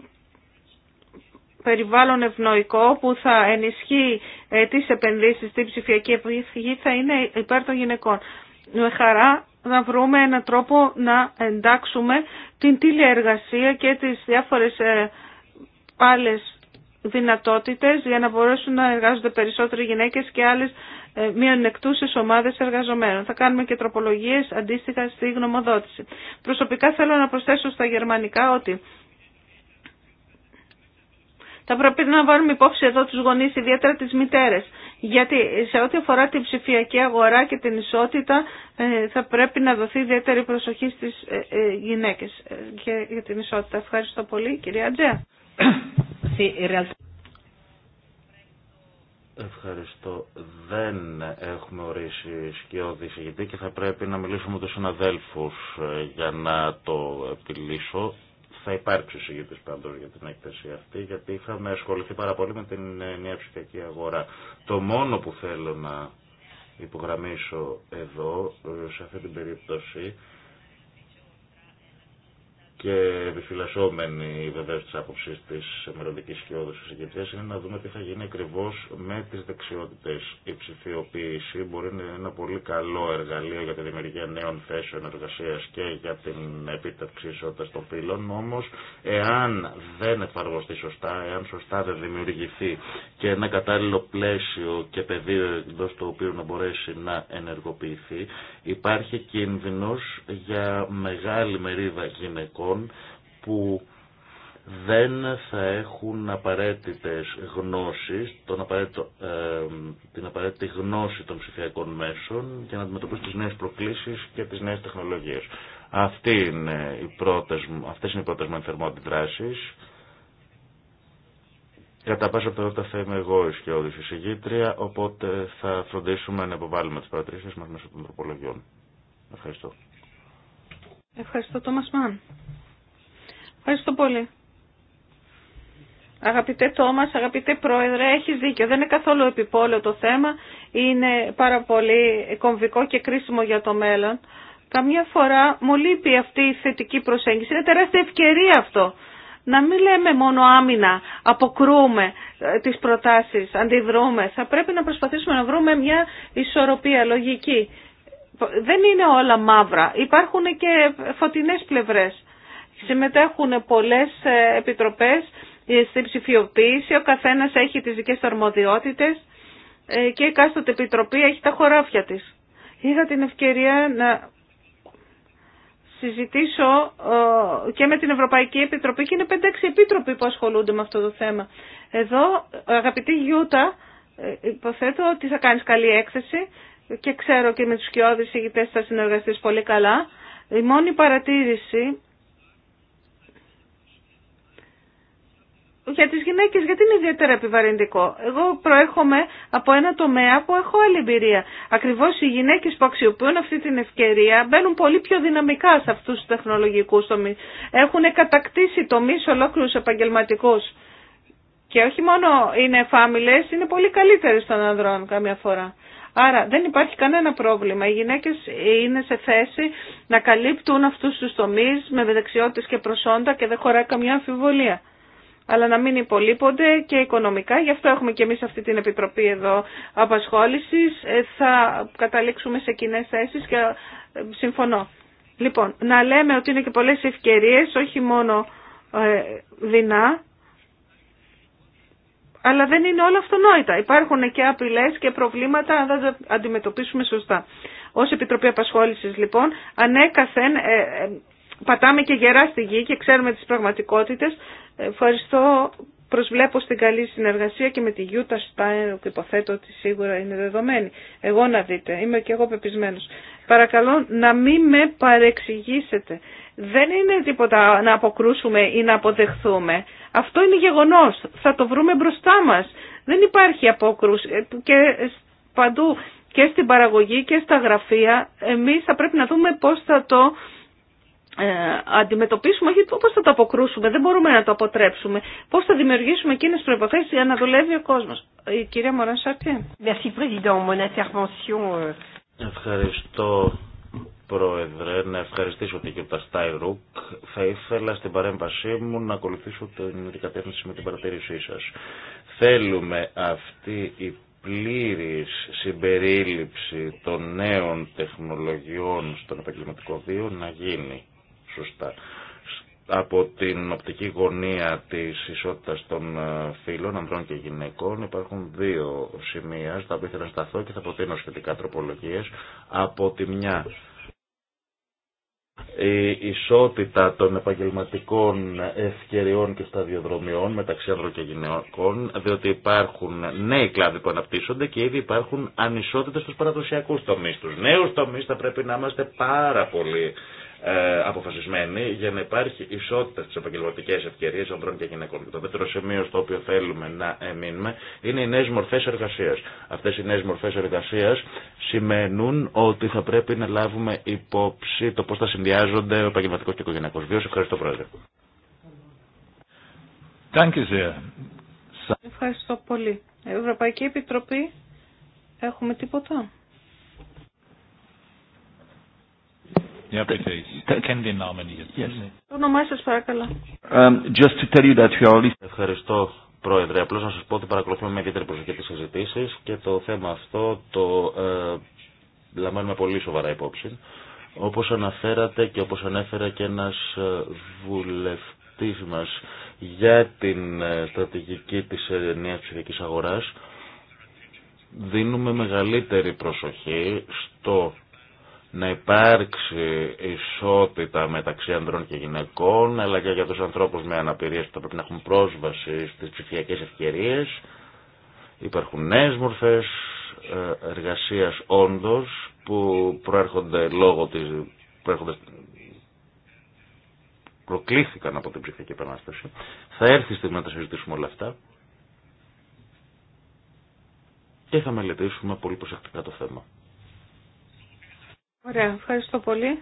B: περιβάλλον ευνοϊκό που θα ενισχύει τις επενδύσεις στην ψηφιακή επιθυμία θα είναι υπέρ των γυναικών με χαρά να βρούμε έναν τρόπο να εντάξουμε την τηλεεργασία και τις διάφορες ε, άλλες δυνατότητες για να μπορέσουν να εργάζονται περισσότεροι γυναίκες και άλλες ε, μειονεκτούσες ομάδες εργαζομένων. Θα κάνουμε και τροπολογίες αντίστοιχα στη γνωμοδότηση. Προσωπικά θέλω να προσθέσω στα γερμανικά ότι θα πρέπει να βάλουμε υπόψη εδώ τους γονείς, ιδιαίτερα τις μητέρες γιατί σε ό,τι αφορά την ψηφιακή αγορά και την ισότητα ε, θα πρέπει να δοθεί ιδιαίτερη προσοχή στις ε, ε, γυναίκες και για την ισότητα. Ευχαριστώ πολύ κυρία Τζέα. (coughs)
C: Ευχαριστώ. Δεν έχουμε ορίσει σκιώδη γιατί και θα πρέπει να μιλήσουμε με τους συναδέλφους για να το επιλύσω. Θα υπάρξει συζήτηση πάντως για την έκθεση αυτή, γιατί είχαμε ασχοληθεί πάρα πολύ με την νέα ε, ψηφιακή αγορά. Το μόνο που θέλω να υπογραμμίσω εδώ, ε, σε αυτή την περίπτωση, και επιφυλασσόμενοι βεβαίω τη άποψη τη μελλοντική σκιώδη συγκεκριμένη είναι να δούμε τι θα γίνει ακριβώ με τι δεξιότητε. Η ψηφιοποίηση μπορεί να είναι ένα πολύ καλό εργαλείο για τη δημιουργία νέων θέσεων εργασία και για την επίτευξη ισότητα των φύλων. Όμω, εάν δεν εφαρμοστεί σωστά, εάν σωστά δεν δημιουργηθεί και ένα κατάλληλο πλαίσιο και πεδίο εντό του οποίου να μπορέσει να ενεργοποιηθεί, Υπάρχει κίνδυνος για μεγάλη μερίδα γυναικών που δεν θα έχουν απαραίτητες γνώσεις, ε, την απαραίτητη γνώση των ψηφιακών μέσων για να αντιμετωπίσουν τις νέες προκλήσεις και τις νέες τεχνολογίες. Αυτέ είναι οι πρώτε αυτές είναι οι πρώτες μου ενθερμό Κατά πάσα πιθανότητα θα είμαι εγώ η σκιώδη εισηγήτρια, οπότε θα φροντίσουμε να υποβάλουμε τι παρατηρήσει μα μέσω των τροπολογιών. Ευχαριστώ.
B: Ευχαριστώ, Τόμα Μαν. Ευχαριστώ πολύ. Αγαπητέ Τόμας, αγαπητέ Πρόεδρε, έχεις δίκιο. Δεν είναι καθόλου επιπόλαιο το θέμα. Είναι πάρα πολύ κομβικό και κρίσιμο για το μέλλον. Καμιά φορά μου λείπει αυτή η θετική προσέγγιση. Είναι τεράστια ευκαιρία αυτό να μην λέμε μόνο άμυνα, αποκρούμε ε, τις προτάσεις, αντιδρούμε. Θα πρέπει να προσπαθήσουμε να βρούμε μια ισορροπία λογική. Δεν είναι όλα μαύρα. Υπάρχουν και φωτεινές πλευρές. Συμμετέχουν πολλές ε, επιτροπές ε, στην ψηφιοποίηση. Ο καθένας έχει τις δικές του αρμοδιότητες και η κάστοτε επιτροπή έχει τα χωράφια της. Είχα την ευκαιρία να συζητήσω ε, και με την Ευρωπαϊκή Επιτροπή και είναι 5-6 επίτροποι που ασχολούνται με αυτό το θέμα. Εδώ, αγαπητή Γιούτα, ε, υποθέτω ότι θα κάνεις καλή έκθεση και ξέρω και με τους κοιόδης ηγητές θα συνεργαστείς πολύ καλά. Η μόνη παρατήρηση για τις γυναίκες γιατί είναι ιδιαίτερα επιβαρυντικό. Εγώ προέρχομαι από ένα τομέα που έχω άλλη εμπειρία. Ακριβώς οι γυναίκες που αξιοποιούν αυτή την ευκαιρία μπαίνουν πολύ πιο δυναμικά σε αυτούς τους τεχνολογικούς τομείς. Έχουν κατακτήσει τομείς ολόκληρους επαγγελματικούς. Και όχι μόνο είναι φάμιλες, είναι πολύ καλύτερες των ανδρών καμιά φορά. Άρα δεν υπάρχει κανένα πρόβλημα. Οι γυναίκες είναι σε θέση να καλύπτουν αυτούς τους τομείς με δεξιότητες και προσόντα και δεν χωράει καμιά αμφιβολία αλλά να μην υπολείπονται και οικονομικά. Γι' αυτό έχουμε και εμείς αυτή την Επιτροπή εδώ απασχόλησης. Ε, θα καταλήξουμε σε κοινέ θέσει και ε, συμφωνώ. Λοιπόν, να λέμε ότι είναι και πολλές ευκαιρίες, όχι μόνο ε, δεινά, αλλά δεν είναι όλα αυτονόητα. Υπάρχουν και απειλές και προβλήματα αν δεν τα αντιμετωπίσουμε σωστά. Ως Επιτροπή Απασχόλησης λοιπόν, ανέκαθεν πατάμε και γερά στη γη και ξέρουμε τις πραγματικότητες. Ευχαριστώ. Προσβλέπω στην καλή συνεργασία και με τη Γιούτα Στάιν, που υποθέτω ότι σίγουρα είναι δεδομένη. Εγώ να δείτε, είμαι και εγώ πεπισμένος. Παρακαλώ να μην με παρεξηγήσετε. Δεν είναι τίποτα να αποκρούσουμε ή να αποδεχθούμε. Αυτό είναι γεγονός. Θα το βρούμε μπροστά μας. Δεν υπάρχει απόκρουση. Ε, και παντού και στην παραγωγή και στα γραφεία εμείς θα πρέπει να δούμε πώ θα το ε, αντιμετωπίσουμε, όχι πώς θα το αποκρούσουμε, δεν μπορούμε να το αποτρέψουμε. Πώς θα δημιουργήσουμε εκείνες τις προϋποθέσεις για να δουλεύει ο κόσμος. Η κυρία Μωράν Σαρτιέ. Euh,
C: Ευχαριστώ Πρόεδρε, να ευχαριστήσω την κυρία Στάιρουκ. Θα ήθελα στην παρέμβασή μου να ακολουθήσω την κατεύθυνση με την παρατήρησή σας. Θέλουμε αυτή η πλήρης συμπερίληψη των νέων τεχνολογιών στον επαγγελματικό βίο να γίνει σωστά. Από την οπτική γωνία της ισότητας των ε, φύλων, ανδρών και γυναικών, υπάρχουν δύο σημεία στα οποία θέλω να σταθώ και θα προτείνω σχετικά τροπολογίες. Από τη μια, η ισότητα των επαγγελματικών ευκαιριών και σταδιοδρομιών μεταξύ ανδρών και γυναικών, διότι υπάρχουν νέοι κλάδοι που αναπτύσσονται και ήδη υπάρχουν ανισότητες στους παραδοσιακούς τομείς τους. Νέους τομείς θα πρέπει να είμαστε πάρα πολύ ε, αποφασισμένοι για να υπάρχει ισότητα στι επαγγελματικέ ευκαιρίε ανδρών και γυναικών. το δεύτερο σημείο στο οποίο θέλουμε να εμείνουμε είναι οι νέε μορφέ εργασία. Αυτέ οι νέε μορφέ εργασία σημαίνουν ότι θα πρέπει να λάβουμε υπόψη το πώ θα συνδυάζονται ο επαγγελματικό και ο οικογενειακό βίο. Ευχαριστώ, Πρόεδρε.
B: Ευχαριστώ πολύ. Ευρωπαϊκή Επιτροπή, έχουμε τίποτα. Uh, το όνομά σας παρακαλώ.
C: Um, Ευχαριστώ Πρόεδρε, απλώ να σα πω ότι παρακολουθούμε με ιδιαίτερη προσοχή τι συζητήσει και το θέμα αυτό το ε, λαμβάνουμε πολύ σοβαρά υπόψη. Όπω αναφέρατε και όπω ανέφερε και ένα ε, βουλευτή μα για την ε, στρατηγική τη ε, νέα ψηφιακή αγορά, δίνουμε μεγαλύτερη προσοχή στο να υπάρξει ισότητα μεταξύ ανδρών και γυναικών, αλλά και για τους ανθρώπους με αναπηρία που θα πρέπει να έχουν πρόσβαση στις ψηφιακές ευκαιρίες. Υπάρχουν νέες μορφές ε, εργασίας όντως που προέρχονται λόγω της... προκλήθηκαν από την ψηφιακή επανάσταση. Θα έρθει στιγμή να τα συζητήσουμε όλα αυτά και θα μελετήσουμε πολύ προσεκτικά το θέμα.
B: Ωραία, ευχαριστώ πολύ.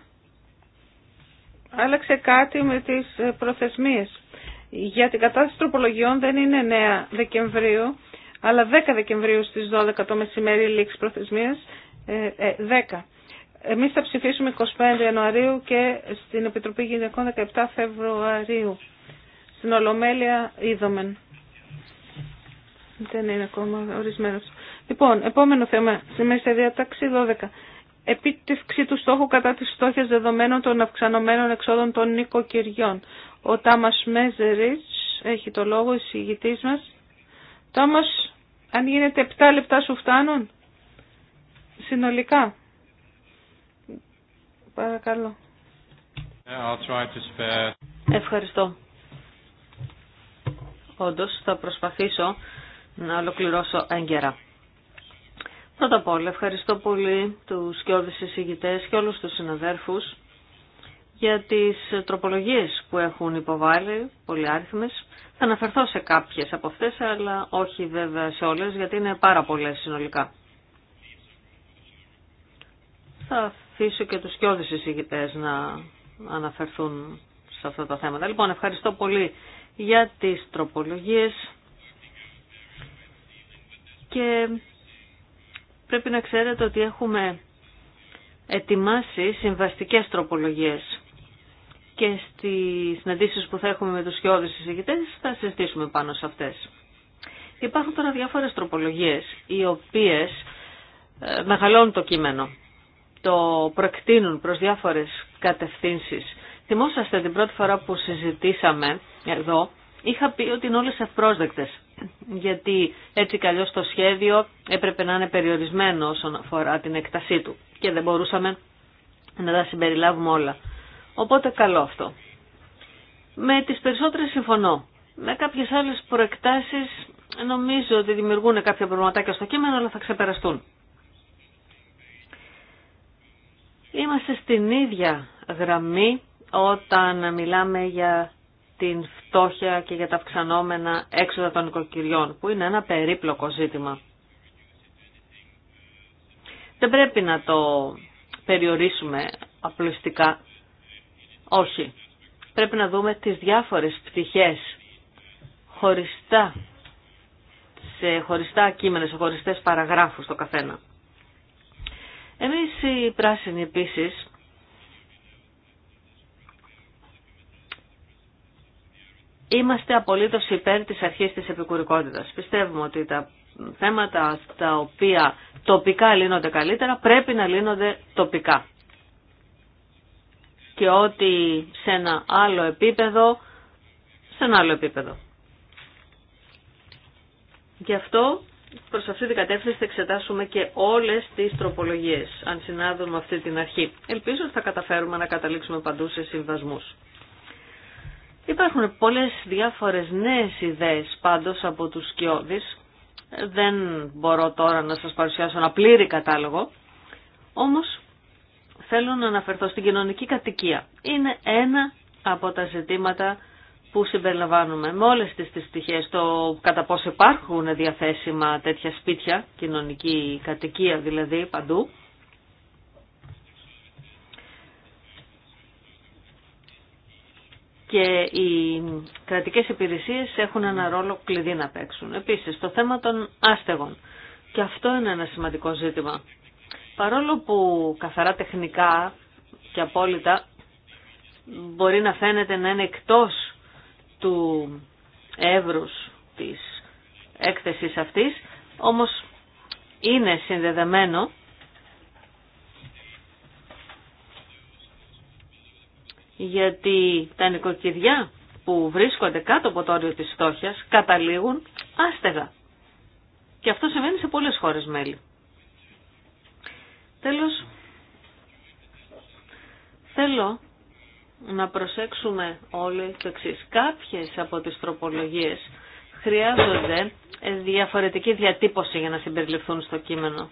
B: Άλλαξε κάτι με τις ε, προθεσμίες. Για την κατάσταση τροπολογιών δεν είναι 9 Δεκεμβρίου, αλλά 10 Δεκεμβρίου στις 12 το μεσημέρι λήξη προθεσμίας, 10. Ε, ε, Εμείς θα ψηφίσουμε 25 Ιανουαρίου και στην Επιτροπή Γυναικών 17 Φεβρουαρίου. Στην Ολομέλεια είδομεν. Δεν είναι ακόμα ορισμένος. Λοιπόν, επόμενο θέμα, στη μέση διατάξη 12 επίτευξη του στόχου κατά της στόχες δεδομένων των αυξανωμένων εξόδων των νοικοκυριών. Ο Τάμας Μέζεριτς έχει το λόγο, εισηγητής μας. Τάμας, αν γίνεται 7 λεπτά σου φτάνουν, συνολικά. Παρακαλώ. Ευχαριστώ.
E: Όντως θα προσπαθήσω να ολοκληρώσω έγκαιρα. Πρώτα απ' όλα ευχαριστώ πολύ τους κοιόδης εισηγητές και όλους τους συναδέρφους για τις τροπολογίες που έχουν υποβάλει, πολύ άριθμες. Θα αναφερθώ σε κάποιες από αυτές, αλλά όχι βέβαια σε όλες, γιατί είναι πάρα πολλές συνολικά. Θα αφήσω και τους κοιόδης εισηγητές να αναφερθούν σε αυτά τα θέματα. Λοιπόν, ευχαριστώ πολύ για τις τροπολογίες και πρέπει να ξέρετε ότι έχουμε ετοιμάσει συμβαστικές τροπολογίες και στις συναντήσεις που θα έχουμε με τους χειόδους συζητητές θα συζητήσουμε πάνω σε αυτές. Υπάρχουν τώρα διάφορες τροπολογίες οι οποίες ε, μεγαλώνουν το κείμενο, το προεκτείνουν προς διάφορες κατευθύνσεις. Θυμόσαστε την πρώτη φορά που συζητήσαμε εδώ Είχα πει ότι είναι όλες ευπρόσδεκτες, γιατί έτσι καλώς το σχέδιο έπρεπε να είναι περιορισμένο όσον αφορά την εκτασή του και δεν μπορούσαμε να τα συμπεριλάβουμε όλα. Οπότε καλό αυτό. Με τις περισσότερες συμφωνώ. Με κάποιες άλλες προεκτάσεις νομίζω ότι δημιουργούν κάποια προβληματάκια στο κείμενο, αλλά θα ξεπεραστούν. Είμαστε στην ίδια γραμμή όταν μιλάμε για την φτώχεια και για τα αυξανόμενα έξοδα των οικοκυριών, που είναι ένα περίπλοκο ζήτημα. Δεν πρέπει να το περιορίσουμε απλουστικά. Όχι. Πρέπει να δούμε τις διάφορες πτυχές χωριστά, σε χωριστά κείμενα, σε χωριστές παραγράφους το καθένα. Εμείς οι πράσινοι επίσης Είμαστε απολύτως υπέρ της αρχής της επικουρικότητας. Πιστεύουμε ότι τα θέματα στα οποία τοπικά λύνονται καλύτερα πρέπει να λύνονται τοπικά. Και ότι σε ένα άλλο επίπεδο, σε ένα άλλο επίπεδο. Γι' αυτό προς αυτή την κατεύθυνση θα εξετάσουμε και όλες τις τροπολογίες, αν συνάδουν με αυτή την αρχή. Ελπίζω ότι θα καταφέρουμε να καταλήξουμε παντού σε συμβασμούς. Υπάρχουν πολλές διάφορες νέες ιδέες πάντως από τους σκιώδεις. Δεν μπορώ τώρα να σας παρουσιάσω ένα πλήρη κατάλογο. Όμως θέλω να αναφερθώ στην κοινωνική κατοικία. Είναι ένα από τα ζητήματα που συμπεριλαμβάνουμε με όλες τις, τις το κατά πόσο υπάρχουν διαθέσιμα τέτοια σπίτια, κοινωνική κατοικία δηλαδή παντού, και οι κρατικές υπηρεσίες έχουν ένα ρόλο κλειδί να παίξουν. Επίσης, το θέμα των άστεγων. Και αυτό είναι ένα σημαντικό ζήτημα. Παρόλο που καθαρά τεχνικά και απόλυτα μπορεί να φαίνεται να είναι εκτός του εύρους της έκθεσης αυτής, όμως είναι συνδεδεμένο γιατί τα νοικοκυριά που βρίσκονται κάτω από το όριο της φτώχειας καταλήγουν άστεγα. Και αυτό σημαίνει σε πολλές χώρες μέλη. Τέλος, θέλω να προσέξουμε όλοι το εξή. Κάποιες από τις τροπολογίες χρειάζονται διαφορετική διατύπωση για να συμπεριληφθούν στο κείμενο.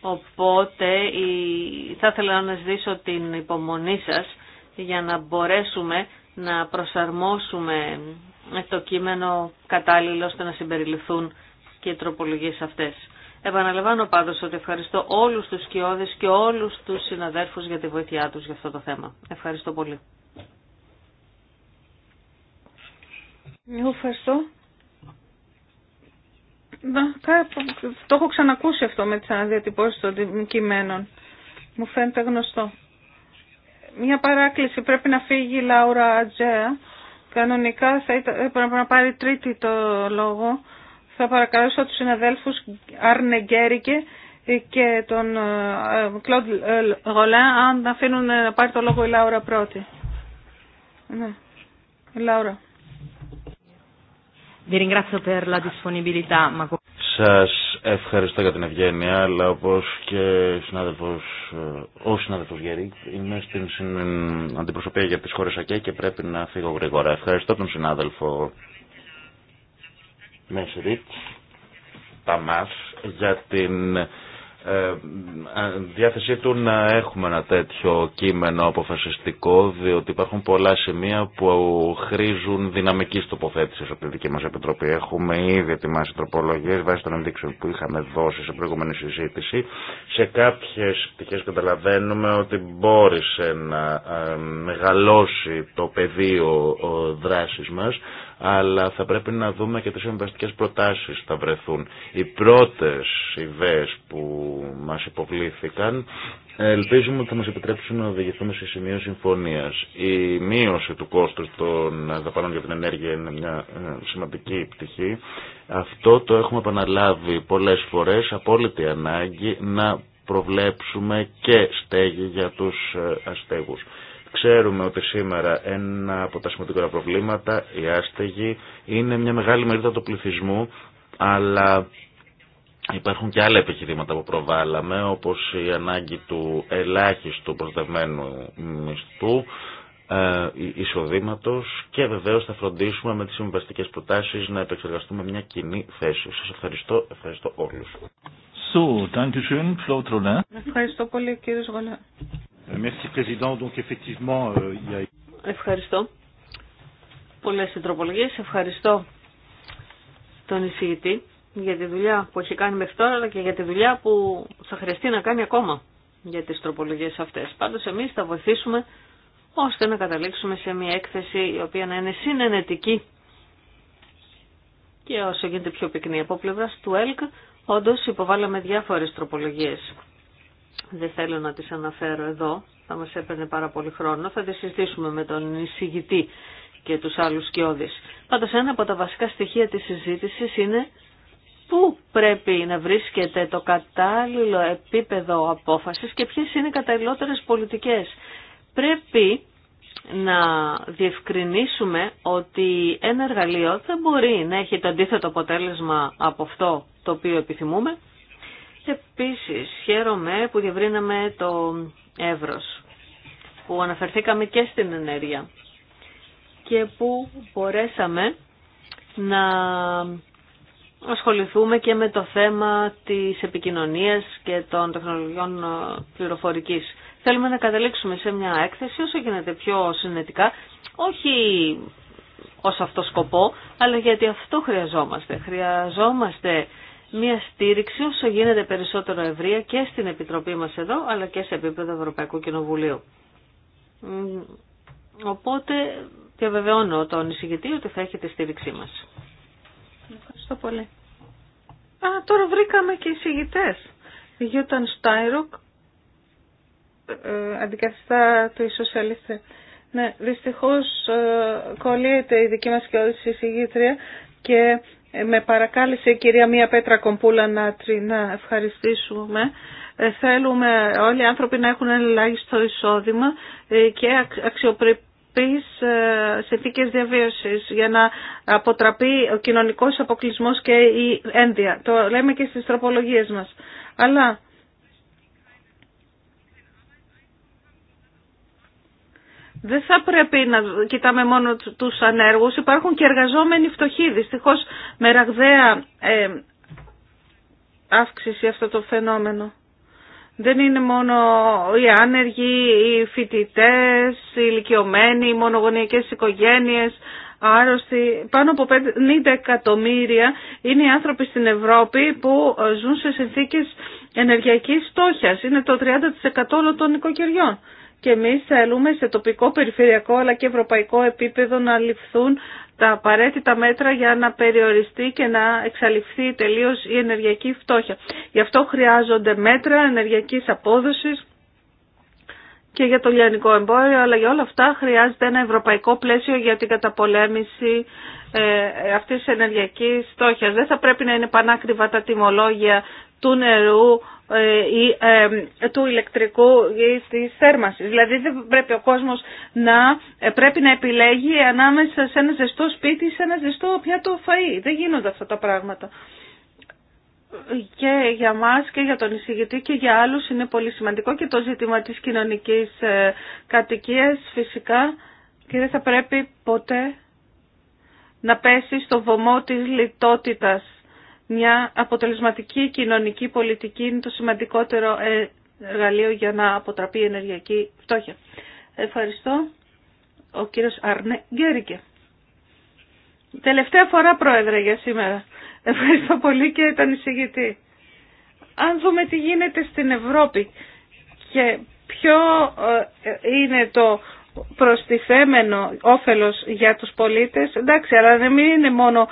E: Οπότε θα ήθελα να σας την υπομονή σας για να μπορέσουμε να προσαρμόσουμε το κείμενο κατάλληλο ώστε να συμπεριληφθούν και οι τροπολογίες αυτές. Επαναλαμβάνω πάντως ότι ευχαριστώ όλους τους σκιώδες και όλους τους συναδέρφους για τη βοήθειά τους για αυτό το θέμα. Ευχαριστώ πολύ.
B: Εγώ ευχαριστώ. Το έχω ξανακούσει αυτό με τις αναδιατυπώσεις των κειμένων. Μου φαίνεται γνωστό. Μια παράκληση πρέπει να φύγει η Λάουρα Ατζέα. Κανονικά θα να πάρει τρίτη το λόγο. Θα παρακαλώ τους συναδέλφους Άρνε Γκέρικε και τον ε, Κλοντ ε, Γολέν αν αφήνουν να πάρει το λόγο η Λάουρα πρώτη. Ναι. Η Λάουρα.
C: Σας Ευχαριστώ για την ευγένεια, αλλά όπως και συνάδελφος, ε, ο συνάδελφος Γερή, είμαι στην αντιπροσωπεία για τις χώρες ΑΚΕ και πρέπει να φύγω γρήγορα. Ευχαριστώ τον συνάδελφο Μεσρίτ Ταμάς για την ε, ε, διάθεσή του να έχουμε ένα τέτοιο κείμενο αποφασιστικό, διότι υπάρχουν πολλά σημεία που χρήζουν δυναμική τοποθέτηση από τη δική μα Επιτροπή. Έχουμε ήδη ετοιμάσει τροπολογίε βάσει των ενδείξεων που είχαμε δώσει σε προηγούμενη συζήτηση. Σε κάποιε πτυχέ καταλαβαίνουμε ότι μπόρεσε να ε, μεγαλώσει το πεδίο δράση μα, αλλά θα πρέπει να δούμε και τι συμβαστικές προτάσεις θα βρεθούν. Οι πρώτες ιδέες που μας υποβλήθηκαν ελπίζουμε ότι θα μας επιτρέψουν να οδηγηθούμε σε σημείο συμφωνίας. Η μείωση του κόστου των δαπανών για την ενέργεια είναι μια ε, σημαντική πτυχή. Αυτό το έχουμε επαναλάβει πολλές φορές, απόλυτη ανάγκη να προβλέψουμε και στέγη για τους ε, αστέγους. Ξέρουμε ότι σήμερα ένα από τα σημαντικότερα προβλήματα, οι άστεγοι, είναι μια μεγάλη μερίδα του πληθυσμού, αλλά Υπάρχουν και άλλα επιχειρήματα που προβάλαμε, όπως η ανάγκη του ελάχιστου προστατευμένου μισθού, εισοδήματο εισοδήματος και βεβαίως θα φροντίσουμε με τις συμβαστικές προτάσεις να επεξεργαστούμε μια κοινή θέση. Σας ευχαριστώ, ευχαριστώ όλους. So,
B: Ευχαριστώ πολύ κύριε
D: Euh, euh,
E: Ευχαριστώ. Πολλές συντροπολογίες. Ευχαριστώ τον εισηγητή για τη δουλειά που έχει κάνει μέχρι τώρα αλλά και για τη δουλειά που θα χρειαστεί να κάνει ακόμα για τις τροπολογίες αυτές. Πάντως εμείς θα βοηθήσουμε ώστε να καταλήξουμε σε μια έκθεση η οποία να είναι συνενετική και όσο γίνεται πιο πυκνή. Από πλευρά του ΕΛΚ όντως υποβάλαμε διάφορες τροπολογίες δεν θέλω να τις αναφέρω εδώ, θα μας έπαιρνε πάρα πολύ χρόνο, θα τις συζητήσουμε με τον εισηγητή και τους άλλους σκιώδεις. Πάντως ένα από τα βασικά στοιχεία της συζήτησης είναι πού πρέπει να βρίσκεται το κατάλληλο επίπεδο απόφασης και ποιες είναι οι καταλληλότερες πολιτικές. Πρέπει να διευκρινίσουμε ότι ένα εργαλείο δεν μπορεί να έχει το αντίθετο αποτέλεσμα από αυτό το οποίο επιθυμούμε Επίσης, χαίρομαι που διευρύναμε το εύρος, που αναφερθήκαμε και στην ενέργεια και που μπορέσαμε να ασχοληθούμε και με το θέμα της επικοινωνίας και των τεχνολογιών ε, πληροφορικής. Θέλουμε να καταλήξουμε σε μια έκθεση όσο γίνεται πιο συνετικά, όχι ως αυτό σκοπό, αλλά γιατί αυτό χρειαζόμαστε. Χρειαζόμαστε μια στήριξη όσο γίνεται περισσότερο ευρεία και στην Επιτροπή μας εδώ, αλλά και σε επίπεδο Ευρωπαϊκού Κοινοβουλίου. Οπότε διαβεβαιώνω τον εισηγητή ότι θα έχει τη στήριξή μας.
B: Ευχαριστώ πολύ. Α, τώρα βρήκαμε και εισηγητέ. Γιούταν Στάιροκ, ε, αντικαθιστά του Ισοσιαλίστε. Ναι, δυστυχώς ε, κολλείται η δική μας και όλη η εισηγήτρια και ε, με παρακάλεσε η κυρία Μία Πέτρα Κομπούλα να, να ευχαριστήσουμε. Ε, θέλουμε όλοι οι άνθρωποι να έχουν ελάχιστο εισόδημα ε, και αξιοπρεπείς συνθήκες διαβίωσης για να αποτραπεί ο κοινωνικός αποκλεισμός και η ένδια. Το λέμε και στις τροπολογίες μας. Αλλά Δεν θα πρέπει να κοιτάμε μόνο τους ανέργους. Υπάρχουν και εργαζόμενοι φτωχοί. Δυστυχώς με ραγδαία ε, αύξηση αυτό το φαινόμενο. Δεν είναι μόνο οι άνεργοι, οι φοιτητέ, οι ηλικιωμένοι, οι μονογονιακές οικογένειες, άρρωστοι. Πάνω από 50 εκατομμύρια είναι οι άνθρωποι στην Ευρώπη που ζουν σε συνθήκες ενεργειακής στόχιας. Είναι το 30% όλων των οικοκυριών και εμείς θέλουμε σε τοπικό, περιφερειακό αλλά και ευρωπαϊκό επίπεδο να ληφθούν τα απαραίτητα μέτρα για να περιοριστεί και να εξαλειφθεί τελείως η ενεργειακή φτώχεια. Γι' αυτό χρειάζονται μέτρα ενεργειακής απόδοσης και για το λιανικό εμπόριο, αλλά για όλα αυτά χρειάζεται ένα ευρωπαϊκό πλαίσιο για την καταπολέμηση ε, αυτής της ενεργειακής στόχιας. Δεν θα πρέπει να είναι πανάκριβα τα τιμολόγια του νερού ε, ή ε, του ηλεκτρικού ή της θέρμασης. Δηλαδή δεν πρέπει ο κόσμος να ε, πρέπει να επιλέγει ανάμεσα σε ένα ζεστό σπίτι ή σε ένα ζεστό πιάτο φαΐ. Δεν γίνονται αυτά τα πράγματα. Και για μας και για τον εισηγητή και για άλλους είναι πολύ σημαντικό και το ζήτημα της κοινωνικής κατοικίας φυσικά και δεν θα πρέπει ποτέ να πέσει στο βωμό της λιτότητας μια αποτελεσματική κοινωνική πολιτική είναι το σημαντικότερο ε, εργαλείο για να αποτραπεί η ενεργειακή φτώχεια. Ευχαριστώ. Ο κύριος Αρνέ Γκέρικε. Τελευταία φορά πρόεδρε για σήμερα. Ευχαριστώ πολύ και ήταν εισηγητή. Αν δούμε τι γίνεται στην Ευρώπη και ποιο ε, είναι το προστιθέμενο όφελος για τους πολίτες, εντάξει, αλλά δεν είναι μόνο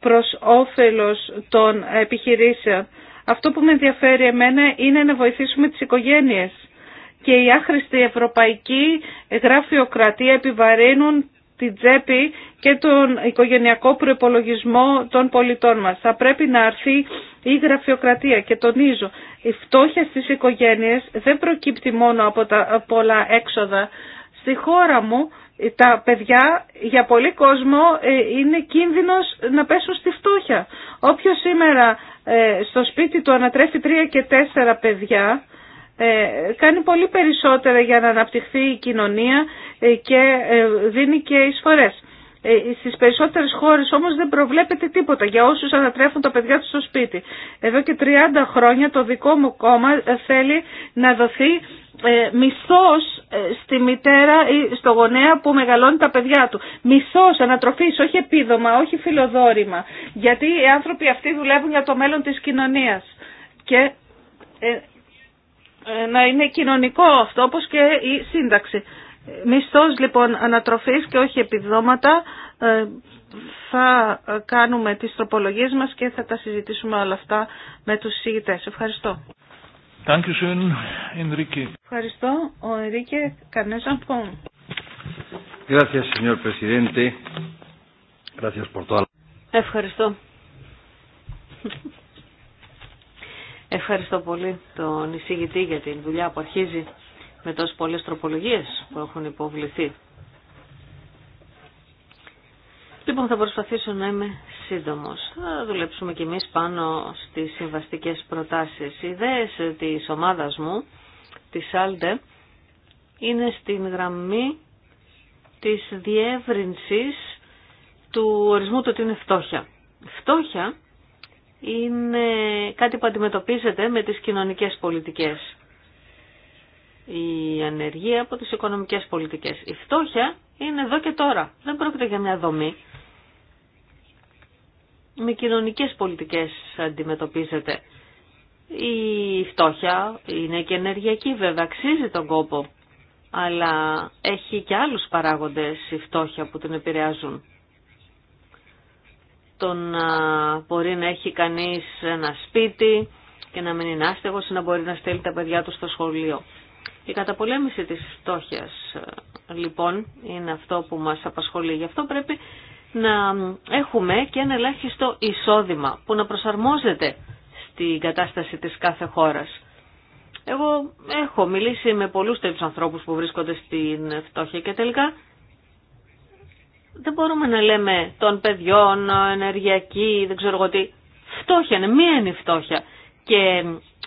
B: προς όφελος των επιχειρήσεων. Αυτό που με ενδιαφέρει εμένα είναι να βοηθήσουμε τις οικογένειες και η άχρηστη ευρωπαϊκή γραφειοκρατία επιβαρύνουν την τσέπη και τον οικογενειακό προπολογισμό των πολιτών μας. Θα πρέπει να έρθει η γραφειοκρατία και τονίζω, η φτώχεια στις οικογένειες δεν προκύπτει μόνο από τα πολλά έξοδα. Στη χώρα μου τα παιδιά για πολύ κόσμο ε, είναι κίνδυνος να πέσουν στη φτώχεια. Όποιος σήμερα ε, στο σπίτι του ανατρέφει τρία και τέσσερα παιδιά ε, κάνει πολύ περισσότερα για να αναπτυχθεί η κοινωνία και δίνει και εισφορές. Ε, στις περισσότερες χώρες όμως δεν προβλέπεται τίποτα για όσους ανατρέφουν τα παιδιά τους στο σπίτι. Εδώ και 30 χρόνια το δικό μου κόμμα θέλει να δοθεί ε, μισθός ε, στη μητέρα ή στο γονέα που μεγαλώνει τα παιδιά του. Μισθός, ανατροφής, όχι επίδομα, όχι φιλοδόρημα. Γιατί οι άνθρωποι αυτοί δουλεύουν για το μέλλον της κοινωνίας. Και να είναι κοινωνικό αυτό όπως και η σύνταξη. Μισθός λοιπόν ανατροφής και όχι επιδόματα. Ε, θα κάνουμε τις τροπολογίες μας και θα τα συζητήσουμε όλα αυτά με τους συζητητές. Ευχαριστώ.
D: Ευχαριστώ, ο Ενρίκε por
B: Ευχαριστώ.
E: Ευχαριστώ πολύ τον εισηγητή για την δουλειά που αρχίζει με τόσε πολλέ τροπολογίες που έχουν υποβληθεί. Λοιπόν, θα προσπαθήσω να είμαι σύντομο. Θα δουλέψουμε κι εμείς πάνω στις συμβαστικέ προτάσεις. Οι ιδέε τη ομάδα μου, της ΣΑΛΤΕ, είναι στην γραμμή της διεύρυνσης του ορισμού του ότι είναι φτώχεια. Φτώχεια είναι κάτι που αντιμετωπίζεται με τις κοινωνικές πολιτικές η ανεργία από τις οικονομικές πολιτικές. Η φτώχεια είναι εδώ και τώρα. Δεν πρόκειται για μια δομή. Με κοινωνικές πολιτικές αντιμετωπίζεται. Η φτώχεια είναι και ενεργειακή βέβαια, αξίζει τον κόπο. Αλλά έχει και άλλους παράγοντες η φτώχεια που την επηρεάζουν. Το να μπορεί να έχει κανείς ένα σπίτι και να μην είναι άστεγος ή να μπορεί να στέλνει τα παιδιά του στο σχολείο. Η καταπολέμηση της φτώχειας ε, λοιπόν είναι αυτό που μας απασχολεί. Γι' αυτό πρέπει να έχουμε και ένα ελάχιστο εισόδημα που να προσαρμόζεται στην κατάσταση της κάθε χώρας. Εγώ έχω μιλήσει με πολλούς τέτοιους ανθρώπους που βρίσκονται στην φτώχεια και τελικά δεν μπορούμε να λέμε των παιδιών, ενεργειακή, δεν ξέρω εγώ τι. Φτώχεια είναι, μία είναι η φτώχεια. Και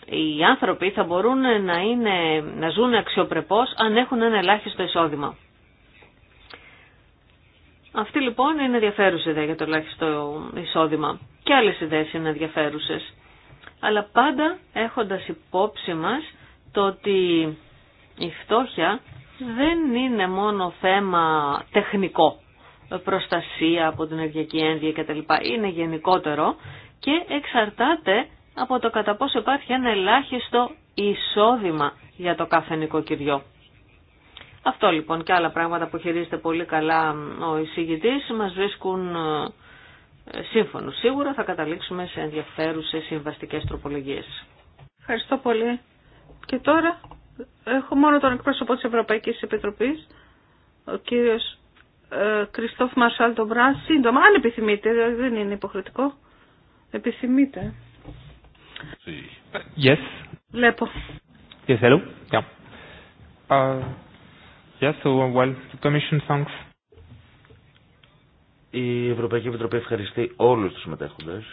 E: οι άνθρωποι θα μπορούν να, είναι, να ζουν αξιοπρεπώς αν έχουν ένα ελάχιστο εισόδημα. Αυτή λοιπόν είναι ενδιαφέρουσα ιδέα για το ελάχιστο εισόδημα. Και άλλες ιδέες είναι ενδιαφέρουσε. Αλλά πάντα έχοντας υπόψη μας το ότι η φτώχεια δεν είναι μόνο θέμα τεχνικό, προστασία από την ενεργειακή ένδυα κτλ. Είναι γενικότερο και εξαρτάται από το κατά πόσο υπάρχει ένα ελάχιστο εισόδημα για το κάθε νοικοκυριό. Αυτό λοιπόν και άλλα πράγματα που χειρίζεται πολύ καλά ο εισηγητής μας βρίσκουν ε, σύμφωνο. Σίγουρα θα καταλήξουμε σε ενδιαφέρουσες συμβαστικές τροπολογίες.
B: Ευχαριστώ πολύ. Και τώρα έχω μόνο τον εκπρόσωπο της Ευρωπαϊκής Επιτροπής, ο κύριος ε, Κριστόφ Μαρσάλ Ντομπρά. Σύντομα, αν επιθυμείτε, δεν είναι υποχρεωτικό. Επιθυμείτε.
C: Yes. Lepo. Yes, hello. Yeah. Uh, yes, so, uh, well, the commission thanks. Η Ευρωπαϊκή Επιτροπή ευχαριστεί όλους τους μετέχοντες.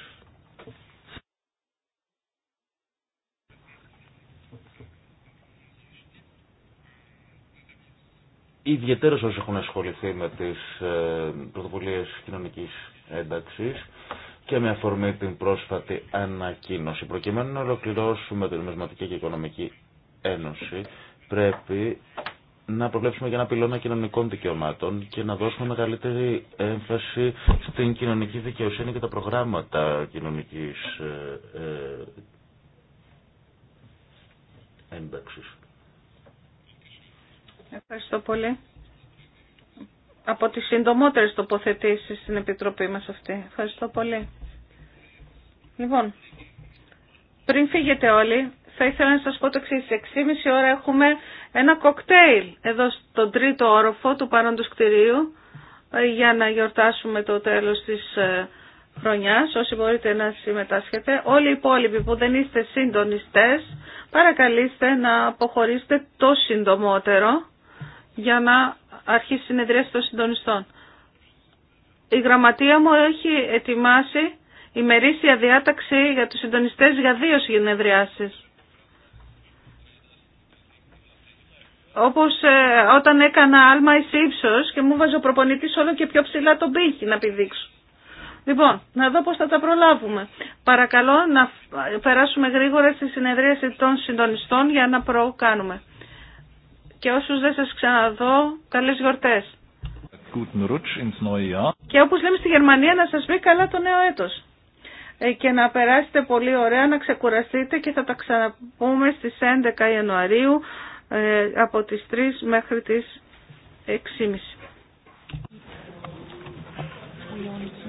C: Ιδιαίτερα όσοι έχουν ασχοληθεί με τις ε, πρωτοβουλίες κοινωνικής ένταξης και με αφορμή την πρόσφατη ανακοίνωση. Προκειμένου να ολοκληρώσουμε την Νομισματική και Οικονομική Ένωση, πρέπει να προβλέψουμε για ένα πυλώνα κοινωνικών δικαιωμάτων και να δώσουμε μεγαλύτερη έμφαση στην κοινωνική δικαιοσύνη και τα προγράμματα κοινωνικής ε, ε, ένταξης.
B: Ευχαριστώ πολύ από τις συντομότερες τοποθετήσεις στην Επιτροπή μας αυτή. Ευχαριστώ πολύ. Λοιπόν, πριν φύγετε όλοι, θα ήθελα να σας πω το εξής. 6.30 ώρα έχουμε ένα κοκτέιλ εδώ στον τρίτο όροφο του παρόντος κτηρίου ε, για να γιορτάσουμε το τέλος της ε, χρονιάς. Όσοι μπορείτε να συμμετάσχετε, όλοι οι υπόλοιποι που δεν είστε συντονιστές, παρακαλείστε να αποχωρήσετε το συντομότερο για να αρχή συνεδριάς των συντονιστών. Η γραμματεία μου έχει ετοιμάσει ημερήσια διάταξη για τους συντονιστές για δύο συνεδριάσεις. Όπως ε, όταν έκανα άλμα εις ύψος και μου βάζω προπονητής όλο και πιο ψηλά τον πύχη να πηδήξω. Λοιπόν, να δω πώς θα τα προλάβουμε. Παρακαλώ να ε, περάσουμε γρήγορα στη συνεδρίαση των συντονιστών για να προκάνουμε και όσους δεν σας ξαναδώ, καλές γιορτές. Και όπως λέμε στη Γερμανία να σας πει καλά το νέο έτος. Ε, και να περάσετε πολύ ωραία, να ξεκουραστείτε και θα τα ξαναπούμε στις 11 Ιανουαρίου ε, από τις 3 μέχρι τις 6.30.